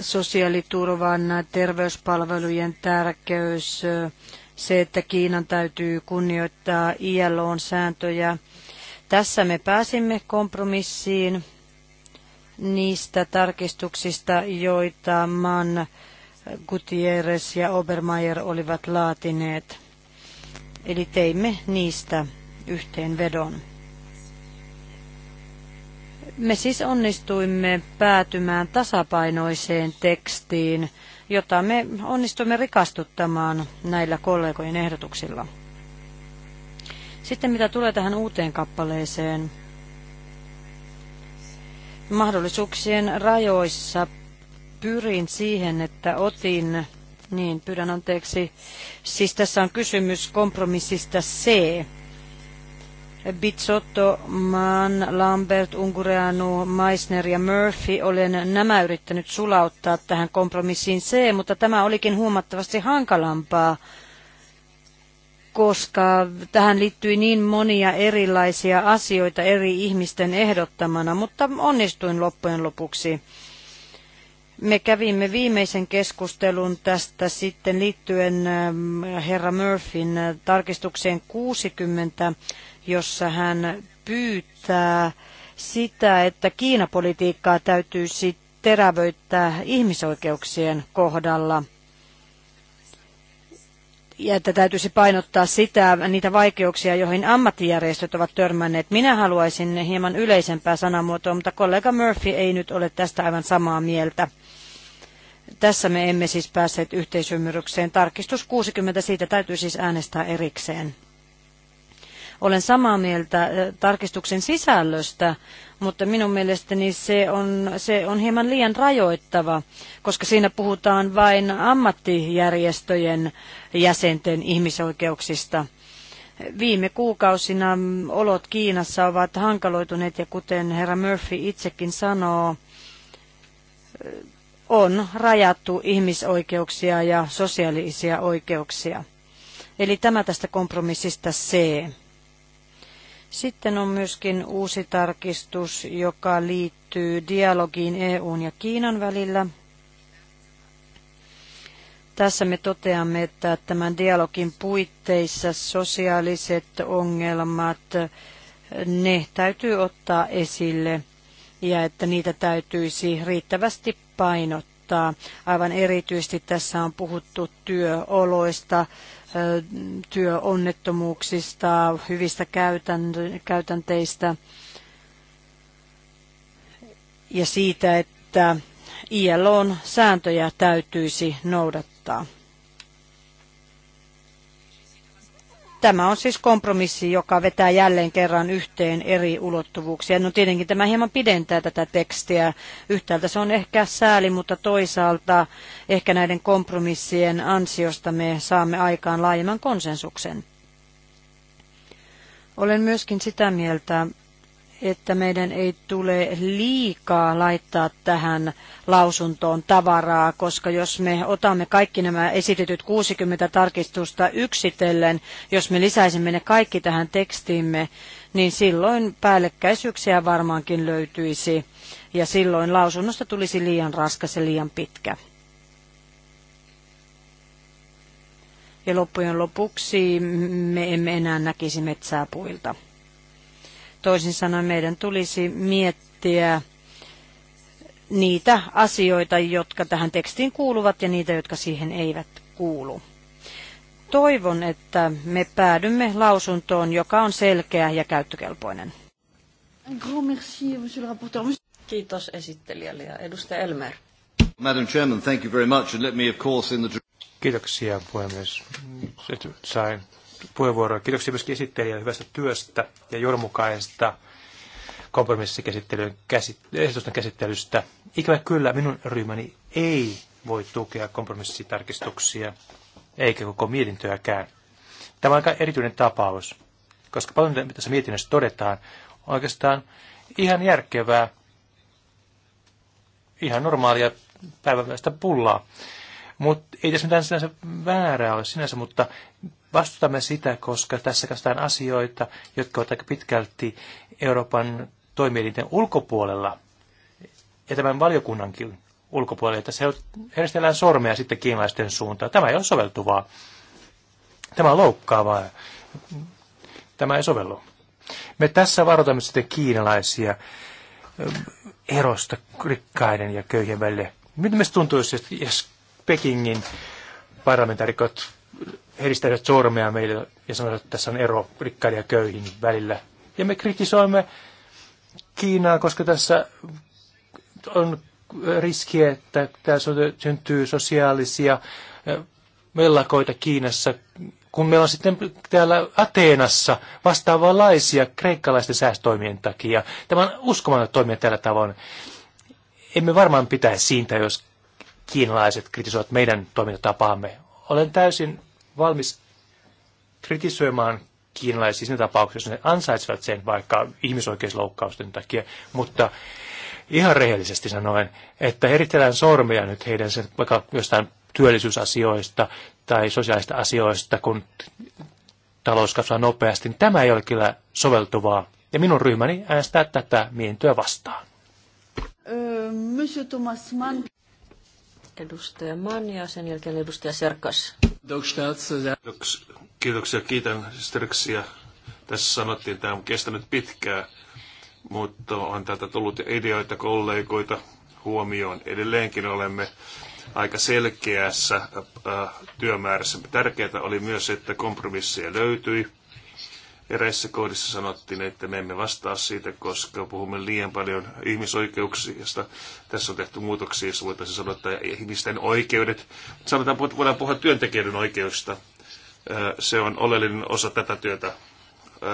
sosiaaliturvan, terveyspalvelujen tärkeys, se, että Kiinan täytyy kunnioittaa ILOn sääntöjä. Tässä me pääsimme kompromissiin niistä tarkistuksista, joita Mann, Gutierrez ja Obermeier olivat laatineet. Eli teimme niistä yhteenvedon. Me siis onnistuimme päätymään tasapainoiseen tekstiin, jota me onnistumme rikastuttamaan näillä kollegojen ehdotuksilla. Sitten mitä tulee tähän uuteen kappaleeseen, mahdollisuuksien rajoissa pyrin siihen, että otin, niin pyydän anteeksi, siis tässä on kysymys kompromissista C, Bizzotto, Mann, Lambert, Ungureanu, Meissner ja Murphy. Olen nämä yrittänyt sulauttaa tähän kompromissiin C, mutta tämä olikin huomattavasti hankalampaa, koska tähän liittyi niin monia erilaisia asioita eri ihmisten ehdottamana, mutta onnistuin loppujen lopuksi. Me kävimme viimeisen keskustelun tästä sitten liittyen ähm, herra Murphyn äh, tarkistukseen 60 jossa hän pyytää sitä, että Kiinapolitiikkaa täytyisi terävöittää ihmisoikeuksien kohdalla – ja että täytyisi painottaa sitä, niitä vaikeuksia, joihin ammattijärjestöt ovat törmänneet. Minä haluaisin hieman yleisempää sanamuotoa, mutta kollega Murphy ei nyt ole tästä aivan samaa mieltä. Tässä me emme siis päässeet yhteisymmärrykseen. Tarkistus 60, siitä täytyy siis äänestää erikseen. Olen samaa mieltä eh, tarkistuksen sisällöstä, mutta minun mielestäni se on, se on hieman liian rajoittava, koska siinä puhutaan vain ammattijärjestöjen jäsenten ihmisoikeuksista. Viime kuukausina olot Kiinassa ovat hankaloituneet ja kuten herra Murphy itsekin sanoo, eh, on rajattu ihmisoikeuksia ja sosiaalisia oikeuksia. Eli tämä tästä kompromissista C. Sitten on myöskin uusi tarkistus, joka liittyy dialogiin EUn ja Kiinan välillä. Tässä me toteamme, että tämän dialogin puitteissa sosiaaliset ongelmat, ne täytyy ottaa esille ja että niitä täytyisi riittävästi painottaa. Aivan erityisesti tässä on puhuttu työoloista, työonnettomuuksista, hyvistä käytänteistä ja siitä, että ILOn sääntöjä täytyisi noudattaa. Tämä on siis kompromissi, joka vetää jälleen kerran yhteen eri ulottuvuuksia. No tietenkin tämä hieman pidentää tätä tekstiä. Yhtäältä se on ehkä sääli, mutta toisaalta ehkä näiden kompromissien ansiosta me saamme aikaan laajemman konsensuksen. Olen myöskin sitä mieltä, että meidän ei tule liikaa laittaa tähän lausuntoon tavaraa, koska jos me otamme kaikki nämä esitetyt 60 tarkistusta yksitellen, jos me lisäisimme ne kaikki tähän tekstiimme, niin silloin päällekkäisyyksiä varmaankin löytyisi ja silloin lausunnosta tulisi liian raskas ja liian pitkä. Ja loppujen lopuksi me emme enää näkisi metsää puilta. Toisin sanoen meidän tulisi miettiä niitä asioita, jotka tähän tekstiin kuuluvat ja niitä, jotka siihen eivät kuulu. Toivon, että me päädymme lausuntoon, joka on selkeä ja käyttökelpoinen. Kiitos esittelijälle ja edustaja Elmer. Madam Chairman, thank you very much and let me of course in the Kiitoksia puhemies. Sain puheenvuoroa. Kiitoksia myöskin esittelijä hyvästä työstä ja johdonmukaisesta kompromissikäsittelyn käsit- käsittelystä. Ikävä kyllä minun ryhmäni ei voi tukea kompromissitarkistuksia, eikä koko mietintöäkään. Tämä on aika erityinen tapaus, koska paljon mitä tässä mietinnössä todetaan, on oikeastaan ihan järkevää, ihan normaalia päivämäistä pullaa. Mutta ei tässä mitään sinänsä väärää ole sinänsä, mutta vastutamme sitä, koska tässä käsitään asioita, jotka ovat aika pitkälti Euroopan toimielinten ulkopuolella ja tämän valiokunnankin ulkopuolella, että se heristellään sormea sitten kiinalaisten suuntaan. Tämä ei ole soveltuvaa. Tämä on loukkaavaa. Tämä ei sovellu. Me tässä varoitamme sitten kiinalaisia ehm, erosta rikkaiden ja köyhien välille. Miten me tuntuisi, jos Pekingin parlamentaarikot heristävät sormea meille ja sanovat, että tässä on ero rikkaiden ja köyhin välillä. Ja me kritisoimme Kiinaa, koska tässä on riski, että tässä syntyy sosiaalisia mellakoita Kiinassa, kun meillä on sitten täällä Ateenassa vastaavanlaisia kreikkalaisten säästöimien takia. Tämä on uskomaton toimia tällä tavoin. Emme varmaan pitäisi siitä, jos kiinalaiset kritisoivat meidän toimintatapaamme. Olen täysin valmis kritisoimaan kiinalaisia siinä tapauksessa, jos ne ansaitsevat sen vaikka ihmisoikeusloukkausten takia, mutta ihan rehellisesti sanoen, että eritellään sormia nyt heidän sen, vaikka jostain työllisyysasioista tai sosiaalista asioista, kun talous kasvaa nopeasti, niin tämä ei ole kyllä soveltuvaa. Ja minun ryhmäni äänestää tätä mietintöä vastaan. Monsieur Thomas Mann edustaja Manni ja sen jälkeen edustaja Serkas. Kiitoksia, kiitän Sterksiä. Tässä sanottiin, että tämä on kestänyt pitkään, mutta on täältä tullut ideoita, kollegoita huomioon. Edelleenkin olemme aika selkeässä äh, äh, työmäärässä. Tärkeää oli myös, että kompromisseja löytyi Eräissä kohdissa sanottiin, että me emme vastaa siitä, koska puhumme liian paljon ihmisoikeuksista. Tässä on tehty muutoksia, jos voitaisiin sanoa, että ihmisten oikeudet. Sanotaan, että voidaan puhua työntekijöiden oikeuksista. Se on oleellinen osa tätä työtä.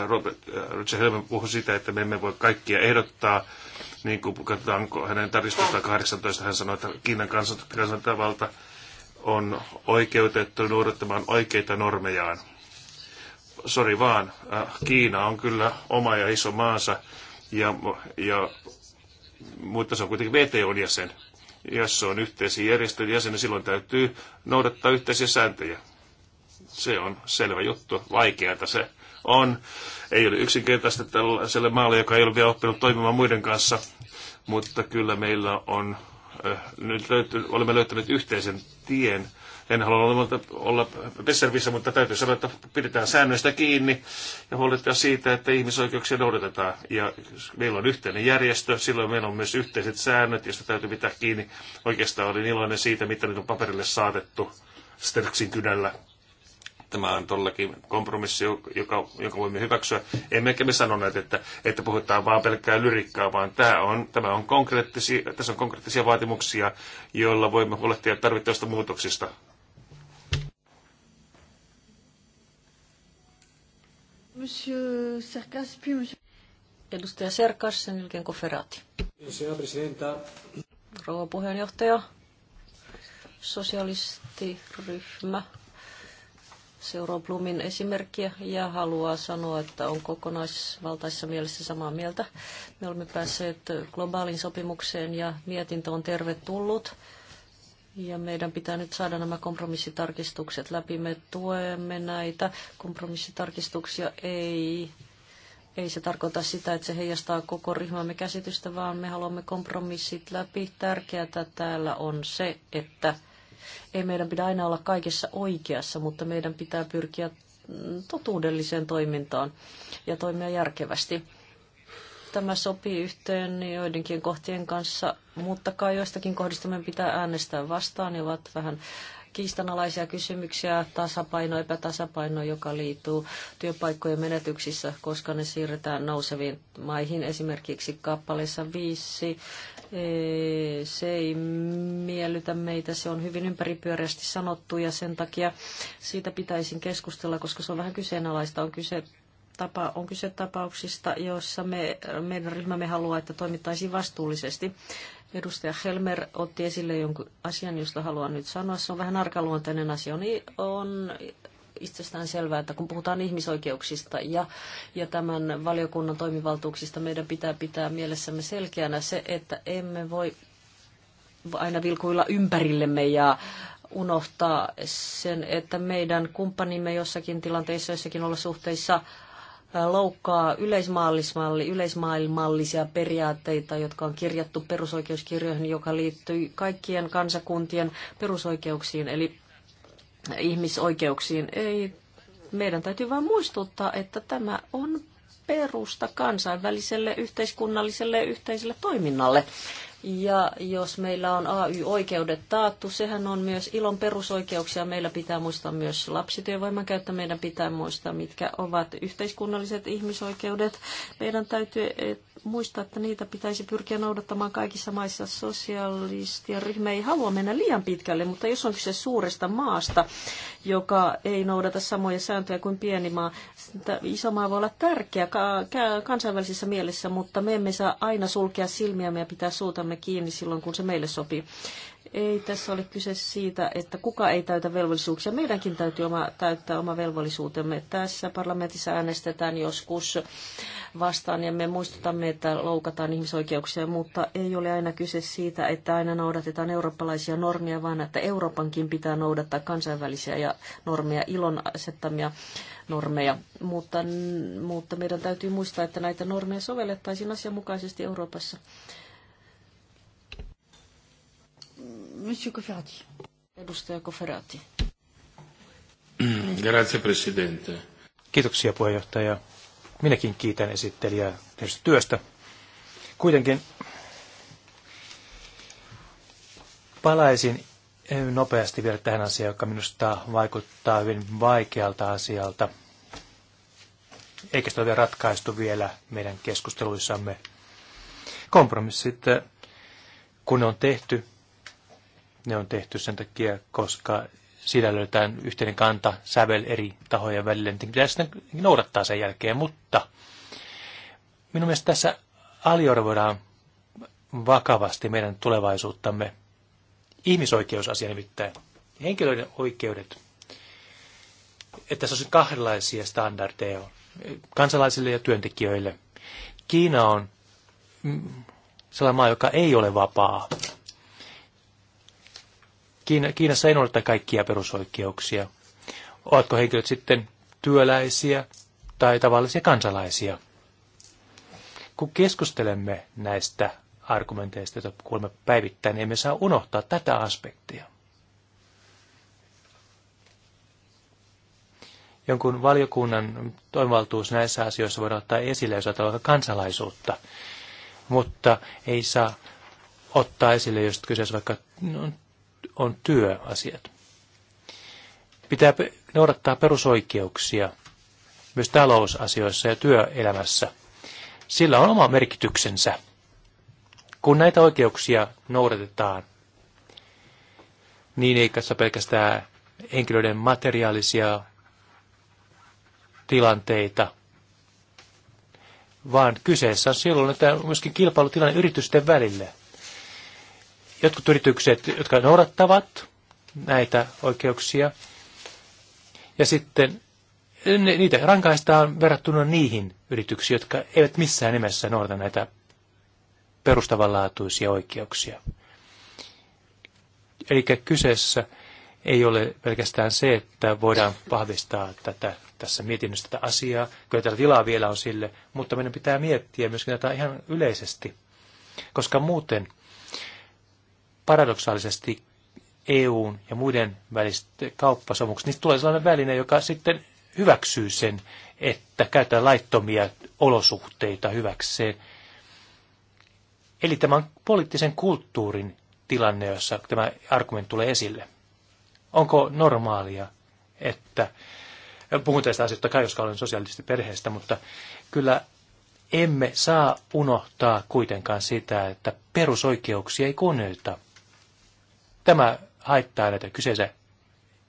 Robert, Richard Helman puhui sitä, että me emme voi kaikkia ehdottaa. Niin kuin katsotaan hänen tarkistusta 18, hän sanoi, että Kiinan kansantavalta on oikeutettu noudattamaan oikeita normejaan sori vaan, äh, Kiina on kyllä oma ja iso maansa, ja, ja, mutta se on kuitenkin vto jäsen. Jos se on yhteisen järjestön jäsen, niin silloin täytyy noudattaa yhteisiä sääntöjä. Se on selvä juttu, vaikeata se on. Ei ole yksinkertaista tällaiselle maalle, joka ei ole vielä oppinut toimimaan muiden kanssa, mutta kyllä meillä on, äh, nyt löytyy olemme löytäneet yhteisen tien en halua olla, olla pesservissä, mutta täytyy sanoa, että pidetään säännöistä kiinni ja huolehtia siitä, että ihmisoikeuksia noudatetaan. Ja meillä on yhteinen järjestö, silloin meillä on myös yhteiset säännöt, joista täytyy pitää kiinni. Oikeastaan olin iloinen siitä, mitä nyt on paperille saatettu Sterksin kynällä tämä on todellakin kompromissi, joka, joka voimme hyväksyä. Emmekä me sanoneet, että, että puhutaan vain pelkkää lyrikkaa, vaan tämä on, tämä on konkreettisia, tässä on konkreettisia vaatimuksia, joilla voimme huolehtia tarvittavista muutoksista. Monsieur Serkas, puis monsieur... Edustaja Serkas, sen jälkeen Koferaati. Rouva puheenjohtaja, sosialistiryhmä seuraa Blumin esimerkkiä ja haluaa sanoa, että on kokonaisvaltaisessa mielessä samaa mieltä. Me olemme päässeet globaalin sopimukseen ja mietintö on tervetullut. Ja meidän pitää nyt saada nämä kompromissitarkistukset läpi. Me tuemme näitä kompromissitarkistuksia. Ei, ei se tarkoita sitä, että se heijastaa koko ryhmämme käsitystä, vaan me haluamme kompromissit läpi. Tärkeää täällä on se, että ei meidän pidä aina olla kaikessa oikeassa, mutta meidän pitää pyrkiä totuudelliseen toimintaan ja toimia järkevästi Tämä sopii yhteen joidenkin kohtien kanssa, mutta kai joistakin kohdista meidän pitää äänestää vastaan. Ne ovat vähän kiistanalaisia kysymyksiä, tasapaino, epätasapaino, joka liittyy työpaikkojen menetyksissä, koska ne siirretään nouseviin maihin. Esimerkiksi kappaleessa viisi, e, se ei miellytä meitä, se on hyvin ympäripyöreästi sanottu ja sen takia siitä pitäisin keskustella, koska se on vähän kyseenalaista. On kyse tapa, on kyse tapauksista, joissa me, meidän ryhmämme haluaa, että toimittaisiin vastuullisesti. Edustaja Helmer otti esille jonkun asian, josta haluan nyt sanoa. Se on vähän arkaluonteinen asia. Niin on itsestään selvää, että kun puhutaan ihmisoikeuksista ja, ja tämän valiokunnan toimivaltuuksista, meidän pitää pitää mielessämme selkeänä se, että emme voi aina vilkuilla ympärillemme ja unohtaa sen, että meidän kumppanimme jossakin tilanteissa, jossakin olosuhteissa suhteissa Äh, loukkaa yleismaailmallisia periaatteita, jotka on kirjattu perusoikeuskirjoihin, joka liittyy kaikkien kansakuntien perusoikeuksiin, eli ihmisoikeuksiin. Ei, meidän täytyy vain muistuttaa, että tämä on perusta kansainväliselle yhteiskunnalliselle yhteiselle toiminnalle. Ja jos meillä on AY-oikeudet taattu, sehän on myös ilon perusoikeuksia. Meillä pitää muistaa myös lapsityövoiman käyttö. Meidän pitää muistaa, mitkä ovat yhteiskunnalliset ihmisoikeudet. Meidän täytyy eh, muistaa, että niitä pitäisi pyrkiä noudattamaan kaikissa maissa. Sosialistien ryhmä ei halua mennä liian pitkälle, mutta jos on kyse suuresta maasta, joka ei noudata samoja sääntöjä kuin pieni maa. Iso maa voi olla tärkeä kansainvälisessä mielessä, mutta me emme saa aina sulkea silmiämme ja pitää suutamme kiinni silloin, kun se meille sopii. Ei tässä ole kyse siitä, että kuka ei täytä velvollisuuksia. Meidänkin täytyy oma, täyttää oma velvollisuutemme. Tässä parlamentissa äänestetään joskus vastaan ja me muistutamme, että loukataan ihmisoikeuksia, mutta ei ole aina kyse siitä, että aina noudatetaan eurooppalaisia normeja, vaan että Euroopankin pitää noudattaa kansainvälisiä ja normeja, ilon asettamia normeja. Mutta, mutta meidän täytyy muistaa, että näitä normeja sovellettaisiin asianmukaisesti Euroopassa. Monsieur Koferati. Edustaja Koferati. Grazie, Presidente. Kiitoksia puheenjohtaja. Minäkin kiitän esittelijää tehdystä työstä. Kuitenkin palaisin nopeasti vielä tähän asiaan, joka minusta vaikuttaa hyvin vaikealta asialta. Eikä sitä ole vielä ratkaistu vielä meidän keskusteluissamme. Kompromissit, eh, kun ne on tehty, ne on tehty sen takia, koska siellä löytään yhteinen kanta, sävel eri tahojen välillä. Niin pitää sitten noudattaa sen jälkeen, mutta minun mielestä tässä aliarvoidaan vakavasti meidän tulevaisuuttamme. Ihmisoikeusasia nimittäin. Henkilöiden oikeudet. Että tässä on siis kahdenlaisia standardeja kansalaisille ja työntekijöille. Kiina on mm, sellainen maa, joka ei ole vapaa Kiina, Kiinassa ei noudata kaikkia perusoikeuksia. Ovatko henkilöt sitten työläisiä tai tavallisia kansalaisia? Kun keskustelemme näistä argumenteista, joita kuulemme päivittäin, niin emme saa unohtaa tätä aspektia. Jonkun valiokunnan toimivaltuus näissä asioissa voidaan ottaa esille, jos ajatellaan kansalaisuutta, mutta ei saa ottaa esille, jos kyseessä vaikka no, on työasiat. Pitää noudattaa perusoikeuksia myös talousasioissa ja työelämässä. Sillä on oma merkityksensä, kun näitä oikeuksia noudatetaan. Niin ei katso pelkästään henkilöiden materiaalisia tilanteita, vaan kyseessä on silloin että myöskin kilpailutilanne yritysten välille – jotkut yritykset, jotka noudattavat näitä oikeuksia, ja sitten niitä rankaistaan verrattuna niihin yrityksiin, jotka eivät missään nimessä noudata näitä perustavanlaatuisia oikeuksia. Eli kyseessä ei ole pelkästään se, että voidaan vahvistaa tätä, tässä mietinnössä tätä asiaa. Kyllä täällä tilaa vielä on sille, mutta meidän pitää miettiä myöskin tätä ihan yleisesti, koska muuten – paradoksaalisesti EUn ja muiden välistä kauppasomukset, niistä tulee sellainen väline, joka sitten hyväksyy sen, että käytetään laittomia olosuhteita hyväkseen. Eli tämä on poliittisen kulttuurin tilanne, jossa tämä argumentti tulee esille. Onko normaalia, että, puhun tästä asiasta kai, koska olen sosiaalisesti perheestä, mutta kyllä emme saa unohtaa kuitenkaan sitä, että perusoikeuksia ei kunnioita – Tämä haittaa näitä kyseisiä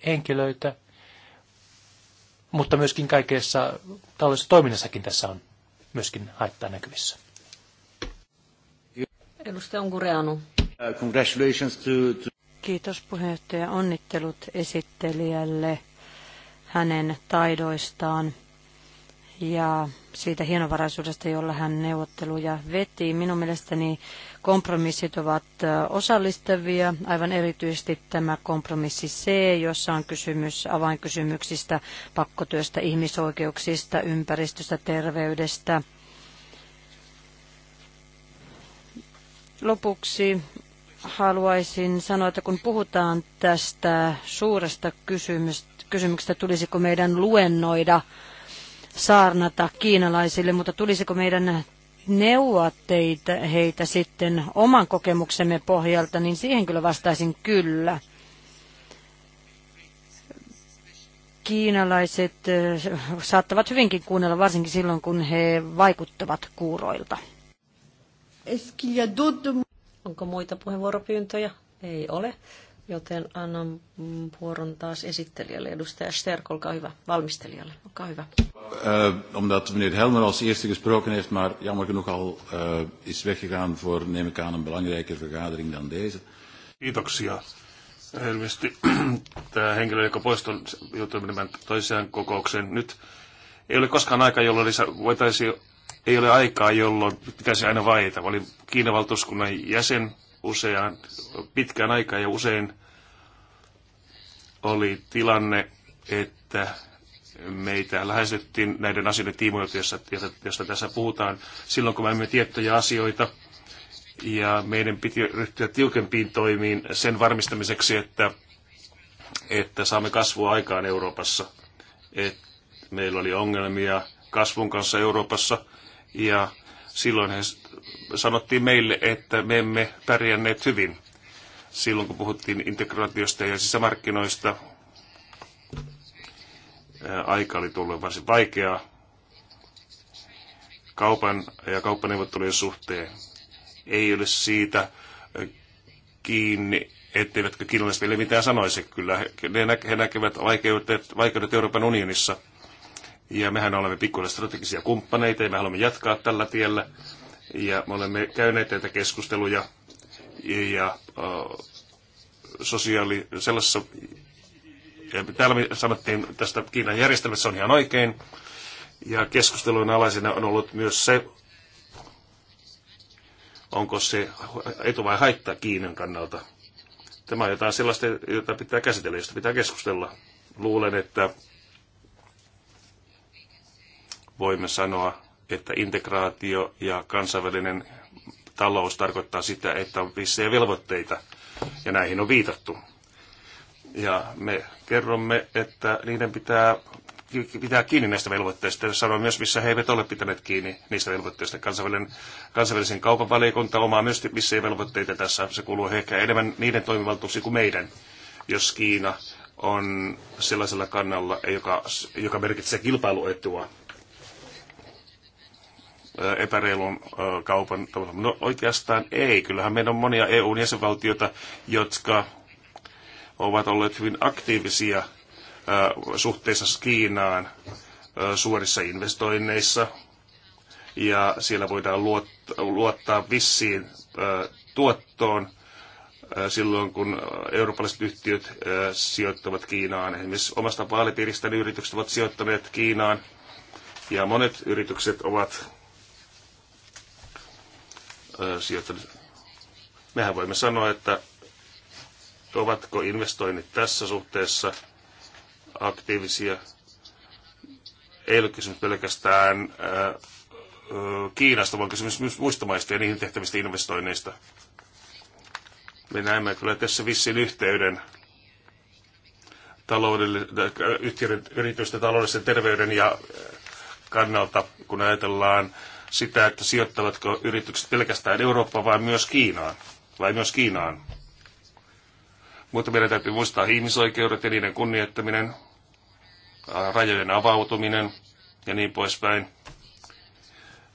henkilöitä, mutta myöskin kaikessa taloudellisessa toiminnassakin tässä on myöskin haittaa näkyvissä. Edustaja Ungureanu. Uh, congratulations to, Kiitos puheenjohtaja. Onnittelut esittelijälle hänen taidoistaan ja siitä hienovaraisuudesta, jolla hän neuvotteluja veti. Minun mielestäni kompromissit ovat osallistavia, aivan erityisesti tämä kompromissi C, jossa on kysymys avainkysymyksistä, pakkotyöstä, ihmisoikeuksista, ympäristöstä, terveydestä. Lopuksi haluaisin sanoa, että kun puhutaan tästä suuresta kysymyksestä, tulisiko meidän luennoida – saarnata kiinalaisille, mutta tulisiko meidän neuvoa teitä, heitä sitten oman kokemuksemme pohjalta, niin siihen kyllä vastaisin kyllä. Kiinalaiset saattavat hyvinkin kuunnella, varsinkin silloin, kun he vaikuttavat kuuroilta. Onko muita puheenvuoropyyntöjä? Ei ole joten annan vuoron taas esittelijälle, edustaja Sterk, olkaa hyvä, valmistelijalle, olkaa hyvä. Uh, omdat meneer Helmer als eerste gesproken heeft, maar jammer genoeg al uh, is weggegaan voor, neem ik aan, een belangrijke vergadering dan deze. Kiitoksia. Ilmeisesti tämä henkilö, joka poistui, joutui menemään toiseen kokoukseen. Nyt ei ole koskaan aikaa, jolloin lisä, voitaisiin, ei ole aikaa, jolloin pitäisi aina vaihtaa. Olin Kiinan valtuuskunnan jäsen useaan, pitkään aikaa ja usein oli tilanne, että meitä lähestyttiin näiden asioiden tiimoilta, josta, joista tässä puhutaan, silloin kun me emme tiettyjä asioita, ja meidän piti ryhtyä tiukempiin toimiin sen varmistamiseksi, että, että saamme kasvua aikaan Euroopassa. Et meillä oli ongelmia kasvun kanssa Euroopassa, ja silloin he sanottiin meille, että me emme pärjänneet hyvin silloin, kun puhuttiin integraatiosta ja sisämarkkinoista. Aika oli tullut varsin vaikeaa kaupan ja kauppaneuvottelujen suhteen. Ei ole siitä kiinni, etteivätkö kiinalaiset vielä mitään sanoisi. Kyllä he, he näkevät vaikeudet, vaikeudet Euroopan unionissa. Ja mehän olemme pikkuille strategisia kumppaneita ja me haluamme jatkaa tällä tiellä. Ja me olemme käyneet näitä keskusteluja ja sosiaali, sellaisessa, täällä sanottiin tästä Kiinan järjestelmästä, se on ihan oikein, ja keskustelujen alaisena on ollut myös se, onko se etu vai haittaa Kiinan kannalta. Tämä on jotain sellaista, jota pitää käsitellä, josta pitää keskustella. Luulen, että voimme sanoa, että integraatio ja kansainvälinen talous tarkoittaa sitä, että on vissejä velvoitteita, ja näihin on viitattu. Ja me kerromme, että niiden pitää pitää kiinni näistä velvoitteista ja sanoa myös, missä he eivät ole pitäneet kiinni niistä velvoitteista. Kansainvälinen, kansainvälisen kaupan valiokunta omaa myös missä ei velvoitteita tässä. Se kuuluu ehkä enemmän niiden toimivaltuuksiin kuin meidän, jos Kiina on sellaisella kannalla, joka, joka merkitsee kilpailuetua epäreilun kaupan No oikeastaan ei. Kyllähän meillä on monia EUn jäsenvaltioita, jotka ovat olleet hyvin aktiivisia suhteessa Kiinaan suorissa investoinneissa. Ja siellä voidaan luottaa vissiin tuottoon silloin, kun eurooppalaiset yhtiöt sijoittavat Kiinaan. Esimerkiksi omasta vaalipiiristäni yritykset ovat sijoittaneet Kiinaan ja monet yritykset ovat sijoittamista. Mehän voimme sanoa, että ovatko investoinnit tässä suhteessa aktiivisia. Ei ole kysymys pelkästään äh, äh, Kiinasta, vaan kysymys myös muista maista ja niihin tehtävistä investoinneista. Me näemme kyllä tässä vissin yhteyden äh, yritysten taloudellisen terveyden ja kannalta, kun ajatellaan sitä, että sijoittavatko yritykset pelkästään Eurooppaan vai myös Kiinaan. Vai myös Kiinaan. Mutta meidän täytyy muistaa ihmisoikeudet ja niiden kunnioittaminen, rajojen avautuminen ja niin poispäin.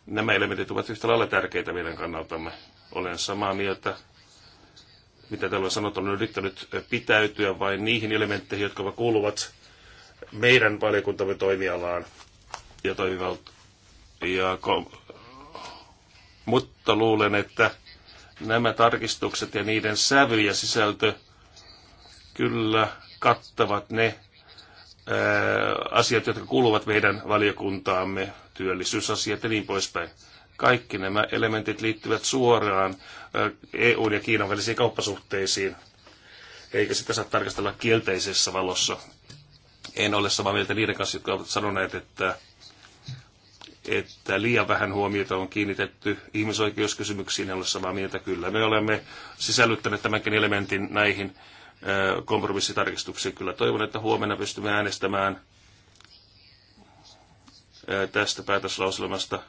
Nämä elementit ovat yhtä lailla tärkeitä meidän kannaltamme. Olen samaa mieltä mitä täällä on sanottu, on yrittänyt pitäytyä vain niihin elementteihin, jotka kuuluvat meidän valiokuntamme toimialaan ja toimivalt ja kom- mutta luulen, että nämä tarkistukset ja niiden sävy ja sisältö kyllä kattavat ne ää, asiat, jotka kuuluvat meidän valiokuntaamme, työllisyysasiat ja niin poispäin. Kaikki nämä elementit liittyvät suoraan EUn ja Kiinan välisiin kauppasuhteisiin, eikä sitä saa tarkastella kielteisessä valossa. En ole samaa mieltä niiden kanssa, jotka ovat sanoneet, että että liian vähän huomiota on kiinnitetty ihmisoikeuskysymyksiin, en ole samaa mieltä kyllä. Me olemme sisällyttäneet tämänkin elementin näihin kompromissitarkistuksiin. Kyllä toivon, että huomenna pystymme äänestämään tästä päätöslauselmasta,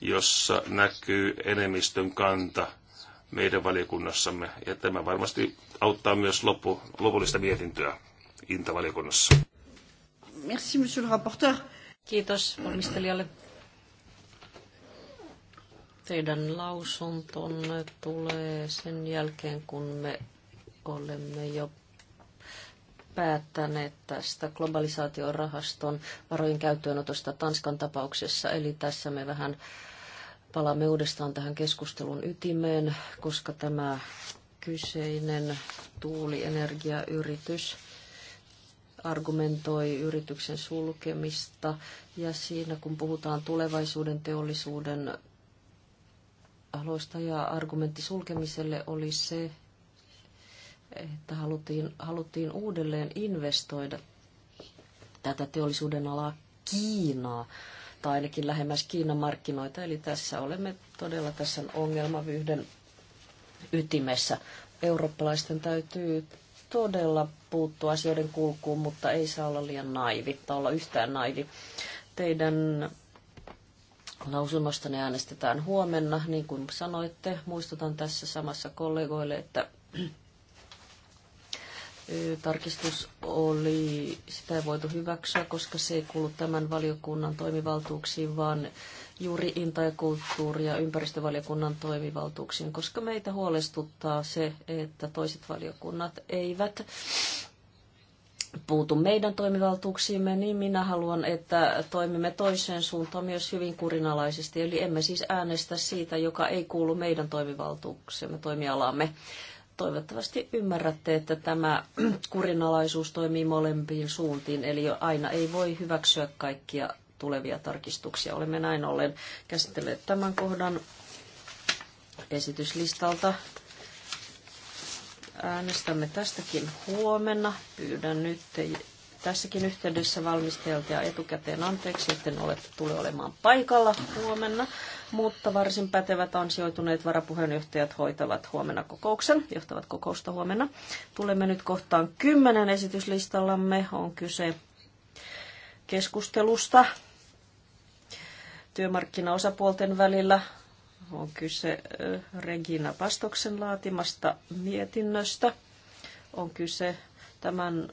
jossa näkyy enemmistön kanta meidän valiokunnassamme. Ja tämä varmasti auttaa myös loppu, lopullista mietintöä Intavaliokunnassa. Merci, monsieur le rapporteur. Kiitos valmistelijalle. Teidän lausuntonne tulee sen jälkeen, kun me olemme jo päättäneet tästä globalisaatiorahaston varojen käyttöönotosta Tanskan tapauksessa. Eli tässä me vähän palaamme uudestaan tähän keskustelun ytimeen, koska tämä kyseinen tuulienergiayritys – argumentoi yrityksen sulkemista ja siinä kun puhutaan tulevaisuuden teollisuuden aloista ja argumentti sulkemiselle oli se, että haluttiin, haluttiin uudelleen investoida tätä teollisuuden alaa Kiinaa tai ainakin lähemmäs Kiinan markkinoita. Eli tässä olemme todella tässä ongelmavyhden ytimessä. Eurooppalaisten täytyy todella puuttua asioiden kulkuun, mutta ei saa olla liian naivi tai olla yhtään naivi. Teidän lausunnostanne äänestetään huomenna, niin kuin sanoitte. Muistutan tässä samassa kollegoille, että tarkistus oli, sitä ei voitu hyväksyä, koska se ei kuulu tämän valiokunnan toimivaltuuksiin, vaan juuri Inta- ja kulttuuri- ja ympäristövaliokunnan toimivaltuuksiin, koska meitä huolestuttaa se, että toiset valiokunnat eivät puutu meidän toimivaltuuksiimme, niin minä haluan, että toimimme toiseen suuntaan myös hyvin kurinalaisesti. Eli emme siis äänestä siitä, joka ei kuulu meidän toimivaltuuksemme toimialaamme. Toivottavasti ymmärrätte, että tämä kurinalaisuus toimii molempiin suuntiin, eli aina ei voi hyväksyä kaikkia tulevia tarkistuksia. Olemme näin ollen käsitelleet tämän kohdan esityslistalta. Äänestämme tästäkin huomenna. Pyydän nyt tässäkin yhteydessä valmistajalta ja etukäteen anteeksi, että olette tule olemaan paikalla huomenna, mutta varsin pätevät ansioituneet varapuheenjohtajat hoitavat huomenna kokouksen, johtavat kokousta huomenna. Tulemme nyt kohtaan kymmenen esityslistallamme, on kyse keskustelusta työmarkkinaosapuolten välillä. On kyse Regina Pastoksen laatimasta mietinnöstä. On kyse, tämän,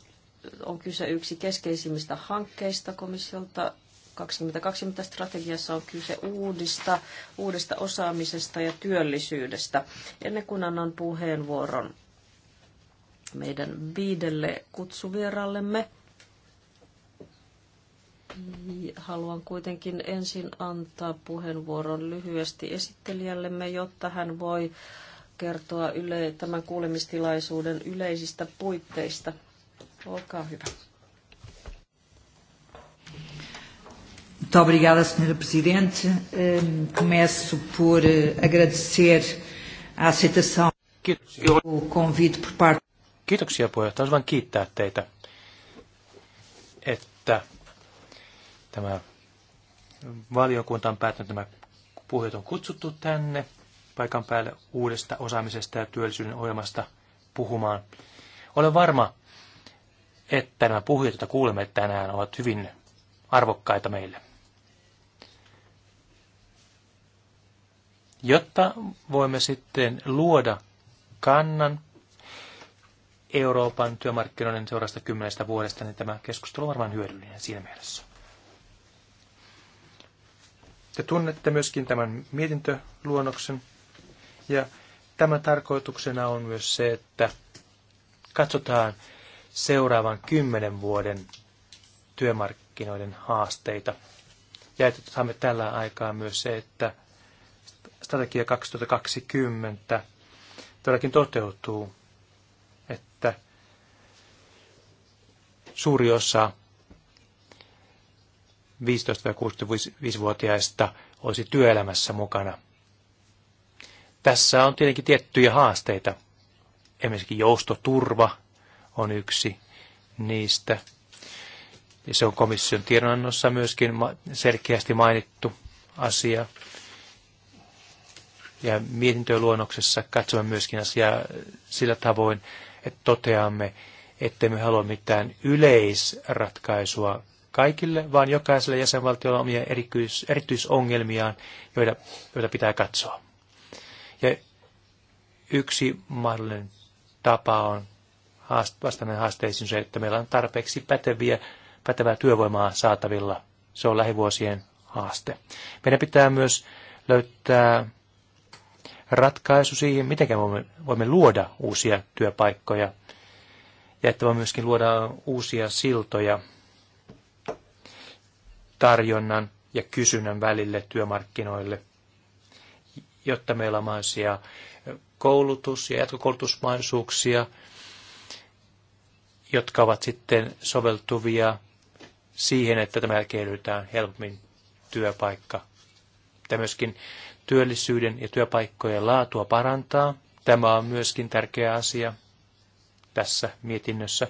on kyse yksi keskeisimmistä hankkeista komissiolta 2020 strategiassa on kyse uudista, uudesta osaamisesta ja työllisyydestä. Ennen kuin annan puheenvuoron meidän viidelle kutsuvierallemme, Haluan kuitenkin ensin antaa puheenvuoron lyhyesti esittelijällemme, jotta hän voi kertoa yle, tämän kuulemistilaisuuden yleisistä puitteista. Olkaa hyvä. Muito obrigada, Sra. Presidente. Ehm, começo por eh, agradecer a aceitação do convite por parte. Kiitoksia puheenjohtaja. Haluan kiittää teitä Tämä valiokunta on päättänyt, että nämä puhujat on kutsuttu tänne paikan päälle uudesta osaamisesta ja työllisyyden ohjelmasta puhumaan. Olen varma, että nämä puhujat, joita kuulemme tänään, ovat hyvin arvokkaita meille. Jotta voimme sitten luoda kannan Euroopan työmarkkinoiden seuraavasta kymmenestä vuodesta, niin tämä keskustelu on varmaan hyödyllinen siinä mielessä. Te tunnette myöskin tämän mietintöluonnoksen ja tämän tarkoituksena on myös se, että katsotaan seuraavan kymmenen vuoden työmarkkinoiden haasteita. Ja että saamme tällä aikaa myös se, että strategia 2020 todellakin toteutuu, että suuri osa 15-65-vuotiaista olisi työelämässä mukana. Tässä on tietenkin tiettyjä haasteita. Esimerkiksi joustoturva on yksi niistä. Ja se on komission tiedonannossa myöskin selkeästi mainittu asia. Ja mietintöluonnoksessa katsomme myöskin asiaa sillä tavoin, että toteamme, ettemme halua mitään yleisratkaisua kaikille, vaan jokaiselle jäsenvaltiolle on omia erityis, erityisongelmiaan, joita, joita pitää katsoa. Ja yksi mahdollinen tapa on vastainen haasteisiin se, että meillä on tarpeeksi päteviä, pätevää työvoimaa saatavilla. Se on lähivuosien haaste. Meidän pitää myös löytää ratkaisu siihen, miten voimme, voimme luoda uusia työpaikkoja ja että voimme myöskin luoda uusia siltoja tarjonnan ja kysynnän välille työmarkkinoille, jotta meillä on mahdollisia koulutus- ja jatkokoulutusmahdollisuuksia, jotka ovat sitten soveltuvia siihen, että tämä jälkeen helpommin työpaikka. Tämä myöskin työllisyyden ja työpaikkojen laatua parantaa. Tämä on myöskin tärkeä asia tässä mietinnössä.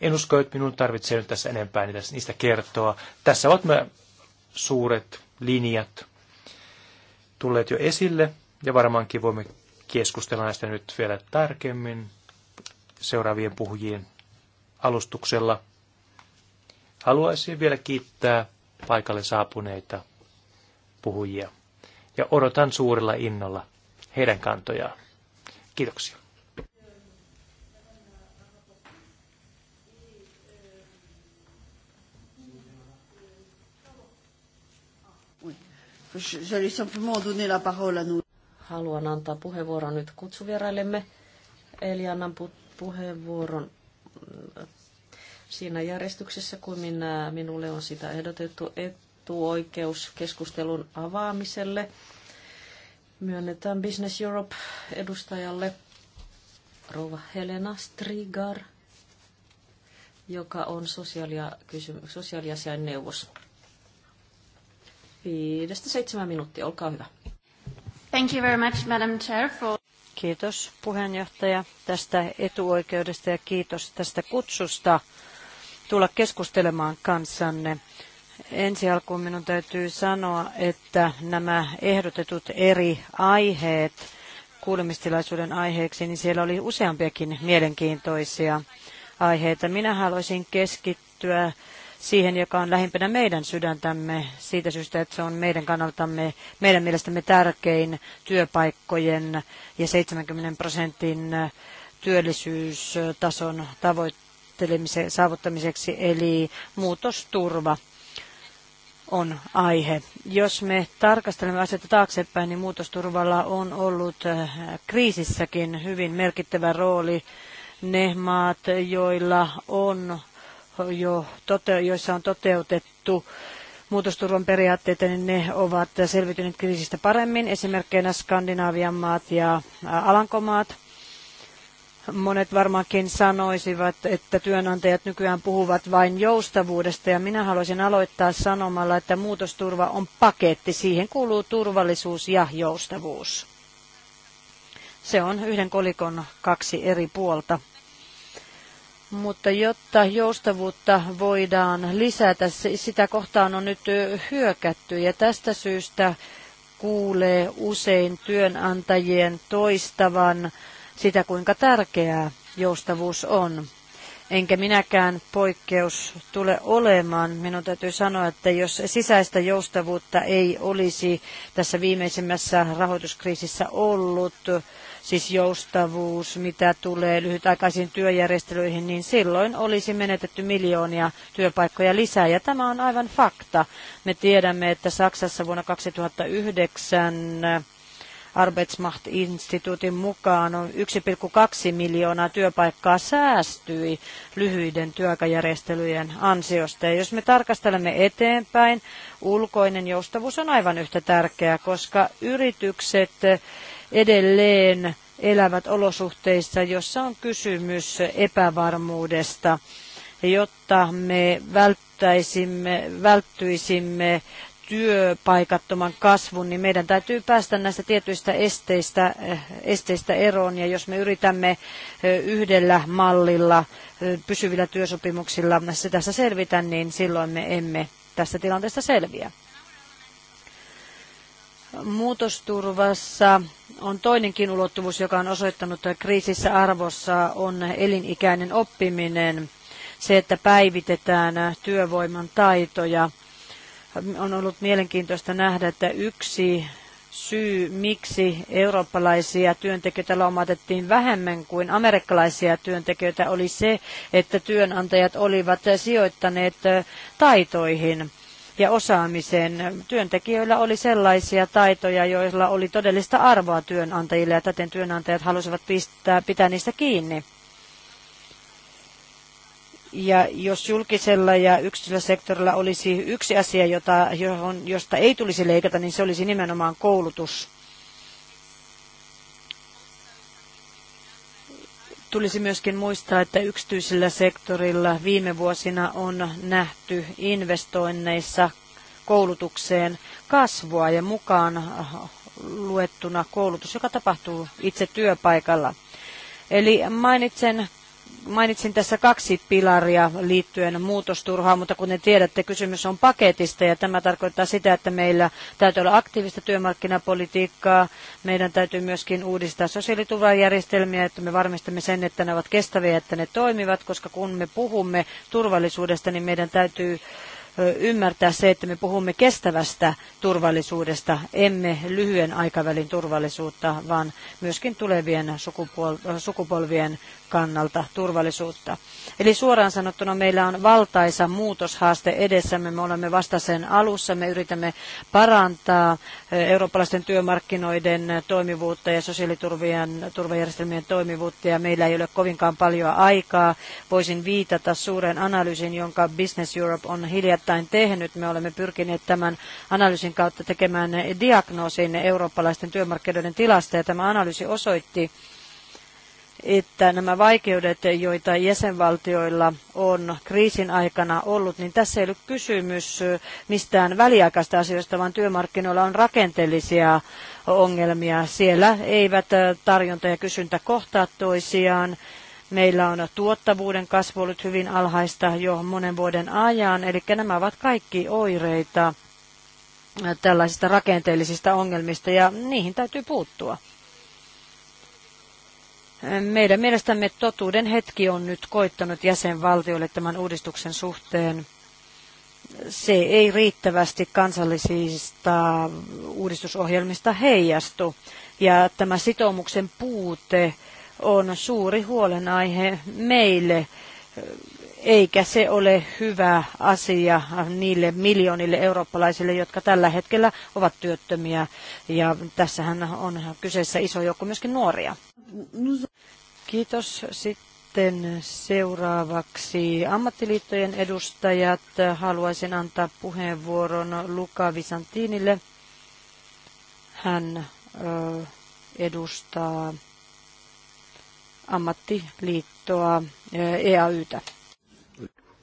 En usko, että minun tarvitsee nyt tässä enempää niistä kertoa. Tässä ovat nämä suuret linjat tulleet jo esille, ja varmaankin voimme keskustella näistä nyt vielä tarkemmin seuraavien puhujien alustuksella. Haluaisin vielä kiittää paikalle saapuneita puhujia ja odotan suurella innolla heidän kantojaan. Kiitoksia. J'allais simplement donner la parole à nous. Haluan antaa puheenvuoron nyt kutsuvieraillemme. Eli annan pu- puheenvuoron mm, siinä järjestyksessä, kuin minä, minulle on sitä ehdotettu etuoikeus keskustelun avaamiselle. Myönnetään Business Europe-edustajalle rouva Helena Strigar, joka on sosiaali- ja, kysy- sosiaaliasiain neuvos. Viidestä seitsemän minuuttia, olkaa hyvä. Thank you very much, Madam Chair, for... Kiitos puheenjohtaja tästä etuoikeudesta ja kiitos tästä kutsusta tulla keskustelemaan kanssanne. Ensi alkuun minun täytyy sanoa, että nämä ehdotetut eri aiheet kuulemistilaisuuden aiheeksi, niin siellä oli useampiakin mielenkiintoisia aiheita. Minä haluaisin keskittyä siihen, joka on lähimpänä meidän sydäntämme siitä syystä, että se on meidän kannaltamme, meidän mielestämme tärkein työpaikkojen ja 70 prosentin työllisyystason tavoittelemisen saavuttamiseksi, eli muutosturva on aihe. Jos me tarkastelemme asioita taaksepäin, niin muutosturvalla on ollut äh, kriisissäkin hyvin merkittävä rooli. Ne maat, joilla on jo tote, joissa on toteutettu muutosturvan periaatteita, niin ne ovat selvityneet kriisistä paremmin, esimerkkeinä Skandinaavian maat ja Alankomaat. Monet varmaankin sanoisivat, että työnantajat nykyään puhuvat vain joustavuudesta ja minä haluaisin aloittaa sanomalla, että muutosturva on paketti. Siihen kuuluu turvallisuus ja joustavuus. Se on yhden kolikon kaksi eri puolta mutta jotta joustavuutta voidaan lisätä, sitä kohtaan on nyt hyökätty ja tästä syystä kuulee usein työnantajien toistavan sitä, kuinka tärkeää joustavuus on. Enkä minäkään poikkeus tule olemaan. Minun täytyy sanoa, että jos sisäistä joustavuutta ei olisi tässä viimeisimmässä rahoituskriisissä ollut, siis joustavuus, mitä tulee lyhytaikaisiin työjärjestelyihin, niin silloin olisi menetetty miljoonia työpaikkoja lisää. Ja tämä on aivan fakta. Me tiedämme, että Saksassa vuonna 2009 Arbeitsmacht-instituutin mukaan on 1,2 miljoonaa työpaikkaa säästyi lyhyiden työaikajärjestelyjen ansiosta. Ja jos me tarkastelemme eteenpäin, ulkoinen joustavuus on aivan yhtä tärkeää, koska yritykset edelleen elävät olosuhteissa, jossa on kysymys epävarmuudesta, jotta me välttäisimme, välttyisimme työpaikattoman kasvun, niin meidän täytyy päästä näistä tietyistä esteistä, eh, esteistä eroon. Ja jos me yritämme eh, yhdellä mallilla, eh, pysyvillä työsopimuksilla sitä tässä selvitä, niin silloin me emme tästä tilanteesta selviä. Muutosturvassa on toinenkin ulottuvuus, joka on osoittanut kriisissä arvossa, on elinikäinen oppiminen, se, että päivitetään työvoiman taitoja. On ollut mielenkiintoista nähdä, että yksi syy, miksi eurooppalaisia työntekijöitä lomautettiin vähemmän kuin amerikkalaisia työntekijöitä, oli se, että työnantajat olivat sijoittaneet taitoihin – ja osaamiseen. Työntekijöillä oli sellaisia taitoja, joilla oli todellista arvoa työnantajille ja täten työnantajat halusivat pistää, pitää niistä kiinni. Ja jos julkisella ja yksityisellä sektorilla olisi yksi asia, jota, johon, josta ei tulisi leikata, niin se olisi nimenomaan koulutus. Tulisi myöskin muistaa, että yksityisellä sektorilla viime vuosina on nähty investoinneissa koulutukseen kasvua ja mukaan luettuna koulutus, joka tapahtuu itse työpaikalla. Eli mainitsen Mainitsin tässä kaksi pilaria liittyen muutosturhaan, mutta kuten tiedätte, kysymys on paketista ja tämä tarkoittaa sitä, että meillä täytyy olla aktiivista työmarkkinapolitiikkaa. Meidän täytyy myöskin uudistaa sosiaaliturvajärjestelmiä, että me varmistamme sen, että ne ovat kestäviä ja että ne toimivat, koska kun me puhumme turvallisuudesta, niin meidän täytyy ymmärtää se, että me puhumme kestävästä turvallisuudesta, emme lyhyen aikavälin turvallisuutta, vaan myöskin tulevien sukupolvien kannalta turvallisuutta. Eli suoraan sanottuna meillä on valtaisa muutoshaaste edessämme. Me olemme vasta sen alussa. Me yritämme parantaa eurooppalaisten työmarkkinoiden toimivuutta ja sosiaaliturvajärjestelmien toimivuutta. Ja meillä ei ole kovinkaan paljon aikaa. Voisin viitata suureen analyysin, jonka Business Europe on hiljattain tehnyt. Me olemme pyrkineet tämän analyysin kautta tekemään diagnoosin eurooppalaisten työmarkkinoiden tilasta. Ja tämä analyysi osoitti, että nämä vaikeudet, joita jäsenvaltioilla on kriisin aikana ollut, niin tässä ei ole kysymys mistään väliaikaista asioista, vaan työmarkkinoilla on rakenteellisia ongelmia. Siellä eivät tarjonta ja kysyntä kohtaa toisiaan. Meillä on tuottavuuden kasvu ollut hyvin alhaista jo monen vuoden ajan, eli nämä ovat kaikki oireita tällaisista rakenteellisista ongelmista ja niihin täytyy puuttua. Meidän mielestämme totuuden hetki on nyt koittanut jäsenvaltioille tämän uudistuksen suhteen. Se ei riittävästi kansallisista uudistusohjelmista heijastu. Ja tämä sitoumuksen puute on suuri huolenaihe meille eikä se ole hyvä asia niille miljoonille eurooppalaisille, jotka tällä hetkellä ovat työttömiä. Ja tässähän on kyseessä iso joukko myöskin nuoria. Kiitos. Sitten seuraavaksi ammattiliittojen edustajat. Haluaisin antaa puheenvuoron Luca Visantinille. Hän ö, edustaa ammattiliittoa EAYtä.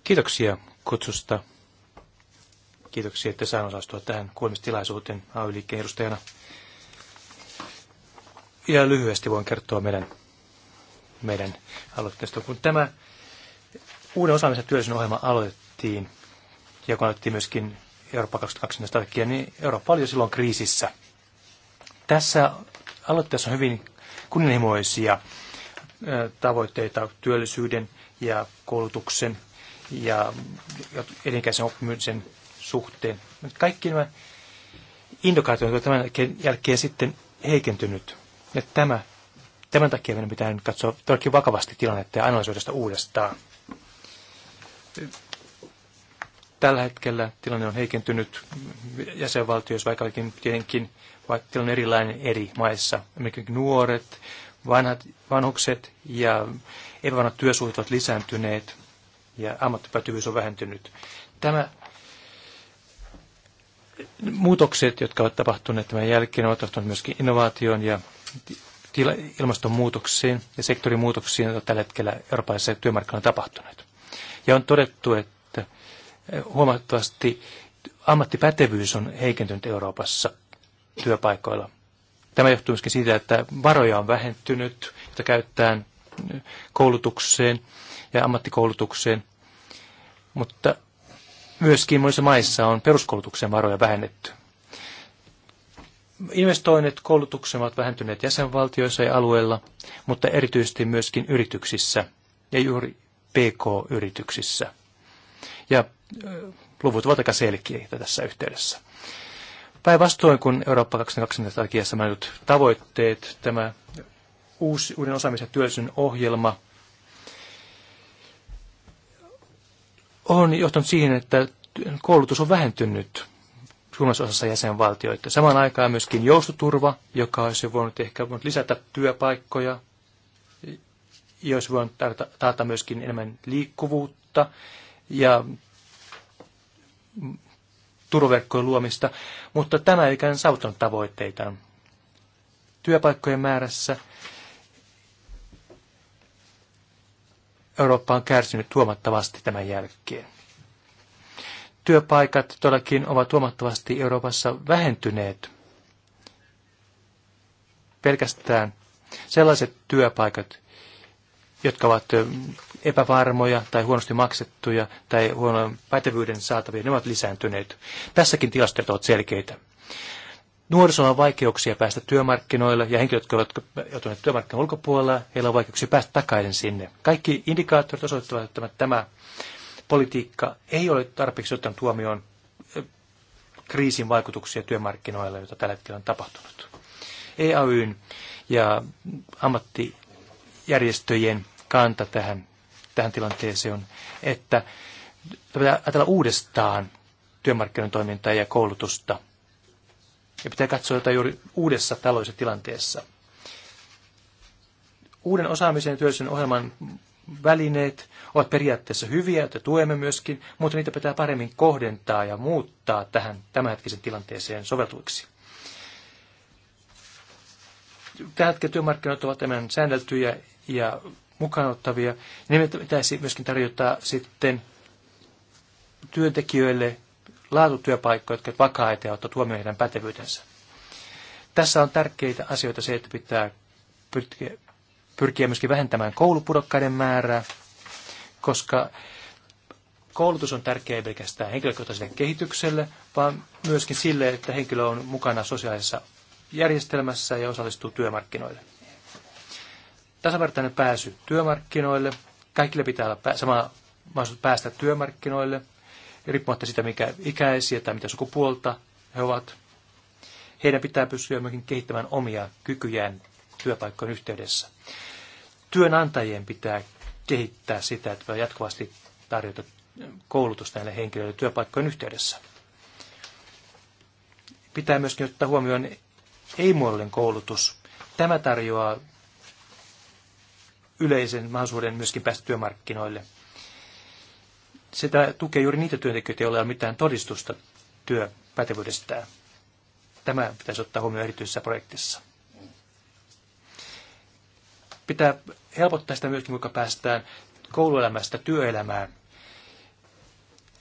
Kiitoksia kutsusta. Kiitoksia, että saan osallistua tähän kuulemistilaisuuteen AY-liikkeen edustajana. Ja lyhyesti voin kertoa meidän, meidän aloitteesta. Kun tämä uuden osaamisen työllisyyden ohjelma aloitettiin, ja kun aloitettiin myöskin Eurooppa 2020 niin Eurooppa oli jo silloin kriisissä. Tässä aloitteessa on hyvin kunnianhimoisia tavoitteita työllisyyden ja koulutuksen ja elinkäisen oppimisen suhteen. Kaikki nämä indikaatiot ovat tämän jälkeen sitten heikentynyt. Ja tämä, tämän takia meidän pitää nyt katsoa todellakin vakavasti tilannetta ja analysoida sitä uudestaan. Tällä hetkellä tilanne on heikentynyt jäsenvaltioissa, vaikkakin tietenkin vaikka tilanne on erilainen eri maissa. Esimerkiksi nuoret, vanhat, vanhukset ja evanat työsuhteet ovat lisääntyneet ja ammattipätyvyys on vähentynyt. Tämä muutokset, jotka ovat tapahtuneet tämän jälkeen, ovat tapahtuneet myöskin innovaation ja ilmastonmuutoksiin ja sektorimuutoksiin, joita tällä hetkellä eurooppalaisessa työmarkkinoilla tapahtuneet. Ja on todettu, että huomattavasti ammattipätevyys on heikentynyt Euroopassa työpaikoilla. Tämä johtuu myöskin siitä, että varoja on vähentynyt, jota käytetään koulutukseen ja ammattikoulutukseen, mutta myöskin monissa maissa on peruskoulutuksen varoja vähennetty. Investoinnit koulutuksen ovat vähentyneet jäsenvaltioissa ja alueilla, mutta erityisesti myöskin yrityksissä ja juuri PK-yrityksissä. Ja luvut ovat aika selkeitä tässä yhteydessä. Päinvastoin kun Eurooppa 2020 strategiassa mainitut tavoitteet, tämä uusi, uuden osaamisen ja työllisyyden ohjelma – on johtanut siihen, että koulutus on vähentynyt suurimmassa osassa jäsenvaltioita. Samaan aikaan myöskin joustoturva, joka olisi voinut ehkä voinut lisätä työpaikkoja, jos voinut taata myöskin enemmän liikkuvuutta ja turvaverkkojen luomista, mutta tämä ei ikään saavuttanut tavoitteitaan. Työpaikkojen määrässä Eurooppa on kärsinyt huomattavasti tämän jälkeen. Työpaikat todellakin ovat huomattavasti Euroopassa vähentyneet. Pelkästään sellaiset työpaikat, jotka ovat epävarmoja tai huonosti maksettuja tai huonon pätevyyden saatavia, ne ovat lisääntyneet. Tässäkin tilastot ovat selkeitä. Nuorisolla on vaikeuksia päästä työmarkkinoille ja henkilöt, jotka ovat joutuneet työmarkkinoiden ulkopuolella, heillä on vaikeuksia päästä takaisin sinne. Kaikki indikaattorit osoittavat, että tämä politiikka ei ole tarpeeksi ottanut huomioon kriisin vaikutuksia työmarkkinoilla, joita tällä hetkellä on tapahtunut. EAYn ja ammattijärjestöjen kanta tähän, tähän tilanteeseen on, että pitää ajatella uudestaan työmarkkinoiden toimintaa ja koulutusta – ja pitää katsoa jotain juuri uudessa taloudellisessa tilanteessa. Uuden osaamisen ja työllisyyden ohjelman välineet ovat periaatteessa hyviä, joita tuemme myöskin, mutta niitä pitää paremmin kohdentaa ja muuttaa tähän tämänhetkisen tilanteeseen soveltuiksi. Tällä hetkellä työmarkkinat ovat tämän säänneltyjä ja mukaanottavia. Niin pitäisi myöskin tarjota sitten työntekijöille laatutyöpaikkoja, jotka vakaita ja ottaa huomioon heidän pätevyytensä. Tässä on tärkeitä asioita se, että pitää pyrkiä, pyrkiä myöskin vähentämään koulupudokkaiden määrää, koska koulutus on tärkeä pelkästään henkilökohtaiselle kehitykselle, vaan myöskin sille, että henkilö on mukana sosiaalisessa järjestelmässä ja osallistuu työmarkkinoille. Tasavertainen pääsy työmarkkinoille. Kaikille pitää olla sama mahdollisuus päästä työmarkkinoille riippumatta sitä, mikä ikäisiä tai mitä sukupuolta he ovat. Heidän pitää pystyä myöskin kehittämään omia kykyjään työpaikkojen yhteydessä. Työnantajien pitää kehittää sitä, että voi jatkuvasti tarjota koulutusta näille henkilöille työpaikkojen yhteydessä. Pitää myöskin ottaa huomioon ei-muodollinen koulutus. Tämä tarjoaa yleisen mahdollisuuden myöskin päästä työmarkkinoille – sitä tukee juuri niitä työntekijöitä, joilla ei ole mitään todistusta työpätevyydestään. Tämä pitäisi ottaa huomioon erityisessä projektissa. Pitää helpottaa sitä myöskin, kuinka päästään kouluelämästä työelämään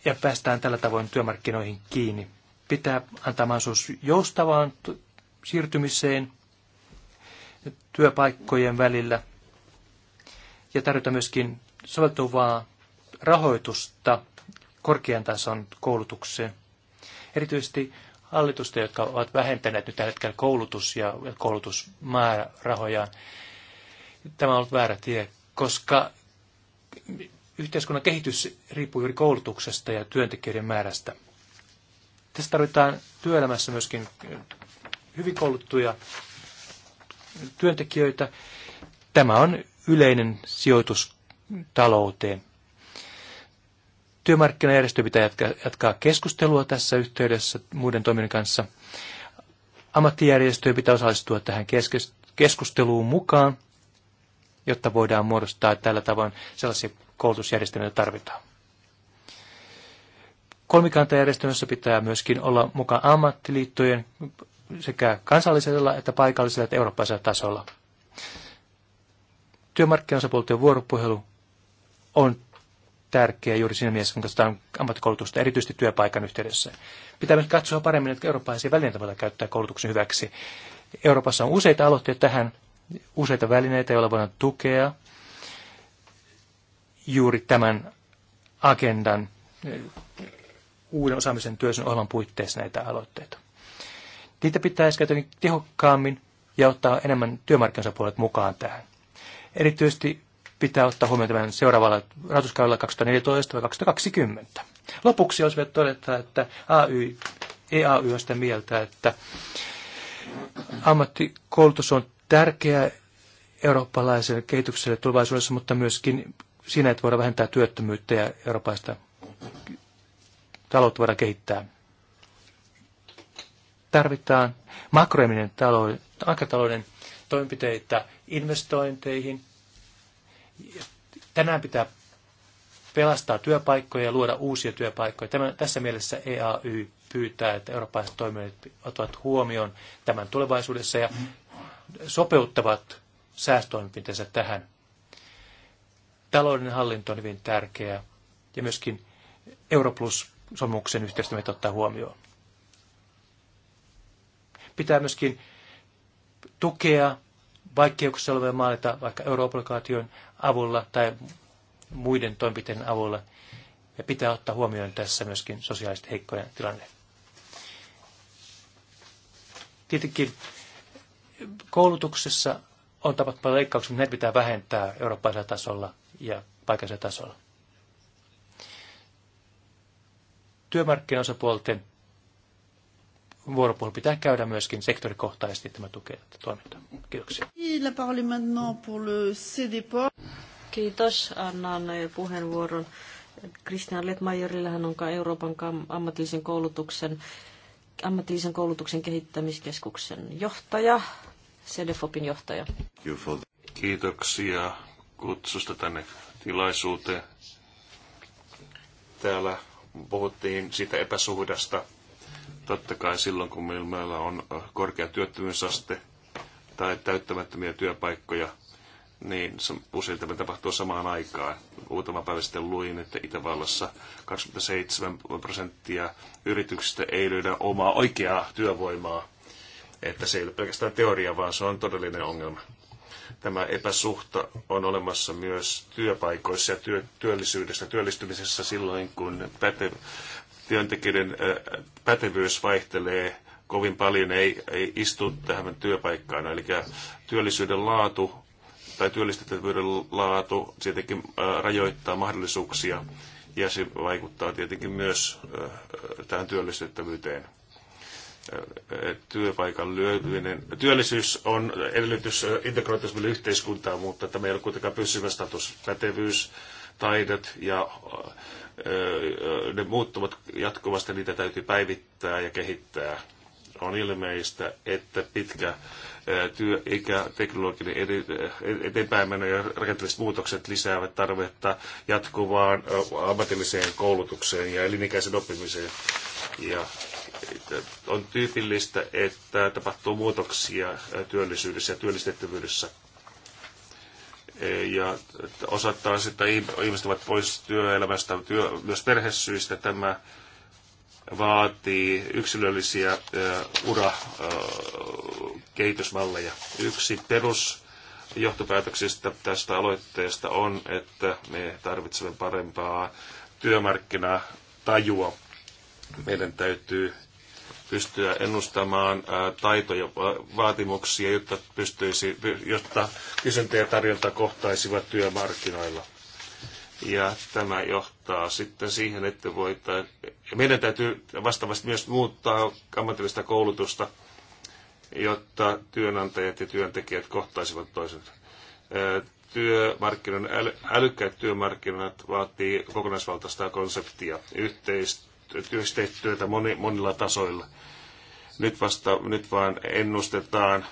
ja päästään tällä tavoin työmarkkinoihin kiinni. Pitää antaa mahdollisuus joustavaan siirtymiseen työpaikkojen välillä ja tarjota myöskin soveltuvaa rahoitusta korkean tason koulutukseen. Erityisesti hallitusta, jotka ovat vähentäneet nyt tällä hetkellä koulutus- ja koulutusmäärärahoja. Tämä on ollut väärä tie, koska yhteiskunnan kehitys riippuu juuri koulutuksesta ja työntekijöiden määrästä. Tässä tarvitaan työelämässä myöskin hyvin kouluttuja työntekijöitä. Tämä on yleinen sijoitus talouteen. Työmarkkinajärjestö pitää jatkaa, jatkaa keskustelua tässä yhteydessä muiden toimijoiden kanssa. Ammattijärjestöjen pitää osallistua tähän keskusteluun mukaan, jotta voidaan muodostaa tällä tavoin sellaisia koulutusjärjestelmiä, joita tarvitaan. Kolmikantajärjestelmässä pitää myöskin olla mukaan ammattiliittojen sekä kansallisella että paikallisella että eurooppalaisella tasolla. Työmarkkinaosapuolten vuoropuhelu on tärkeä juuri siinä mielessä, kun katsotaan ammattikoulutusta, erityisesti työpaikan yhteydessä. Pitää myös katsoa paremmin, että eurooppalaisia välineitä voidaan käyttää koulutuksen hyväksi. Euroopassa on useita aloitteita tähän, useita välineitä, joilla voidaan tukea juuri tämän agendan eh, uuden osaamisen työsyn ohjelman puitteissa näitä aloitteita. Niitä pitäisi käyttää tehokkaammin ja ottaa enemmän puolet mukaan tähän. Erityisesti pitää ottaa huomioon tämän seuraavalla rahoituskaudella 2014-2020. Lopuksi olisi vielä todeta, että AY, EAY on sitä mieltä, että ammattikoulutus on tärkeä eurooppalaiselle kehitykselle tulevaisuudessa, mutta myöskin siinä, että voidaan vähentää työttömyyttä ja eurooppalaista taloutta voidaan kehittää. Tarvitaan makroeminen talouden, toimenpiteitä investointeihin – Tänään pitää pelastaa työpaikkoja ja luoda uusia työpaikkoja. Tämä, tässä mielessä EAY pyytää, että eurooppalaiset toimijat ottavat huomioon tämän tulevaisuudessa ja sopeuttavat säästöimenpiteensä tähän. Talouden hallinto on hyvin tärkeää ja myöskin Europlus-sopimuksen yhteistyötä ottaa huomioon. Pitää myöskin tukea vaikeuksissa olevia maaleita vaikka Euroopan avulla tai muiden toimenpiteiden avulla. Ja pitää ottaa huomioon tässä myöskin sosiaalisesti heikkojen tilanne. Tietenkin koulutuksessa on tapahtunut leikkauksia, mutta näitä pitää vähentää eurooppalaisella tasolla ja paikallisella tasolla. Työmarkkinaosapuolten vuoropuhelu pitää käydä myöskin sektorikohtaisesti, tämä tukee tätä toimintaa. Kiitoksia. Kiitos. Annan puheenvuoron Kristian Letmajerille. Hän on Euroopan ammatillisen koulutuksen, ammatillisen koulutuksen kehittämiskeskuksen johtaja, CDFOPin johtaja. Kiitoksia kutsusta tänne tilaisuuteen. Täällä puhuttiin siitä epäsuhdasta, Totta kai silloin, kun meillä on korkea työttömyysaste tai täyttämättömiä työpaikkoja, niin usein tämä tapahtuu samaan aikaan. Muutama päivä sitten luin, että Itävallassa 27 prosenttia yrityksistä ei löydä omaa oikeaa työvoimaa. Että se ei ole pelkästään teoria, vaan se on todellinen ongelma. Tämä epäsuhta on olemassa myös työpaikoissa ja työ, työllisyydessä, työllistymisessä silloin, kun päte, työntekijöiden pätevyys vaihtelee kovin paljon, ei, ei istu tähän työpaikkaan. Eli työllisyyden laatu tai työllistettävyyden laatu tietenkin rajoittaa mahdollisuuksia ja se vaikuttaa tietenkin myös tähän työllistettävyyteen työpaikan löytyminen. Työllisyys on edellytys integroitumiselle yhteiskuntaa, mutta tämä ei ole kuitenkaan pysyvä status. Pätevyys, taidot ja ne muuttuvat jatkuvasti, niitä täytyy päivittää ja kehittää. On ilmeistä, että pitkä työikä, teknologinen eteenpäinmeno ja rakenteelliset muutokset lisäävät tarvetta jatkuvaan ammatilliseen koulutukseen ja elinikäisen oppimiseen. Ja on tyypillistä, että tapahtuu muutoksia työllisyydessä ja työllistettävyydessä ja osattaa että ihmiset ovat pois työelämästä, työ, myös perhesyistä. Tämä vaatii yksilöllisiä urakehitysmalleja. Yksi perus johtopäätöksistä tästä aloitteesta on, että me tarvitsemme parempaa työmarkkinatajua. Meidän täytyy pystyä ennustamaan taitoja, vaatimuksia, jotta, pystyisi, jotta kysyntä ja tarjonta kohtaisivat työmarkkinoilla. Ja tämä johtaa sitten siihen, että voita, meidän täytyy vastaavasti myös muuttaa ammatillista koulutusta, jotta työnantajat ja työntekijät kohtaisivat toisensa. Työmarkkinoiden, äly, älykkäät työmarkkinat vaatii kokonaisvaltaista konseptia, yhteistyötä moni, monilla tasoilla. Nyt, vasta, nyt vaan ennustetaan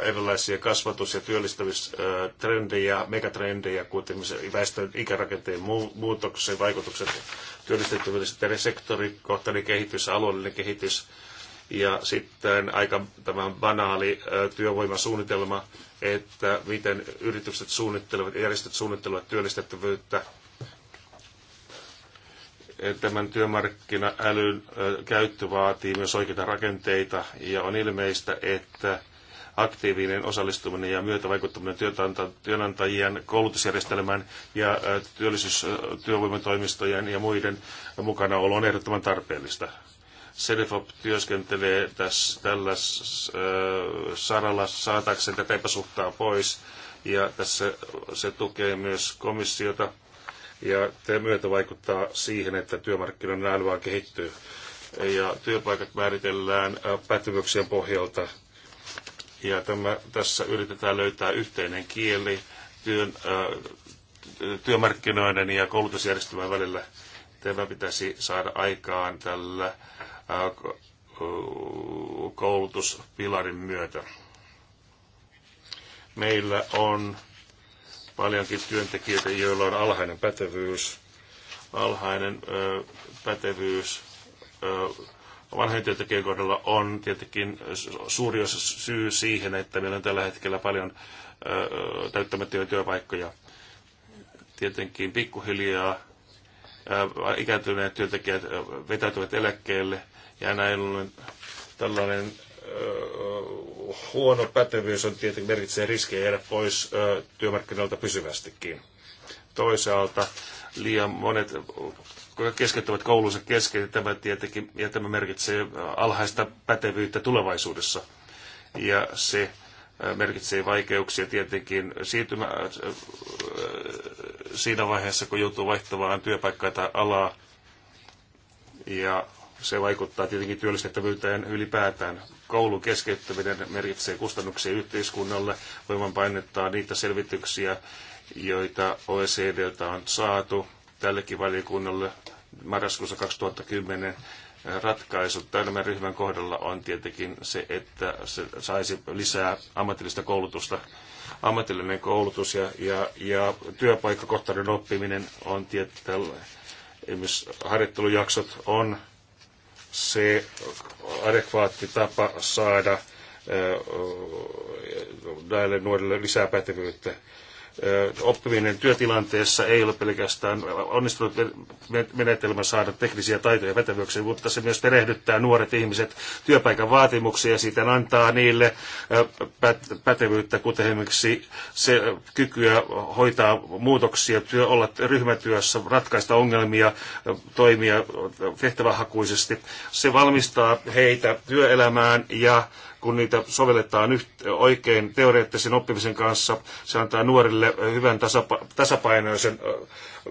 erilaisia kasvatus- ja työllistämistrendejä, megatrendejä, kuten väestön ikärakenteen muutoksen vaikutukset, työllistettävyydessä eri sektorikohtainen kehitys, alueellinen kehitys, ja sitten aika tämä banaali työvoimasuunnitelma, että miten yritykset suunnittelevat, järjestöt suunnittelevat työllistettävyyttä tämän työmarkkinaälyn käyttö vaatii myös oikeita rakenteita ja on ilmeistä, että aktiivinen osallistuminen ja myötävaikuttaminen työnantajien koulutusjärjestelmän ja työllisyys, työvoimatoimistojen ja muiden mukanaolo on ehdottoman tarpeellista. Selefop työskentelee tässä, tällä saralla saatakseen tätä epäsuhtaa pois ja tässä se tukee myös komissiota ja tämä myötä vaikuttaa siihen, että työmarkkinoiden vaan kehittyy. Ja työpaikat määritellään pätevyyksien pohjalta. Ja tämä, tässä yritetään löytää yhteinen kieli työn, työmarkkinoiden ja koulutusjärjestelmän välillä. Tämä pitäisi saada aikaan tällä koulutuspilarin myötä. Meillä on paljonkin työntekijöitä, joilla on alhainen pätevyys, alhainen ö, pätevyys ö, vanhojen työntekijöiden kohdalla on tietenkin suuri osa syy siihen, että meillä on tällä hetkellä paljon täyttämättömiä työpaikkoja. Tietenkin pikkuhiljaa ö, ikääntyneet työntekijät vetäytyvät eläkkeelle ja näin ollen tällainen huono pätevyys on tietenkin merkitsee riskejä jäädä pois työmarkkinoilta pysyvästikin. Toisaalta liian monet keskeyttävät koulunsa kesken, ja niin tämä tietenkin ja tämä merkitsee alhaista pätevyyttä tulevaisuudessa. Ja se merkitsee vaikeuksia tietenkin siirtymä, siinä vaiheessa, kun joutuu vaihtamaan työpaikkaa tai alaa. Ja se vaikuttaa tietenkin työllistettävyyteen ylipäätään. Koulun keskeyttäminen merkitsee kustannuksia yhteiskunnalle. Voiman painettaa niitä selvityksiä, joita OECDltä on saatu tällekin valiokunnalle marraskuussa 2010 ratkaisu tämän ryhmän kohdalla on tietenkin se, että se saisi lisää ammatillista koulutusta. Ammatillinen koulutus ja, ja, ja työpaikkakohtainen oppiminen on tietyllä esimerkiksi harjoittelujaksot on se adekvaatti tapa saada näille nuorille lisää pätevyyttä oppiminen työtilanteessa ei ole pelkästään onnistunut menetelmä saada teknisiä taitoja vetävyyksiä, mutta se myös perehdyttää nuoret ihmiset työpaikan vaatimuksia ja siitä antaa niille pätevyyttä, kuten esimerkiksi se kykyä hoitaa muutoksia, työ, olla ryhmätyössä, ratkaista ongelmia, toimia tehtävähakuisesti. Se valmistaa heitä työelämään ja kun niitä sovelletaan oikein teoreettisen oppimisen kanssa, se antaa nuorille hyvän tasapainoisen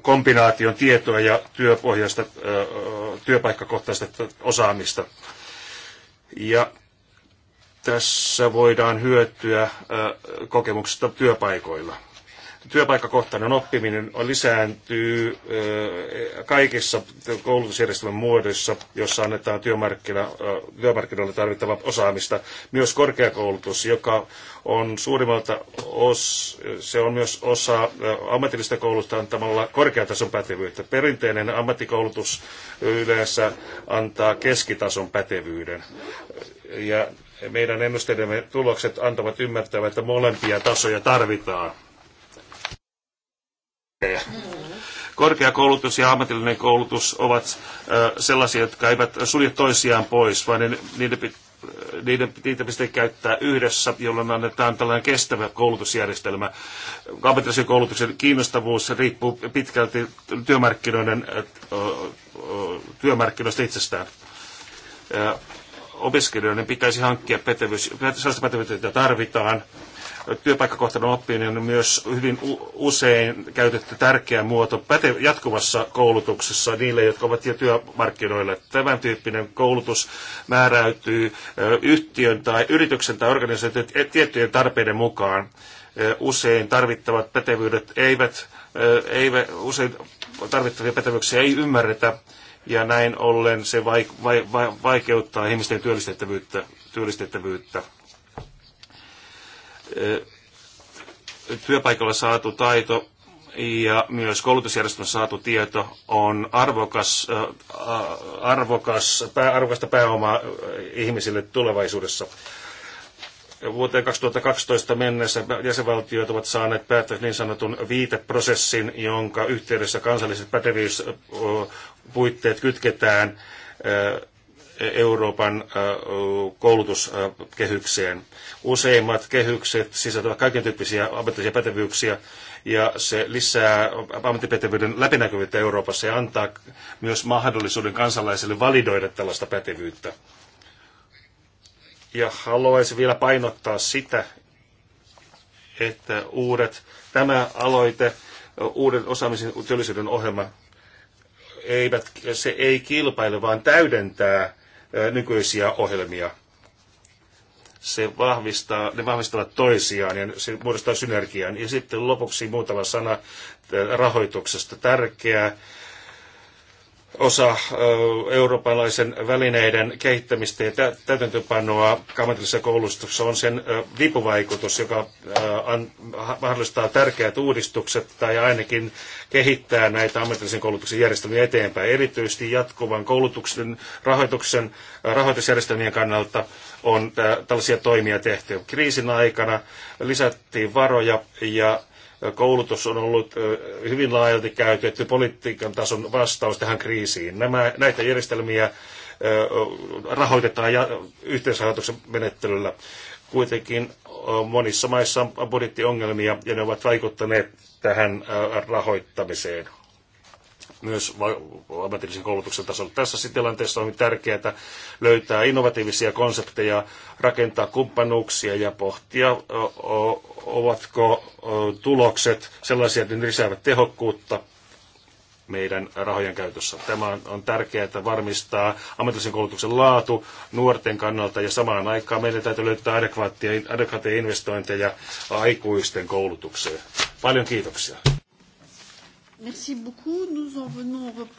kombinaation tietoa ja työpohjaista, työpaikkakohtaista osaamista. Ja tässä voidaan hyötyä kokemuksista työpaikoilla työpaikkakohtainen oppiminen lisääntyy kaikissa koulutusjärjestelmän muodoissa, jossa annetaan työmarkkina, työmarkkinoille tarvittavaa osaamista. Myös korkeakoulutus, joka on suurimmalta os, se on myös osa ammatillista koulutusta antamalla korkeatason pätevyyttä. Perinteinen ammattikoulutus yleensä antaa keskitason pätevyyden. Ja meidän ennusteidemme tulokset antavat ymmärtää, että molempia tasoja tarvitaan Korkeakoulutus ja ammatillinen koulutus ovat sellaisia, jotka eivät sulje toisiaan pois, vaan niiden, niiden, niitä pitää käyttää yhdessä, jolloin annetaan tällainen kestävä koulutusjärjestelmä. Ammatillisen koulutuksen kiinnostavuus riippuu pitkälti työmarkkinoiden, työmarkkinoista itsestään opiskelijoiden pitäisi hankkia pätevyys, sellaista pätevyyttä, jota tarvitaan työpaikkakohtainen oppiminen niin on myös hyvin usein käytetty tärkeä muoto päte- jatkuvassa koulutuksessa niille, jotka ovat jo työmarkkinoille. Tämän tyyppinen koulutus määräytyy yhtiön tai yrityksen tai organisaation tiettyjen tarpeiden mukaan. Usein tarvittavat pätevyydet eivät, eivät usein tarvittavia pätevyyksiä ei ymmärretä ja näin ollen se vaikeuttaa ihmisten työllistettävyyttä. työllistettävyyttä työpaikalla saatu taito ja myös koulutusjärjestelmässä saatu tieto on arvokas, arvokas, arvokasta pääomaa ihmisille tulevaisuudessa. Vuoteen 2012 mennessä jäsenvaltiot ovat saaneet päättää niin sanotun viiteprosessin, jonka yhteydessä kansalliset pätevyyspuitteet kytketään Euroopan koulutuskehykseen. Useimmat kehykset sisältävät kaiken tyyppisiä ammatillisia pätevyyksiä ja se lisää ammattipätevyyden läpinäkyvyyttä Euroopassa ja antaa myös mahdollisuuden kansalaisille validoida tällaista pätevyyttä. Ja haluaisin vielä painottaa sitä, että uudet, tämä aloite, uuden osaamisen työllisyyden ohjelma eivät, se ei kilpaile, vaan täydentää nykyisiä ohjelmia. Se vahvistaa, ne vahvistavat toisiaan ja se muodostaa synergian. Ja sitten lopuksi muutama sana rahoituksesta. Tärkeää osa eurooppalaisen välineiden kehittämistä ja täytäntöpanoa kammatillisessa koulutuksessa on sen vipuvaikutus, joka mahdollistaa tärkeät uudistukset tai ainakin kehittää näitä ammatillisen koulutuksen järjestelmiä eteenpäin. Erityisesti jatkuvan koulutuksen rahoituksen, rahoitusjärjestelmien kannalta on tällaisia toimia tehty. Kriisin aikana lisättiin varoja ja koulutus on ollut hyvin laajalti käytetty politiikan tason vastaus tähän kriisiin. Nämä, näitä järjestelmiä rahoitetaan yhteisrahoituksen menettelyllä. Kuitenkin monissa maissa on budjettiongelmia ja ne ovat vaikuttaneet tähän rahoittamiseen myös ammatillisen koulutuksen tasolla. Tässä siis tilanteessa on tärkeää löytää innovatiivisia konsepteja, rakentaa kumppanuuksia ja pohtia, ovatko tulokset sellaisia, että ne lisäävät tehokkuutta meidän rahojen käytössä. Tämä on, on tärkeää, että varmistaa ammatillisen koulutuksen laatu nuorten kannalta ja samaan aikaan meidän täytyy löytää adekvaatteja, adekvaatteja investointeja aikuisten koulutukseen. Paljon kiitoksia. Merci beaucoup. Nous en venons...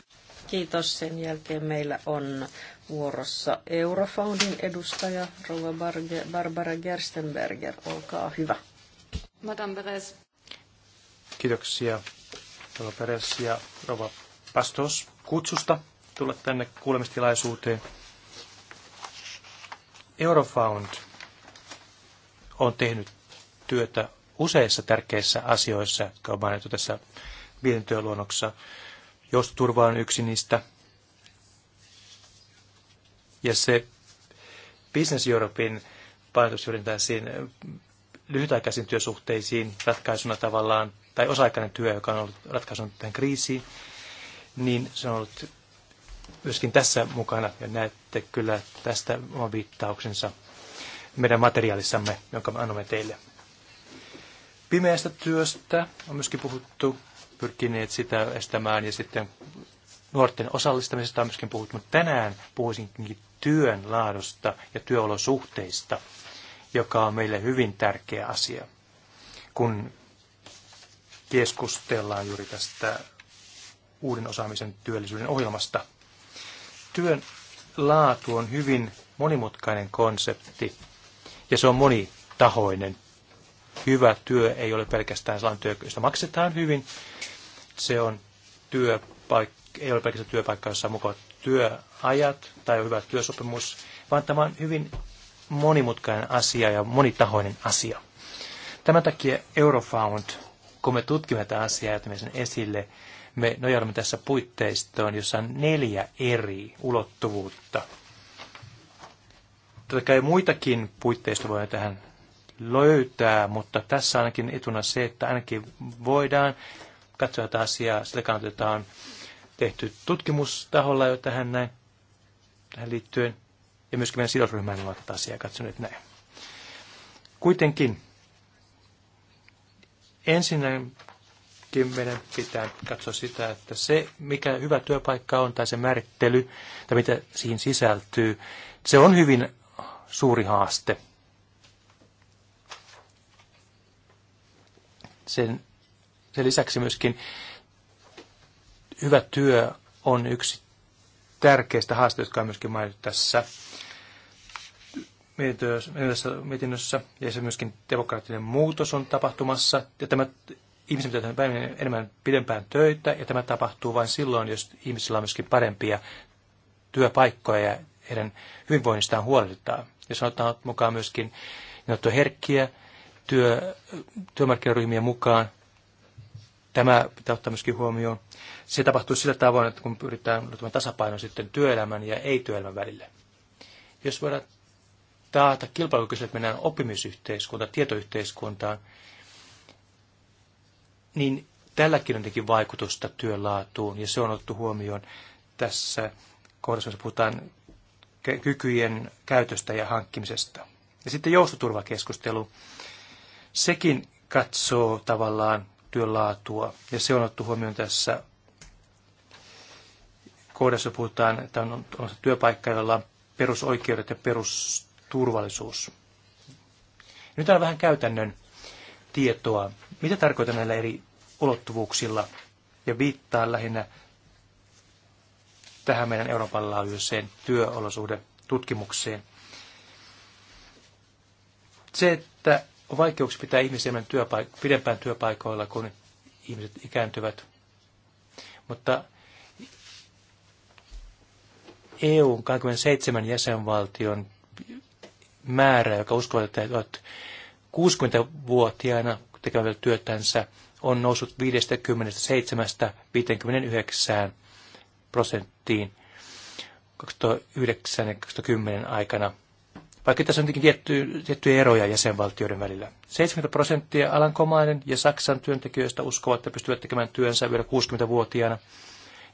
Kiitos. Sen jälkeen meillä on vuorossa Eurofoundin edustaja Rova Barbara Gerstenberger. Olkaa hyvä. Madame Beres. Kiitoksia Rova Beres ja Rova Pastos kutsusta tulla tänne kuulemistilaisuuteen. Eurofound on tehnyt työtä useissa tärkeissä asioissa, jotka on mainittu tässä mietintöä luonnoksessa, jos turva on yksi niistä. Ja se Business Europein painotus tällaisiin lyhytaikaisiin työsuhteisiin ratkaisuna tavallaan, tai osa-aikainen työ, joka on ollut ratkaisun tähän kriisiin, niin se on ollut myöskin tässä mukana, ja näette kyllä tästä oman viittauksensa meidän materiaalissamme, jonka me annamme teille. Pimeästä työstä on myöskin puhuttu, pyrkineet sitä estämään ja sitten nuorten osallistamisesta on myöskin puhuttu, mutta tänään puhuisinkin työn laadusta ja työolosuhteista, joka on meille hyvin tärkeä asia, kun keskustellaan juuri tästä uuden osaamisen työllisyyden ohjelmasta. Työn laatu on hyvin monimutkainen konsepti ja se on monitahoinen. Hyvä työ ei ole pelkästään sellainen työ, josta maksetaan hyvin, se on työpaikka, ei ole pelkästään työpaikka, jossa on mukaan työajat tai hyvä työsopimus, vaan tämä on hyvin monimutkainen asia ja monitahoinen asia. Tämän takia Eurofound, kun me tutkimme tätä asiaa ja sen esille, me nojaamme tässä puitteistoon, jossa on neljä eri ulottuvuutta. Totta kai muitakin puitteista voi tähän löytää, mutta tässä ainakin etuna se, että ainakin voidaan katsoa tätä asiaa sillä kannalta, että on tehty tutkimustaholla jo tähän näin, tähän liittyen. Ja myöskin meidän sidosryhmään on tätä asiaa katsonut näin. Kuitenkin ensinnäkin meidän pitää katsoa sitä, että se, mikä hyvä työpaikka on, tai se määrittely, tai mitä siihen sisältyy, se on hyvin suuri haaste. Sen sen lisäksi myöskin hyvä työ on yksi tärkeistä haasteista, jotka on myöskin mainittu tässä mietinnössä, ja se myöskin demokraattinen muutos on tapahtumassa, ja tämä ihmiset pitää tehdä enemmän pidempään töitä, ja tämä tapahtuu vain silloin, jos ihmisillä on myöskin parempia työpaikkoja ja heidän hyvinvoinnistaan huolehditaan. Ja sanotaan mukaan myöskin niin herkkiä työ, työmarkkinaryhmien mukaan, Tämä pitää ottaa myöskin huomioon. Se tapahtuu sillä tavoin, että kun pyritään löytämään tasapaino sitten työelämän ja ei-työelämän välille. Jos voidaan taata kilpailukykyiselle, että mennään oppimisyhteiskuntaan, tietoyhteiskuntaan, niin tälläkin on tietenkin vaikutusta työlaatuun, ja se on otettu huomioon tässä kohdassa, missä puhutaan kykyjen käytöstä ja hankkimisesta. Ja sitten joustoturvakeskustelu. Sekin katsoo tavallaan työn laatua. Ja se on otettu huomioon tässä kohdassa puhutaan, että on, on työpaikka, jolla on perusoikeudet ja perusturvallisuus. Nyt on vähän käytännön tietoa. Mitä tarkoitan näillä eri ulottuvuuksilla? Ja viittaan lähinnä tähän meidän Euroopan laajuiseen työolosuhdetutkimukseen. Se, että on vaikeuksia pitää ihmisiä työpaik- pidempään työpaikoilla, kun ihmiset ikääntyvät. Mutta EUn 27 jäsenvaltion määrä, joka uskoo, että 60-vuotiaana tekevät työtänsä, on noussut 57-59 prosenttiin 2009 2010 aikana – vaikka tässä on tietty, tiettyjä eroja jäsenvaltioiden välillä. 70 prosenttia alankomainen ja Saksan työntekijöistä uskovat, että pystyvät tekemään työnsä vielä 60-vuotiaana.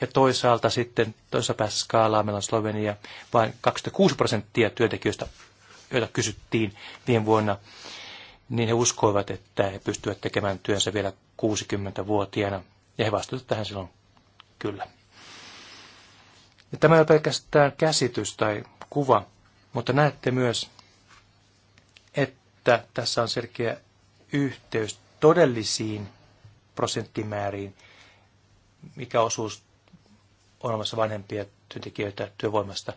Ja toisaalta sitten toisessa päässä skaalaa meillä on Slovenia, vain 26 prosenttia työntekijöistä, joita kysyttiin viime vuonna, niin he uskoivat, että he pystyvät tekemään työnsä vielä 60-vuotiaana. Ja he vastasivat tähän silloin kyllä. Ja tämä ei ole pelkästään käsitys tai kuva, mutta näette myös, että tässä on selkeä yhteys todellisiin prosenttimääriin, mikä osuus on olemassa vanhempia työntekijöitä työvoimasta.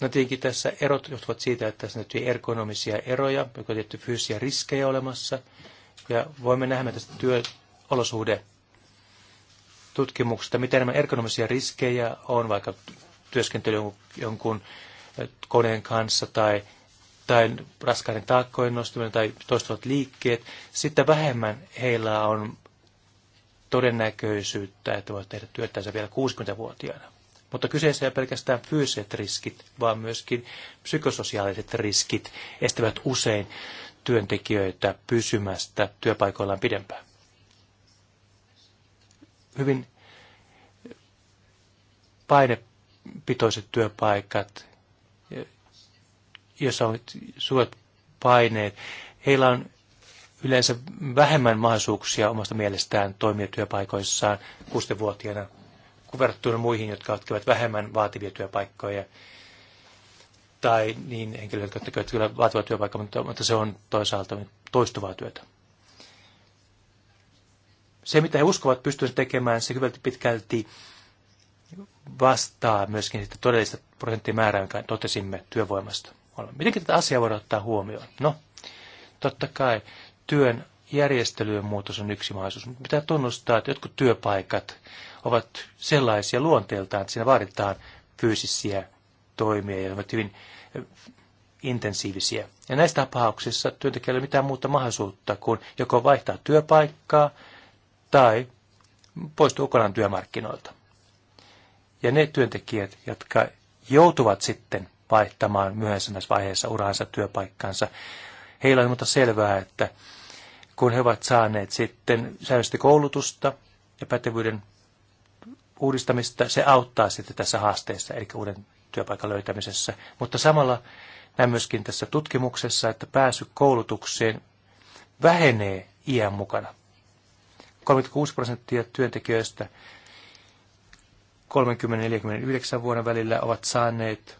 No tietenkin tässä erot johtuvat siitä, että tässä näytyy ergonomisia eroja, joka on tietty fyysisiä riskejä olemassa. Ja voimme nähdä tästä työolosuhde tutkimuksesta, mitä enemmän ergonomisia riskejä on vaikka työskentely jonkun koneen kanssa tai, tai raskaiden taakkojen nostaminen tai toistuvat liikkeet, Sitten vähemmän heillä on todennäköisyyttä, että voi tehdä työtänsä vielä 60-vuotiaana. Mutta kyseessä ei pelkästään fyysiset riskit, vaan myöskin psykososiaaliset riskit estävät usein työntekijöitä pysymästä työpaikoillaan pidempään. Hyvin paine pitoiset työpaikat, jossa on suuret paineet, heillä on yleensä vähemmän mahdollisuuksia omasta mielestään toimia työpaikoissaan 6-vuotiaana kuin verrattuna muihin, jotka tekevät vähemmän vaativia työpaikkoja. Tai niin henkilöitä, jotka tekevät kyllä vaativaa työpaikkaa, mutta, mutta se on toisaalta toistuvaa työtä. Se, mitä he uskovat pystyvät tekemään, se hyvälti pitkälti vastaa myöskin sitä todellista prosenttimäärää, jonka totesimme työvoimasta. Miten tätä asiaa voidaan ottaa huomioon? No, totta kai työn järjestelyjen muutos on yksi mahdollisuus. Pitää tunnustaa, että jotkut työpaikat ovat sellaisia luonteeltaan, että siinä vaaditaan fyysisiä toimia ja ovat hyvin eh, intensiivisiä. Ja näissä tapauksissa työntekijällä ei ole mitään muuta mahdollisuutta kuin joko vaihtaa työpaikkaa tai poistua kokonaan työmarkkinoilta. Ja ne työntekijät, jotka joutuvat sitten vaihtamaan myöhemmässä vaiheessa uransa työpaikkansa, heillä on mutta selvää, että kun he ovat saaneet sitten säännöllistä koulutusta ja pätevyyden uudistamista, se auttaa sitten tässä haasteessa, eli uuden työpaikan löytämisessä. Mutta samalla näin myöskin tässä tutkimuksessa, että pääsy koulutukseen vähenee iän mukana. 36 prosenttia työntekijöistä 30-49 vuoden välillä ovat saaneet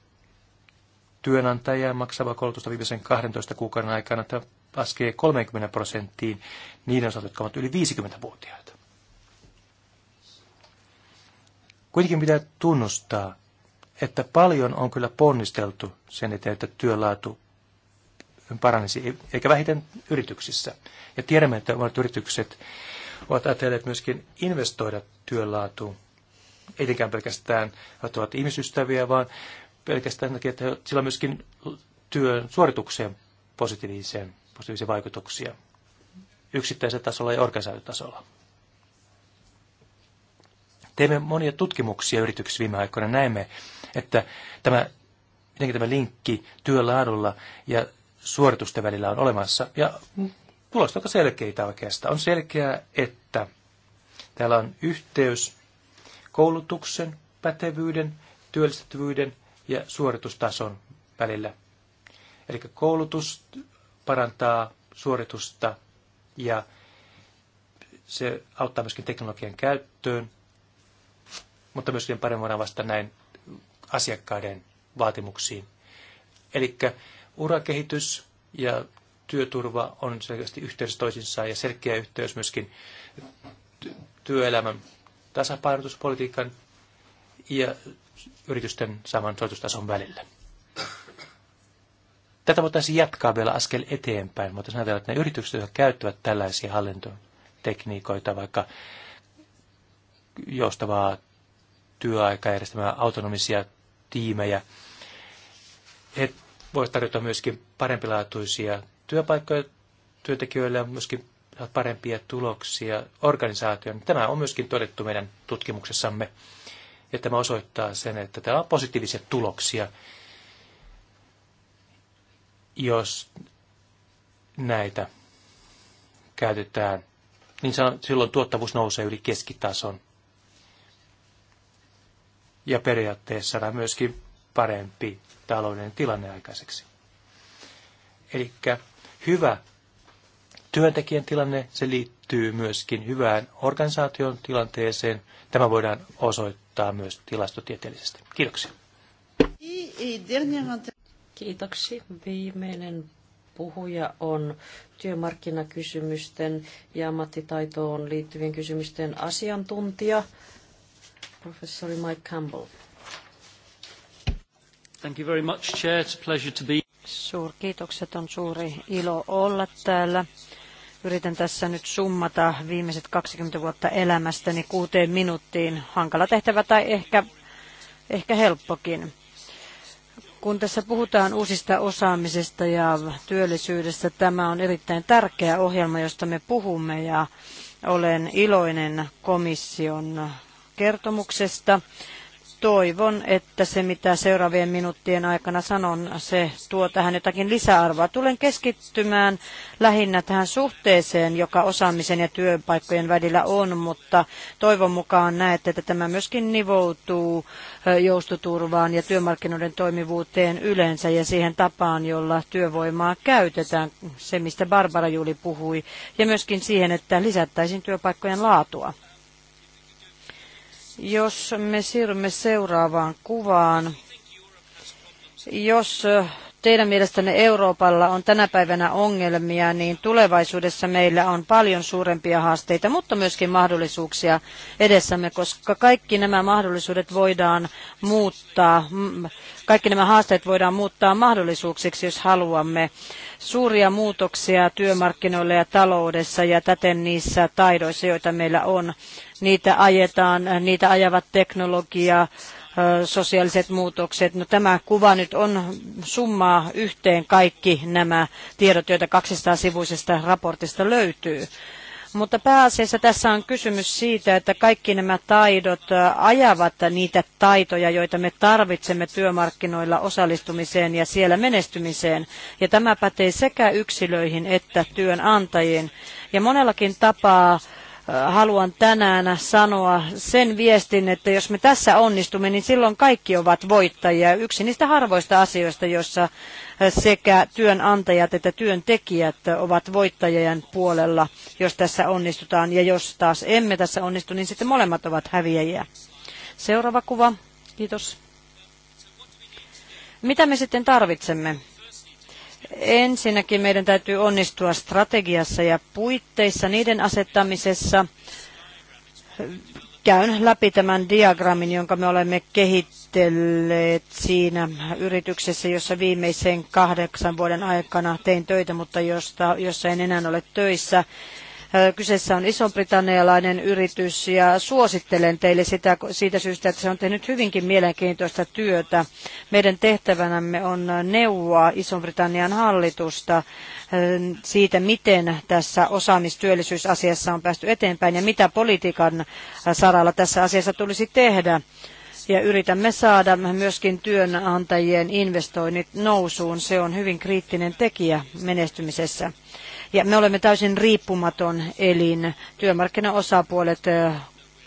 työnantajia maksavaa koulutusta viimeisen 12 kuukauden aikana, että laskee 30 prosenttiin niiden osalta, jotka ovat yli 50-vuotiaita. Kuitenkin pitää tunnustaa, että paljon on kyllä ponnisteltu sen eteen, että työlaatu paranisi, eikä vähiten yrityksissä. Ja tiedämme, että monet yritykset ovat ajatelleet myöskin investoida työlaatuun ei tietenkään pelkästään, että ovat ihmisystäviä, vaan pelkästään takia, että sillä on myöskin työn suoritukseen positiivisia, positiivisia vaikutuksia yksittäisellä tasolla ja organisaatiotasolla. Teemme monia tutkimuksia yrityksissä viime aikoina. Näemme, että tämä, miten tämä linkki työlaadulla ja suoritusten välillä on olemassa. Ja tulokset ovat selkeitä oikeastaan. On selkeää, että täällä on yhteys koulutuksen, pätevyyden, työllistettävyyden ja suoritustason välillä. Eli koulutus parantaa suoritusta ja se auttaa myöskin teknologian käyttöön, mutta myöskin paremmin voidaan vastata näin asiakkaiden vaatimuksiin. Eli urakehitys ja työturva on selkeästi yhteydessä toisinsa ja selkeä yhteys myöskin työelämän tasapainotuspolitiikan ja yritysten saman soitustason välillä. Tätä voitaisiin jatkaa vielä askel eteenpäin. mutta ajatella, että ne yritykset, jotka käyttävät tällaisia hallintotekniikoita, vaikka joustavaa työaikajärjestelmää, autonomisia tiimejä, he voivat tarjota myöskin parempilaatuisia työpaikkoja työntekijöille ja myöskin parempia tuloksia organisaation. Tämä on myöskin todettu meidän tutkimuksessamme. Ja tämä osoittaa sen, että täällä on positiivisia tuloksia, jos näitä käytetään. Niin silloin tuottavuus nousee yli keskitason. Ja periaatteessa on myöskin parempi talouden tilanne aikaiseksi. Eli hyvä työntekijän tilanne, se liittyy myöskin hyvään organisaation tilanteeseen. Tämä voidaan osoittaa myös tilastotieteellisesti. Kiitoksia. Kiitoksia. Viimeinen puhuja on työmarkkinakysymysten ja ammattitaitoon liittyvien kysymysten asiantuntija, professori Mike Campbell. Thank you very much, Chair. It's a pleasure to be. Suurkiitokset on suuri ilo olla täällä. Yritän tässä nyt summata viimeiset 20 vuotta elämästäni kuuteen minuuttiin. Hankala tehtävä tai ehkä, ehkä helppokin. Kun tässä puhutaan uusista osaamisesta ja työllisyydestä, tämä on erittäin tärkeä ohjelma, josta me puhumme ja olen iloinen komission kertomuksesta toivon, että se mitä seuraavien minuuttien aikana sanon, se tuo tähän jotakin lisäarvoa. Tulen keskittymään lähinnä tähän suhteeseen, joka osaamisen ja työpaikkojen välillä on, mutta toivon mukaan näette, että tämä myöskin nivoutuu joustoturvaan ja työmarkkinoiden toimivuuteen yleensä ja siihen tapaan, jolla työvoimaa käytetään, se mistä Barbara Juuli puhui, ja myöskin siihen, että lisättäisiin työpaikkojen laatua. Jos me siirrymme seuraavaan kuvaan, jos teidän mielestänne Euroopalla on tänä päivänä ongelmia, niin tulevaisuudessa meillä on paljon suurempia haasteita, mutta myöskin mahdollisuuksia edessämme, koska kaikki nämä mahdollisuudet voidaan muuttaa, kaikki nämä haasteet voidaan muuttaa mahdollisuuksiksi, jos haluamme. Suuria muutoksia työmarkkinoilla ja taloudessa ja täten niissä taidoissa, joita meillä on. Niitä ajetaan, niitä ajavat teknologiaa, sosiaaliset muutokset. No, tämä kuva nyt on summaa yhteen kaikki nämä tiedot, joita 200-sivuisesta raportista löytyy. Mutta pääasiassa tässä on kysymys siitä, että kaikki nämä taidot ajavat niitä taitoja, joita me tarvitsemme työmarkkinoilla osallistumiseen ja siellä menestymiseen. Ja tämä pätee sekä yksilöihin että työnantajiin. Ja monellakin tapaa haluan tänään sanoa sen viestin, että jos me tässä onnistumme, niin silloin kaikki ovat voittajia. Yksi niistä harvoista asioista, joissa sekä työnantajat että työntekijät ovat voittajien puolella, jos tässä onnistutaan. Ja jos taas emme tässä onnistu, niin sitten molemmat ovat häviäjiä. Seuraava kuva. Kiitos. Mitä me sitten tarvitsemme? Ensinnäkin meidän täytyy onnistua strategiassa ja puitteissa, niiden asettamisessa. Käyn läpi tämän diagrammin, jonka me olemme kehitelleet siinä yrityksessä, jossa viimeisen kahdeksan vuoden aikana tein töitä, mutta josta, jossa en enää ole töissä. Kyseessä on iso-britannialainen yritys ja suosittelen teille sitä siitä syystä, että se on tehnyt hyvinkin mielenkiintoista työtä. Meidän tehtävänämme on neuvoa Iso-Britannian hallitusta siitä, miten tässä osaamistyöllisyysasiassa on päästy eteenpäin ja mitä politiikan saralla tässä asiassa tulisi tehdä ja yritämme saada myöskin työnantajien investoinnit nousuun. Se on hyvin kriittinen tekijä menestymisessä. Ja me olemme täysin riippumaton elin. Työmarkkinaosapuolet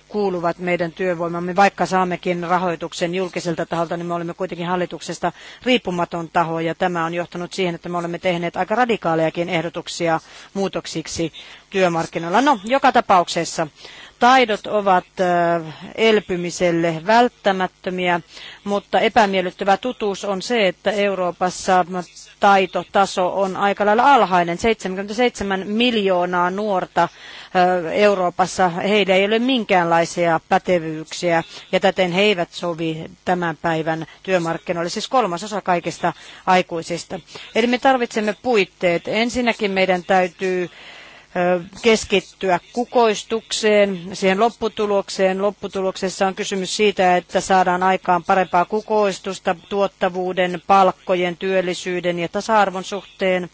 kuuluvat meidän työvoimamme. Vaikka saammekin rahoituksen julkiselta taholta, niin me olemme kuitenkin hallituksesta riippumaton taho ja tämä on johtanut siihen, että me olemme tehneet aika radikaalejakin ehdotuksia muutoksiksi työmarkkinoilla. No, joka tapauksessa taidot ovat elpymiselle välttämättömiä, mutta epämiellyttävä tutuus on se, että Euroopassa taitotaso on aika lailla alhainen. 77 miljoonaa nuorta Euroopassa, heillä ei ole minkäänlaisia pätevyyksiä ja täten he eivät sovi tämän päivän työmarkkinoille, siis kolmasosa kaikista aikuisista. Eli me tarvitsemme puitteet. Ensinnäkin meidän täytyy keskittyä kukoistukseen, siihen lopputulokseen. Lopputuloksessa on kysymys siitä, että saadaan aikaan parempaa kukoistusta tuottavuuden, palkkojen, työllisyyden ja tasa-arvon suhteen.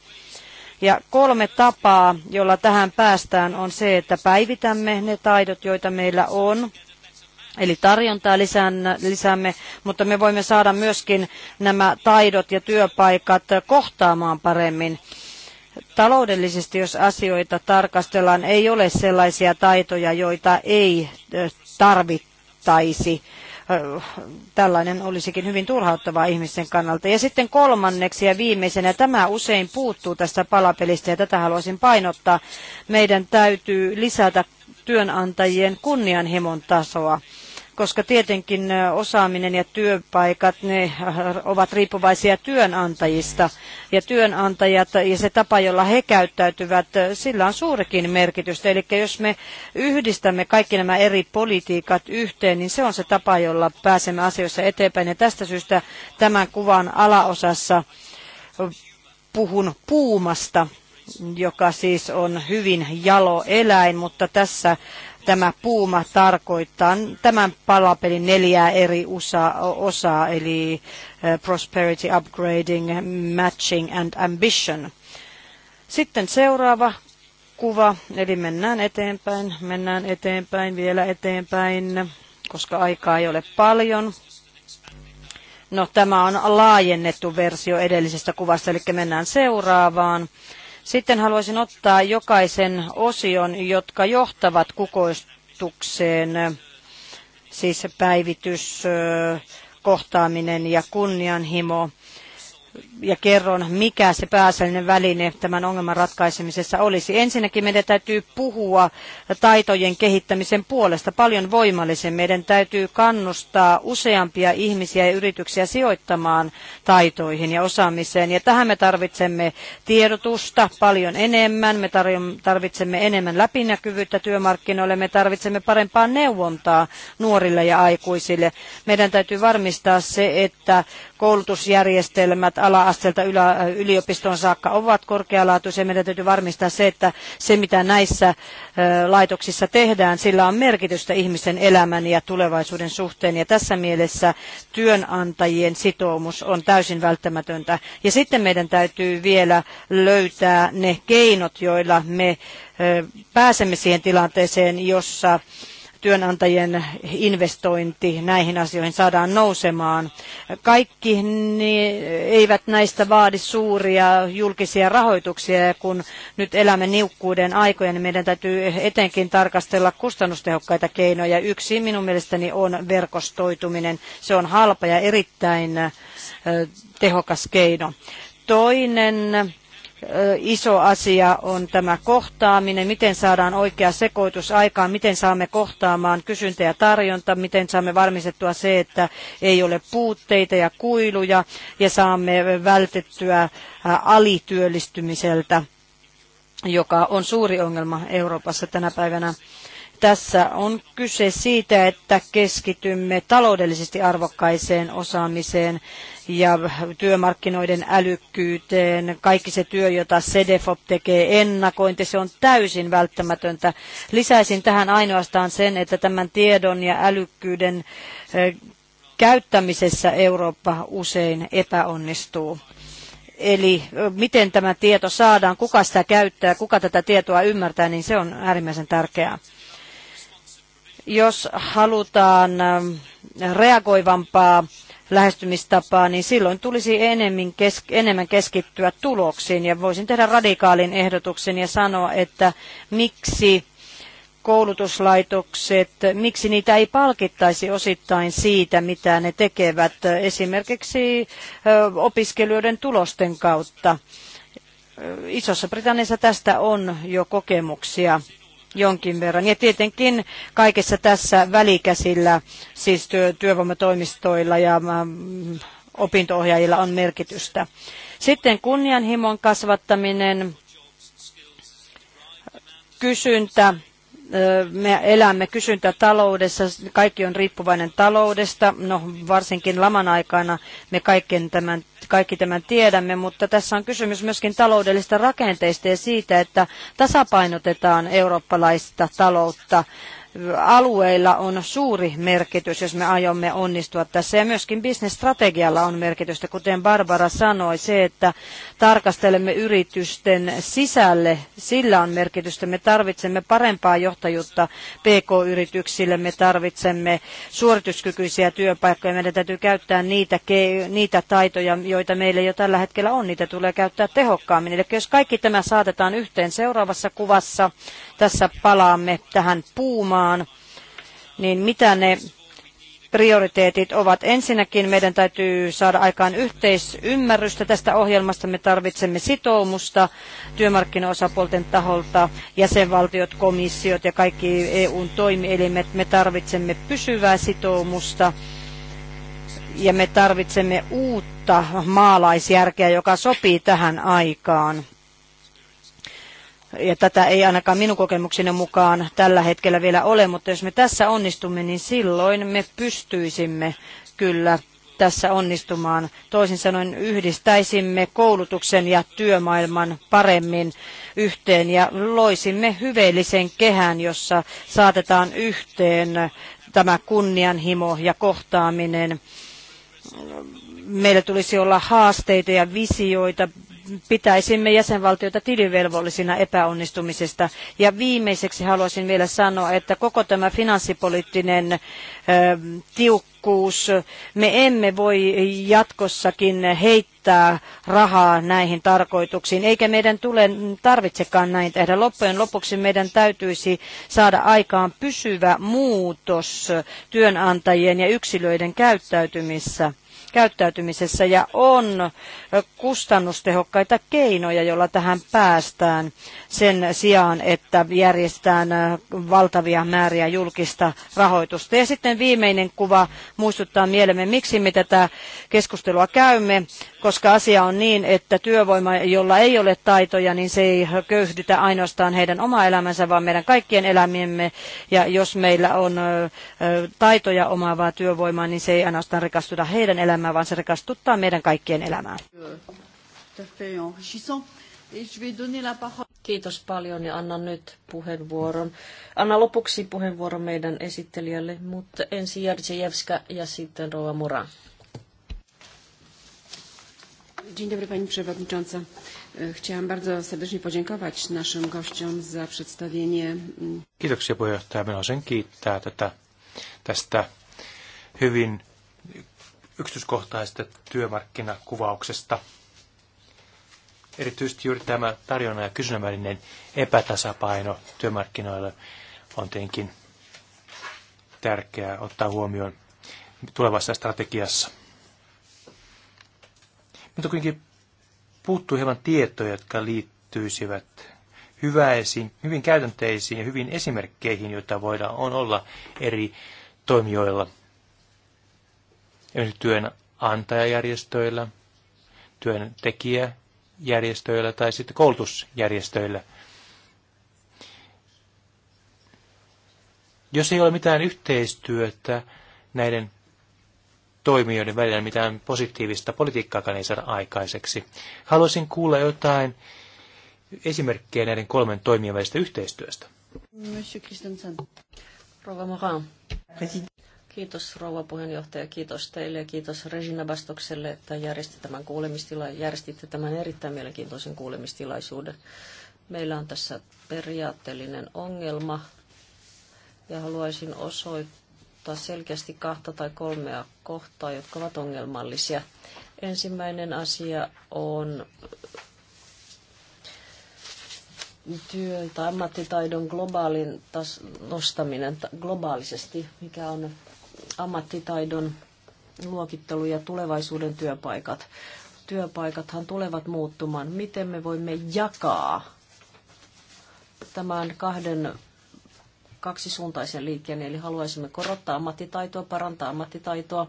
Ja kolme tapaa, jolla tähän päästään, on se, että päivitämme ne taidot, joita meillä on, Eli tarjontaa lisäämme, mutta me voimme saada myöskin nämä taidot ja työpaikat kohtaamaan paremmin taloudellisesti, jos asioita tarkastellaan, ei ole sellaisia taitoja, joita ei tarvittaisi tällainen olisikin hyvin turhauttavaa ihmisten kannalta. Ja sitten kolmanneksi ja viimeisenä, tämä usein puuttuu tästä palapelistä ja tätä haluaisin painottaa. Meidän täytyy lisätä työnantajien kunnianhimon tasoa koska tietenkin osaaminen ja työpaikat ne äh, ovat riippuvaisia työnantajista ja työnantajat ja se tapa, jolla he käyttäytyvät, sillä on suurikin merkitystä. Eli jos me yhdistämme kaikki nämä eri politiikat yhteen, niin se on se tapa, jolla pääsemme asioissa eteenpäin. Ja tästä syystä tämän kuvan alaosassa puhun puumasta, joka siis on hyvin jalo eläin, mutta tässä tämä puuma tarkoittaa tämän palapelin neljää eri osa, osaa, eli eh, prosperity, upgrading, matching and ambition. Sitten seuraava kuva, eli mennään eteenpäin, mennään eteenpäin, vielä eteenpäin, koska aikaa ei ole paljon. No tämä on laajennettu versio edellisestä kuvasta, eli mennään seuraavaan. Sitten haluaisin ottaa jokaisen osion, jotka johtavat kukoistukseen, siis päivitys, kohtaaminen ja kunnianhimo ja kerron, mikä se pääasiallinen väline tämän ongelman ratkaisemisessa olisi. Ensinnäkin meidän täytyy puhua taitojen kehittämisen puolesta paljon voimallisemmin. Meidän täytyy kannustaa useampia ihmisiä ja yrityksiä sijoittamaan taitoihin ja osaamiseen. Ja tähän me tarvitsemme tiedotusta paljon enemmän, me tarvitsemme enemmän läpinäkyvyyttä työmarkkinoille, me tarvitsemme parempaa neuvontaa nuorille ja aikuisille. Meidän täytyy varmistaa se, että koulutusjärjestelmät, ala yläasteelta ylä, äh, yliopistoon saakka ovat korkealaatuisia. Meidän täytyy varmistaa se, että se mitä näissä äh, laitoksissa tehdään, sillä on merkitystä ihmisten elämän ja tulevaisuuden suhteen. Ja tässä mielessä työnantajien sitoumus on täysin välttämätöntä. Ja sitten meidän täytyy vielä löytää ne keinot, joilla me äh, pääsemme siihen tilanteeseen, jossa työnantajien investointi näihin asioihin saadaan nousemaan. Kaikki eivät näistä vaadi suuria julkisia rahoituksia ja kun nyt elämme niukkuuden aikoja, niin meidän täytyy etenkin tarkastella kustannustehokkaita keinoja. Yksi minun mielestäni on verkostoituminen. Se on halpa ja erittäin tehokas keino. Toinen iso asia on tämä kohtaaminen, miten saadaan oikea sekoitus aikaan, miten saamme kohtaamaan kysyntä ja tarjonta, miten saamme varmistettua se, että ei ole puutteita ja kuiluja ja saamme vältettyä alityöllistymiseltä joka on suuri ongelma Euroopassa tänä päivänä. Tässä on kyse siitä, että keskitymme taloudellisesti arvokkaiseen osaamiseen ja työmarkkinoiden älykkyyteen. Kaikki se työ, jota Cedefop tekee, ennakointi, se on täysin välttämätöntä. Lisäisin tähän ainoastaan sen, että tämän tiedon ja älykkyyden eh, käyttämisessä Eurooppa usein epäonnistuu. Eli eh, miten tämä tieto saadaan, kuka sitä käyttää, kuka tätä tietoa ymmärtää, niin se on äärimmäisen tärkeää. Jos halutaan ähm, reagoivampaa lähestymistapaa, niin silloin tulisi enemmän, enemmän keskittyä tuloksiin. Ja voisin tehdä radikaalin ehdotuksen ja sanoa, että miksi koulutuslaitokset, miksi niitä ei palkittaisi osittain siitä, mitä ne tekevät äh, esimerkiksi äh, opiskelijoiden tulosten kautta. Äh, Isossa Britanniassa tästä on jo kokemuksia jonkin verran. Ja tietenkin kaikessa tässä välikäsillä, siis työ, työvoimatoimistoilla ja mm, opintoohjaajilla on merkitystä. Sitten kunnianhimon kasvattaminen, kysyntä me elämme kysyntätaloudessa, kaikki on riippuvainen taloudesta, no varsinkin laman aikana me tämän, kaikki tämän tiedämme, mutta tässä on kysymys myöskin taloudellista rakenteista ja siitä, että tasapainotetaan eurooppalaista taloutta alueilla on suuri merkitys, jos me aiomme onnistua tässä. Ja myöskin bisnesstrategialla on merkitystä, kuten Barbara sanoi, se, että tarkastelemme yritysten sisälle, sillä on merkitystä. Me tarvitsemme parempaa johtajuutta PK-yrityksille, me tarvitsemme suorituskykyisiä työpaikkoja, meidän täytyy käyttää niitä, niitä taitoja, joita meillä jo tällä hetkellä on, niitä tulee käyttää tehokkaammin. Eli jos kaikki tämä saatetaan yhteen seuraavassa kuvassa, tässä palaamme tähän puumaan, toimimaan, niin mitä ne prioriteetit ovat. Ensinnäkin meidän täytyy saada aikaan yhteisymmärrystä tästä ohjelmasta. Me tarvitsemme sitoumusta työmarkkinaosapuolten taholta, jäsenvaltiot, komissiot ja kaikki EUn toimielimet. Me tarvitsemme pysyvää sitoumusta ja me tarvitsemme uutta maalaisjärkeä, joka sopii tähän aikaan ja tätä ei ainakaan minun kokemukseni mukaan tällä hetkellä vielä ole, mutta jos me tässä onnistumme, niin silloin me pystyisimme kyllä tässä onnistumaan. Toisin sanoen yhdistäisimme koulutuksen ja työmaailman paremmin yhteen ja loisimme hyveellisen kehän, jossa saatetaan yhteen tämä kunnianhimo ja kohtaaminen. Meillä tulisi olla haasteita ja visioita, pitäisimme jäsenvaltioita tilivelvollisina epäonnistumisesta. Ja viimeiseksi haluaisin vielä sanoa, että koko tämä finanssipoliittinen ö, tiukkuus, me emme voi jatkossakin heittää rahaa näihin tarkoituksiin, eikä meidän tule tarvitsekaan näin tehdä. Loppujen lopuksi meidän täytyisi saada aikaan pysyvä muutos työnantajien ja yksilöiden käyttäytymissä käyttäytymisessä ja on kustannustehokkaita keinoja, joilla tähän päästään sen sijaan, että järjestetään valtavia määriä julkista rahoitusta. Ja sitten viimeinen kuva muistuttaa mielemme, miksi me tätä keskustelua käymme koska asia on niin, että työvoima, jolla ei ole taitoja, niin se ei köyhdytä ainoastaan heidän oma elämänsä, vaan meidän kaikkien elämiemme. Ja jos meillä on taitoja omaavaa työvoimaa, niin se ei ainoastaan rikastuta heidän elämää, vaan se rikastuttaa meidän kaikkien elämää. Kiitos paljon ja annan nyt puheenvuoron. Anna lopuksi puheenvuoron meidän esittelijälle, mutta ensin Jerzy ja sitten Rova Mura. Dzień dobry Pani Przewodnicząca. E, chciałam bardzo serdecznie podziękować naszym gościom za przedstawienie. Kiitoksia puheenjohtaja. Minä kiittää tätä, tästä hyvin yksityiskohtaisesta työmarkkinakuvauksesta. Erityisesti juuri tämä tarjonnan ja kysynnän välinen epätasapaino työmarkkinoilla on tietenkin tärkeää ottaa huomioon tulevassa strategiassa. Mutta kuitenkin puuttuu hieman tietoja, jotka liittyisivät hyväisiin, hyvin käytänteisiin ja hyvin esimerkkeihin, joita voidaan on olla eri toimijoilla. Esimerkiksi työnantajajärjestöillä, työntekijäjärjestöillä tai sitten koulutusjärjestöillä. Jos ei ole mitään yhteistyötä näiden toimijoiden välillä mitään positiivista politiikkaa ei saada aikaiseksi. Haluaisin kuulla jotain esimerkkejä näiden kolmen toimijan välistä yhteistyöstä. Monsieur Christensen. rouva Morin. Kiitos rouva puheenjohtaja, kiitos teille ja kiitos Regina Bastokselle, että järjesti tämän, kuulemistila- järjestitte tämän erittäin mielenkiintoisen kuulemistilaisuuden. Meillä on tässä periaatteellinen ongelma ja haluaisin osoittaa, korostaa selkeästi kahta tai kolmea kohtaa, jotka ovat ongelmallisia. Ensimmäinen asia on työ- tai ammattitaidon globaalin tas- nostaminen globaalisesti, mikä on ammattitaidon luokittelu ja tulevaisuuden työpaikat. Työpaikathan tulevat muuttumaan. Miten me voimme jakaa tämän kahden kaksisuuntaisen liikkeen, eli haluaisimme korottaa ammattitaitoa, parantaa ammattitaitoa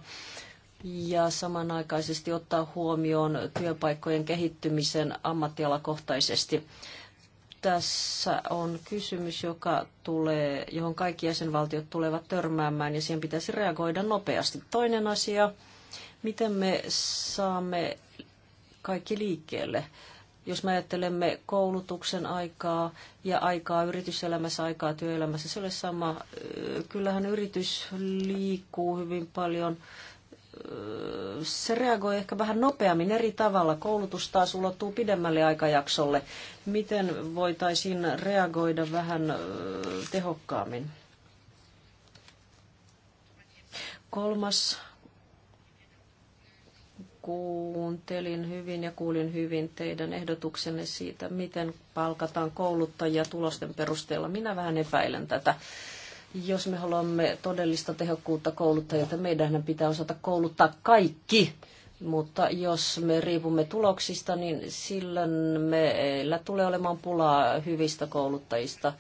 ja samanaikaisesti ottaa huomioon työpaikkojen kehittymisen ammattialakohtaisesti. Tässä on kysymys, joka tulee, johon kaikki jäsenvaltiot tulevat törmäämään ja siihen pitäisi reagoida nopeasti. Toinen asia, miten me saamme kaikki liikkeelle jos me ajattelemme koulutuksen aikaa ja aikaa yrityselämässä, aikaa työelämässä, se ole sama. Kyllähän yritys liikkuu hyvin paljon. Se reagoi ehkä vähän nopeammin eri tavalla. Koulutus taas ulottuu pidemmälle aikajaksolle. Miten voitaisiin reagoida vähän tehokkaammin? Kolmas kuuntelin hyvin ja kuulin hyvin teidän ehdotuksenne siitä, miten palkataan kouluttajia tulosten perusteella. Minä vähän epäilen tätä. Jos me haluamme todellista tehokkuutta kouluttajilta, meidän pitää osata kouluttaa kaikki. Mutta jos me riipumme tuloksista, niin silloin meillä tulee olemaan pulaa hyvistä kouluttajista.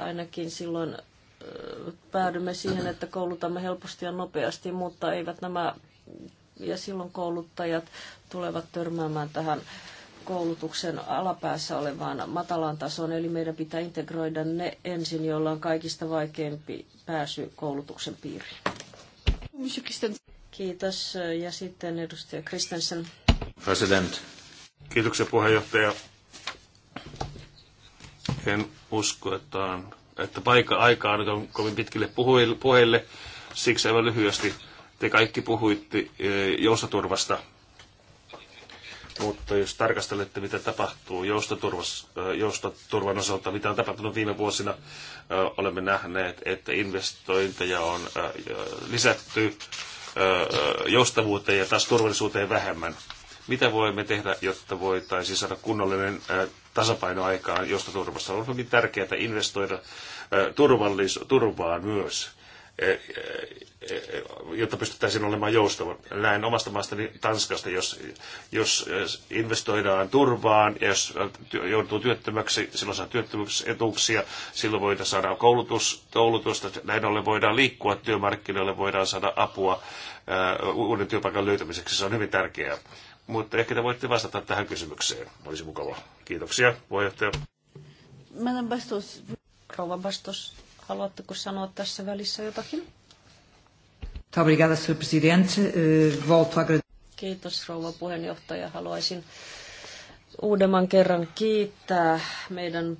Ainakin silloin päädymme siihen, että koulutamme helposti ja nopeasti, mutta eivät nämä ja silloin kouluttajat tulevat törmäämään tähän koulutuksen alapäässä olevaan matalaan tasoon, eli meidän pitää integroida ne ensin, joilla on kaikista vaikeampi pääsy koulutuksen piiriin. Kiitos. Ja sitten edustaja Kristensen. President. Kiitoksia puheenjohtaja. En usko, että, on, että paikka aikaa nyt on kovin pitkille puheille, siksi aivan lyhyesti te kaikki puhuitte e, joustoturvasta, mutta jos tarkastelette, mitä tapahtuu e, joustoturvan osalta, mitä on tapahtunut viime vuosina, e, olemme nähneet, että investointeja on lisätty joustavuuteen ja taas turvallisuuteen vähemmän. Mitä voimme tehdä, jotta voitaisiin saada kunnollinen tasapaino aikaan joustoturvassa? On hyvin tärkeää investoida turvaan myös E, e, e, jotta pystyttäisiin olemaan joustava. Näin omasta maastani Tanskasta, jos, jos investoidaan turvaan ja jos joutuu työttömäksi, silloin saa työttömyysetuuksia, silloin voidaan saada koulutus, koulutusta, näin ollen voidaan liikkua työmarkkinoille, voidaan saada apua uuden työpaikan löytämiseksi, se on hyvin tärkeää. Mutta ehkä te voitte vastata tähän kysymykseen, olisi mukavaa. Kiitoksia, puheenjohtaja. Madame vastaus, rouva vastaus. Haluatteko sanoa tässä välissä jotakin? Eh, Kiitos rouva puheenjohtaja. Haluaisin uudemman kerran kiittää meidän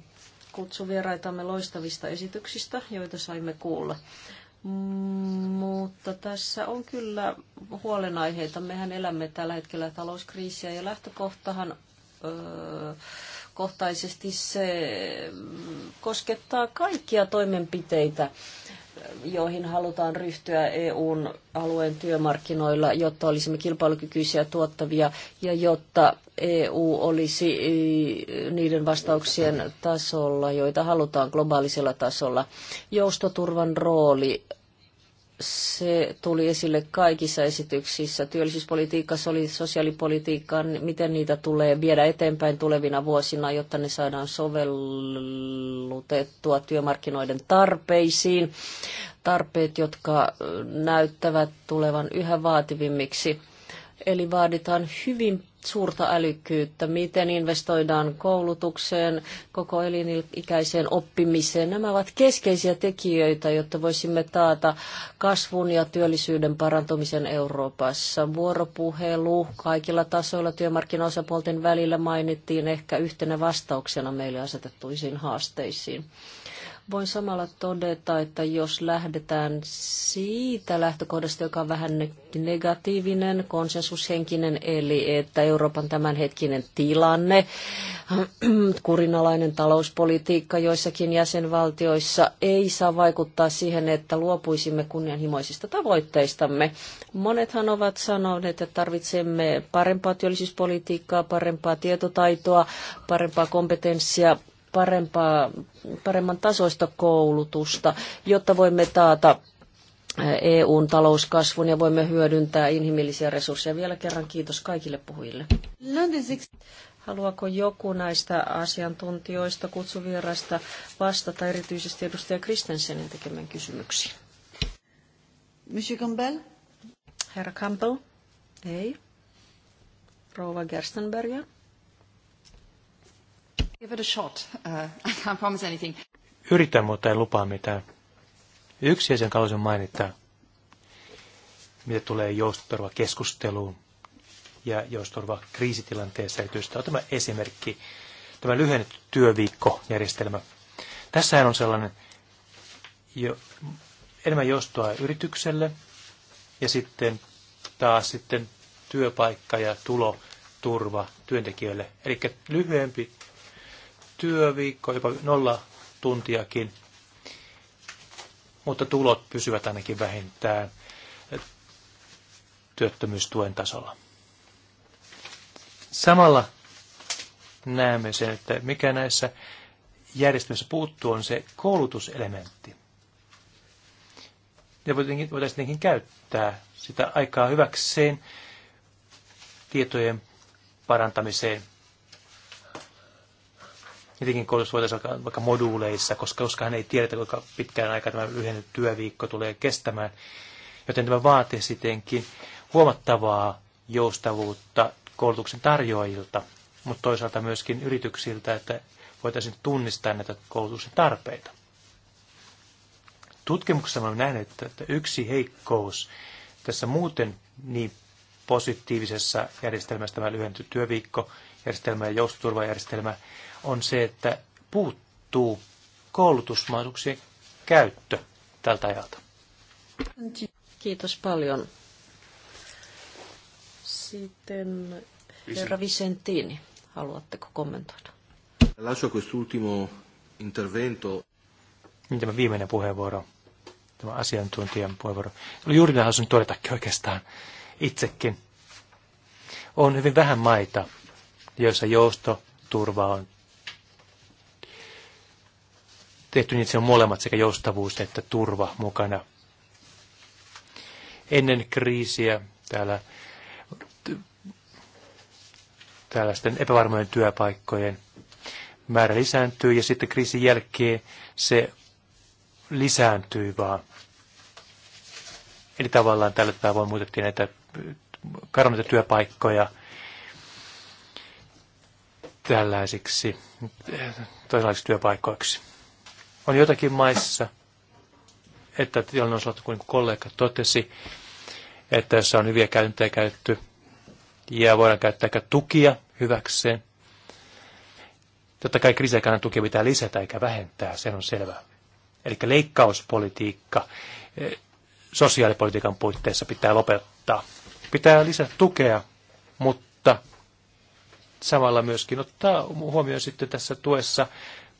kutsuvieraitamme loistavista esityksistä, joita saimme kuulla. Mm, mutta tässä on kyllä huolenaiheita. Mehän elämme tällä hetkellä talouskriisiä ja lähtökohtahan öö, kohtaisesti se koskettaa kaikkia toimenpiteitä, joihin halutaan ryhtyä EUn alueen työmarkkinoilla, jotta olisimme kilpailukykyisiä tuottavia ja jotta EU olisi niiden vastauksien tasolla, joita halutaan globaalisella tasolla. Joustoturvan rooli se tuli esille kaikissa esityksissä. Työllisyyspolitiikka, sosiaalipolitiikka, niin miten niitä tulee viedä eteenpäin tulevina vuosina, jotta ne saadaan sovellutettua työmarkkinoiden tarpeisiin. Tarpeet, jotka näyttävät tulevan yhä vaativimmiksi. Eli vaaditaan hyvin suurta älykkyyttä, miten investoidaan koulutukseen, koko elinikäiseen oppimiseen. Nämä ovat keskeisiä tekijöitä, jotta voisimme taata kasvun ja työllisyyden parantumisen Euroopassa. Vuoropuhelu kaikilla tasoilla työmarkkinaosapuolten välillä mainittiin ehkä yhtenä vastauksena meille asetettuisiin haasteisiin. Voin samalla todeta, että jos lähdetään siitä lähtökohdasta, joka on vähän negatiivinen, konsensushenkinen, eli että Euroopan tämänhetkinen tilanne, kurinalainen talouspolitiikka joissakin jäsenvaltioissa ei saa vaikuttaa siihen, että luopuisimme kunnianhimoisista tavoitteistamme. Monethan ovat sanoneet, että tarvitsemme parempaa työllisyyspolitiikkaa, parempaa tietotaitoa, parempaa kompetenssia parempaa, paremman tasoista koulutusta, jotta voimme taata eh, EUn talouskasvun ja voimme hyödyntää inhimillisiä resursseja. Vielä kerran kiitos kaikille puhujille. Haluaako joku näistä asiantuntijoista, kutsuvierasta vastata erityisesti edustaja Kristensenin tekemään kysymyksiin? Monsieur Campbell? Herra Campbell? Ei. Rouva Gerstenberger? Give it a shot. Uh, I can't promise anything. Yritän, mutta en lupaa mitään. Yksi asia haluaisin mainittaa, mitä tulee joustoturva keskusteluun ja joustoturva kriisitilanteessa erityisesti. Tämä esimerkki, tämä lyhennetty työviikkojärjestelmä. Tässähän on sellainen jo, enemmän joustoa yritykselle ja sitten taas sitten työpaikka ja tulo turva työntekijöille. Eli lyhyempi työviikko, jopa nolla tuntiakin, mutta tulot pysyvät ainakin vähintään työttömyystuen tasolla. Samalla näemme sen, että mikä näissä järjestelmissä puuttuu, on se koulutuselementti. Ja voitaisiin käyttää sitä aikaa hyväkseen tietojen parantamiseen – niidenkin koulutus voitaisiin alkaa vaikka moduuleissa, koska koskaan ei tiedetä, kuinka pitkään aikaa tämä yhden työviikko tulee kestämään. Joten tämä vaatii sittenkin huomattavaa joustavuutta koulutuksen tarjoajilta, mutta toisaalta myöskin yrityksiltä, että voitaisiin tunnistaa näitä koulutuksen tarpeita. Tutkimuksessa olen nähnyt, että yksi heikkous tässä muuten niin positiivisessa järjestelmässä, tämä lyhenty työviikko, järjestelmä ja joustoturvajärjestelmä, on se, että puuttuu koulutusmahdollisuuksien käyttö tältä ajalta. Kiitos paljon. Sitten herra Vicentini, haluatteko kommentoida? Lascio quest'ultimo intervento. Niin, tämä viimeinen puheenvuoro, tämä asiantuntijan puheenvuoro. Juuri näin haluaisin todetakin oikeastaan itsekin. On hyvin vähän maita, joissa joustoturva on tehty niin, että se on molemmat sekä joustavuus että turva mukana. Ennen kriisiä täällä tällaisten epävarmojen työpaikkojen määrä lisääntyy ja sitten kriisin jälkeen se lisääntyy vaan. Eli tavallaan tällä tavalla muutettiin näitä kadonneita työpaikkoja tällaisiksi toisenlaisiksi työpaikoiksi. On jotakin maissa, että tilanne on saatu, kuin kollega totesi, että jos on hyviä käyntejä käytetty ja voidaan käyttää tukia hyväkseen. Totta kai kriisiaikana tukia pitää lisätä eikä vähentää, se on selvää. Eli leikkauspolitiikka eh, sosiaalipolitiikan puitteissa pitää lopettaa. Pitää lisätä tukea, mutta samalla myöskin ottaa huomioon sitten tässä tuessa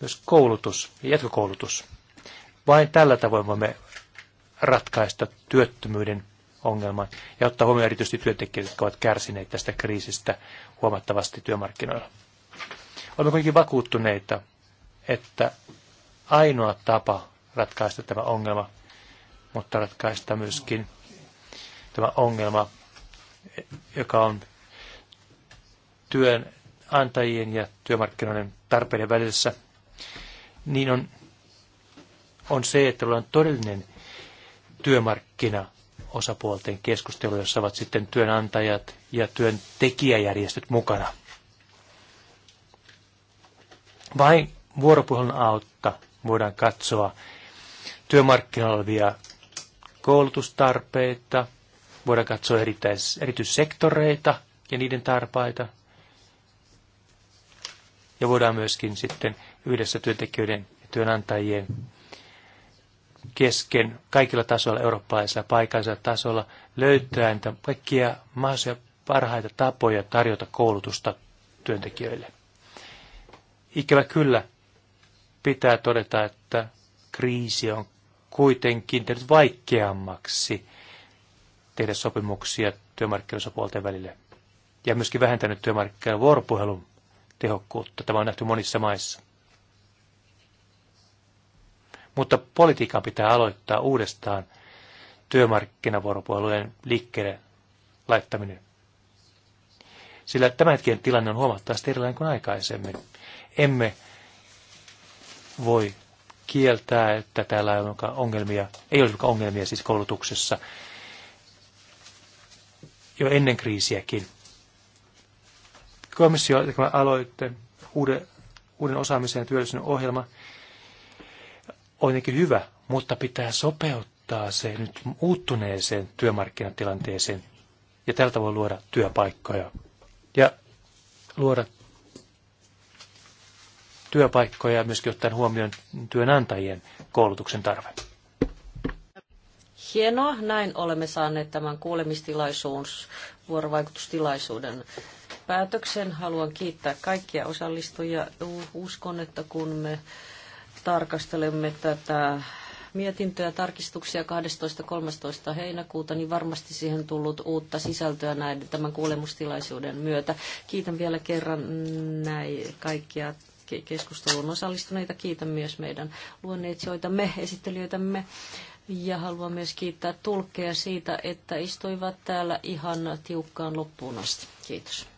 myös koulutus ja jatkokoulutus. Vain tällä tavoin voimme ratkaista työttömyyden ongelman ja ottaa huomioon erityisesti työntekijät, jotka ovat kärsineet tästä kriisistä huomattavasti työmarkkinoilla. Olemme kuitenkin vakuuttuneita, että ainoa tapa ratkaista tämä ongelma, mutta ratkaista myöskin tämä ongelma, joka on työnantajien ja työmarkkinoiden tarpeiden välisessä niin on, on se, että on todellinen työmarkkina osapuolten keskustelu, jossa ovat sitten työnantajat ja työntekijäjärjestöt mukana. Vain vuoropuhelun autta voidaan katsoa työmarkkinoilla olevia koulutustarpeita, voidaan katsoa erityissektoreita ja niiden tarpeita. Ja voidaan myöskin sitten yhdessä työntekijöiden ja työnantajien kesken kaikilla tasoilla, eurooppalaisella paikallisella tasolla, löytää niitä kaikkia mahdollisia parhaita tapoja tarjota koulutusta työntekijöille. Ikävä kyllä pitää todeta, että kriisi on kuitenkin tehnyt vaikeammaksi tehdä sopimuksia työmarkkinoisapuolten välille ja myöskin vähentänyt työmarkkinoiden vuoropuhelun tehokkuutta. Tämä on nähty monissa maissa. Mutta politiikan pitää aloittaa uudestaan työmarkkinavuoropuolueen liikkeelle laittaminen. Sillä tämä hetken tilanne on huomattavasti erilainen kuin aikaisemmin. Emme voi kieltää, että täällä ole ongelmia, ei ole ongelmia siis koulutuksessa jo ennen kriisiäkin. Komissio aloitte uuden, uuden osaamisen ja työllisyyden ohjelma, on hyvä, mutta pitää sopeuttaa se nyt muuttuneeseen työmarkkinatilanteeseen ja tältä voi luoda työpaikkoja ja luoda työpaikkoja myöskin ottaen huomioon työnantajien koulutuksen tarve. Hienoa, näin olemme saaneet tämän kuulemistilaisuus, vuorovaikutustilaisuuden päätöksen. Haluan kiittää kaikkia osallistujia. Uskon, että kun me tarkastelemme tätä mietintöä tarkistuksia 12.13. heinäkuuta, niin varmasti siihen tullut uutta sisältöä näiden tämän kuulemustilaisuuden myötä. Kiitän vielä kerran näin kaikkia keskusteluun osallistuneita. Kiitän myös meidän luonneitsijoitamme, esittelijöitämme. Ja haluan myös kiittää tulkkeja siitä, että istuivat täällä ihan tiukkaan loppuun asti. Kiitos.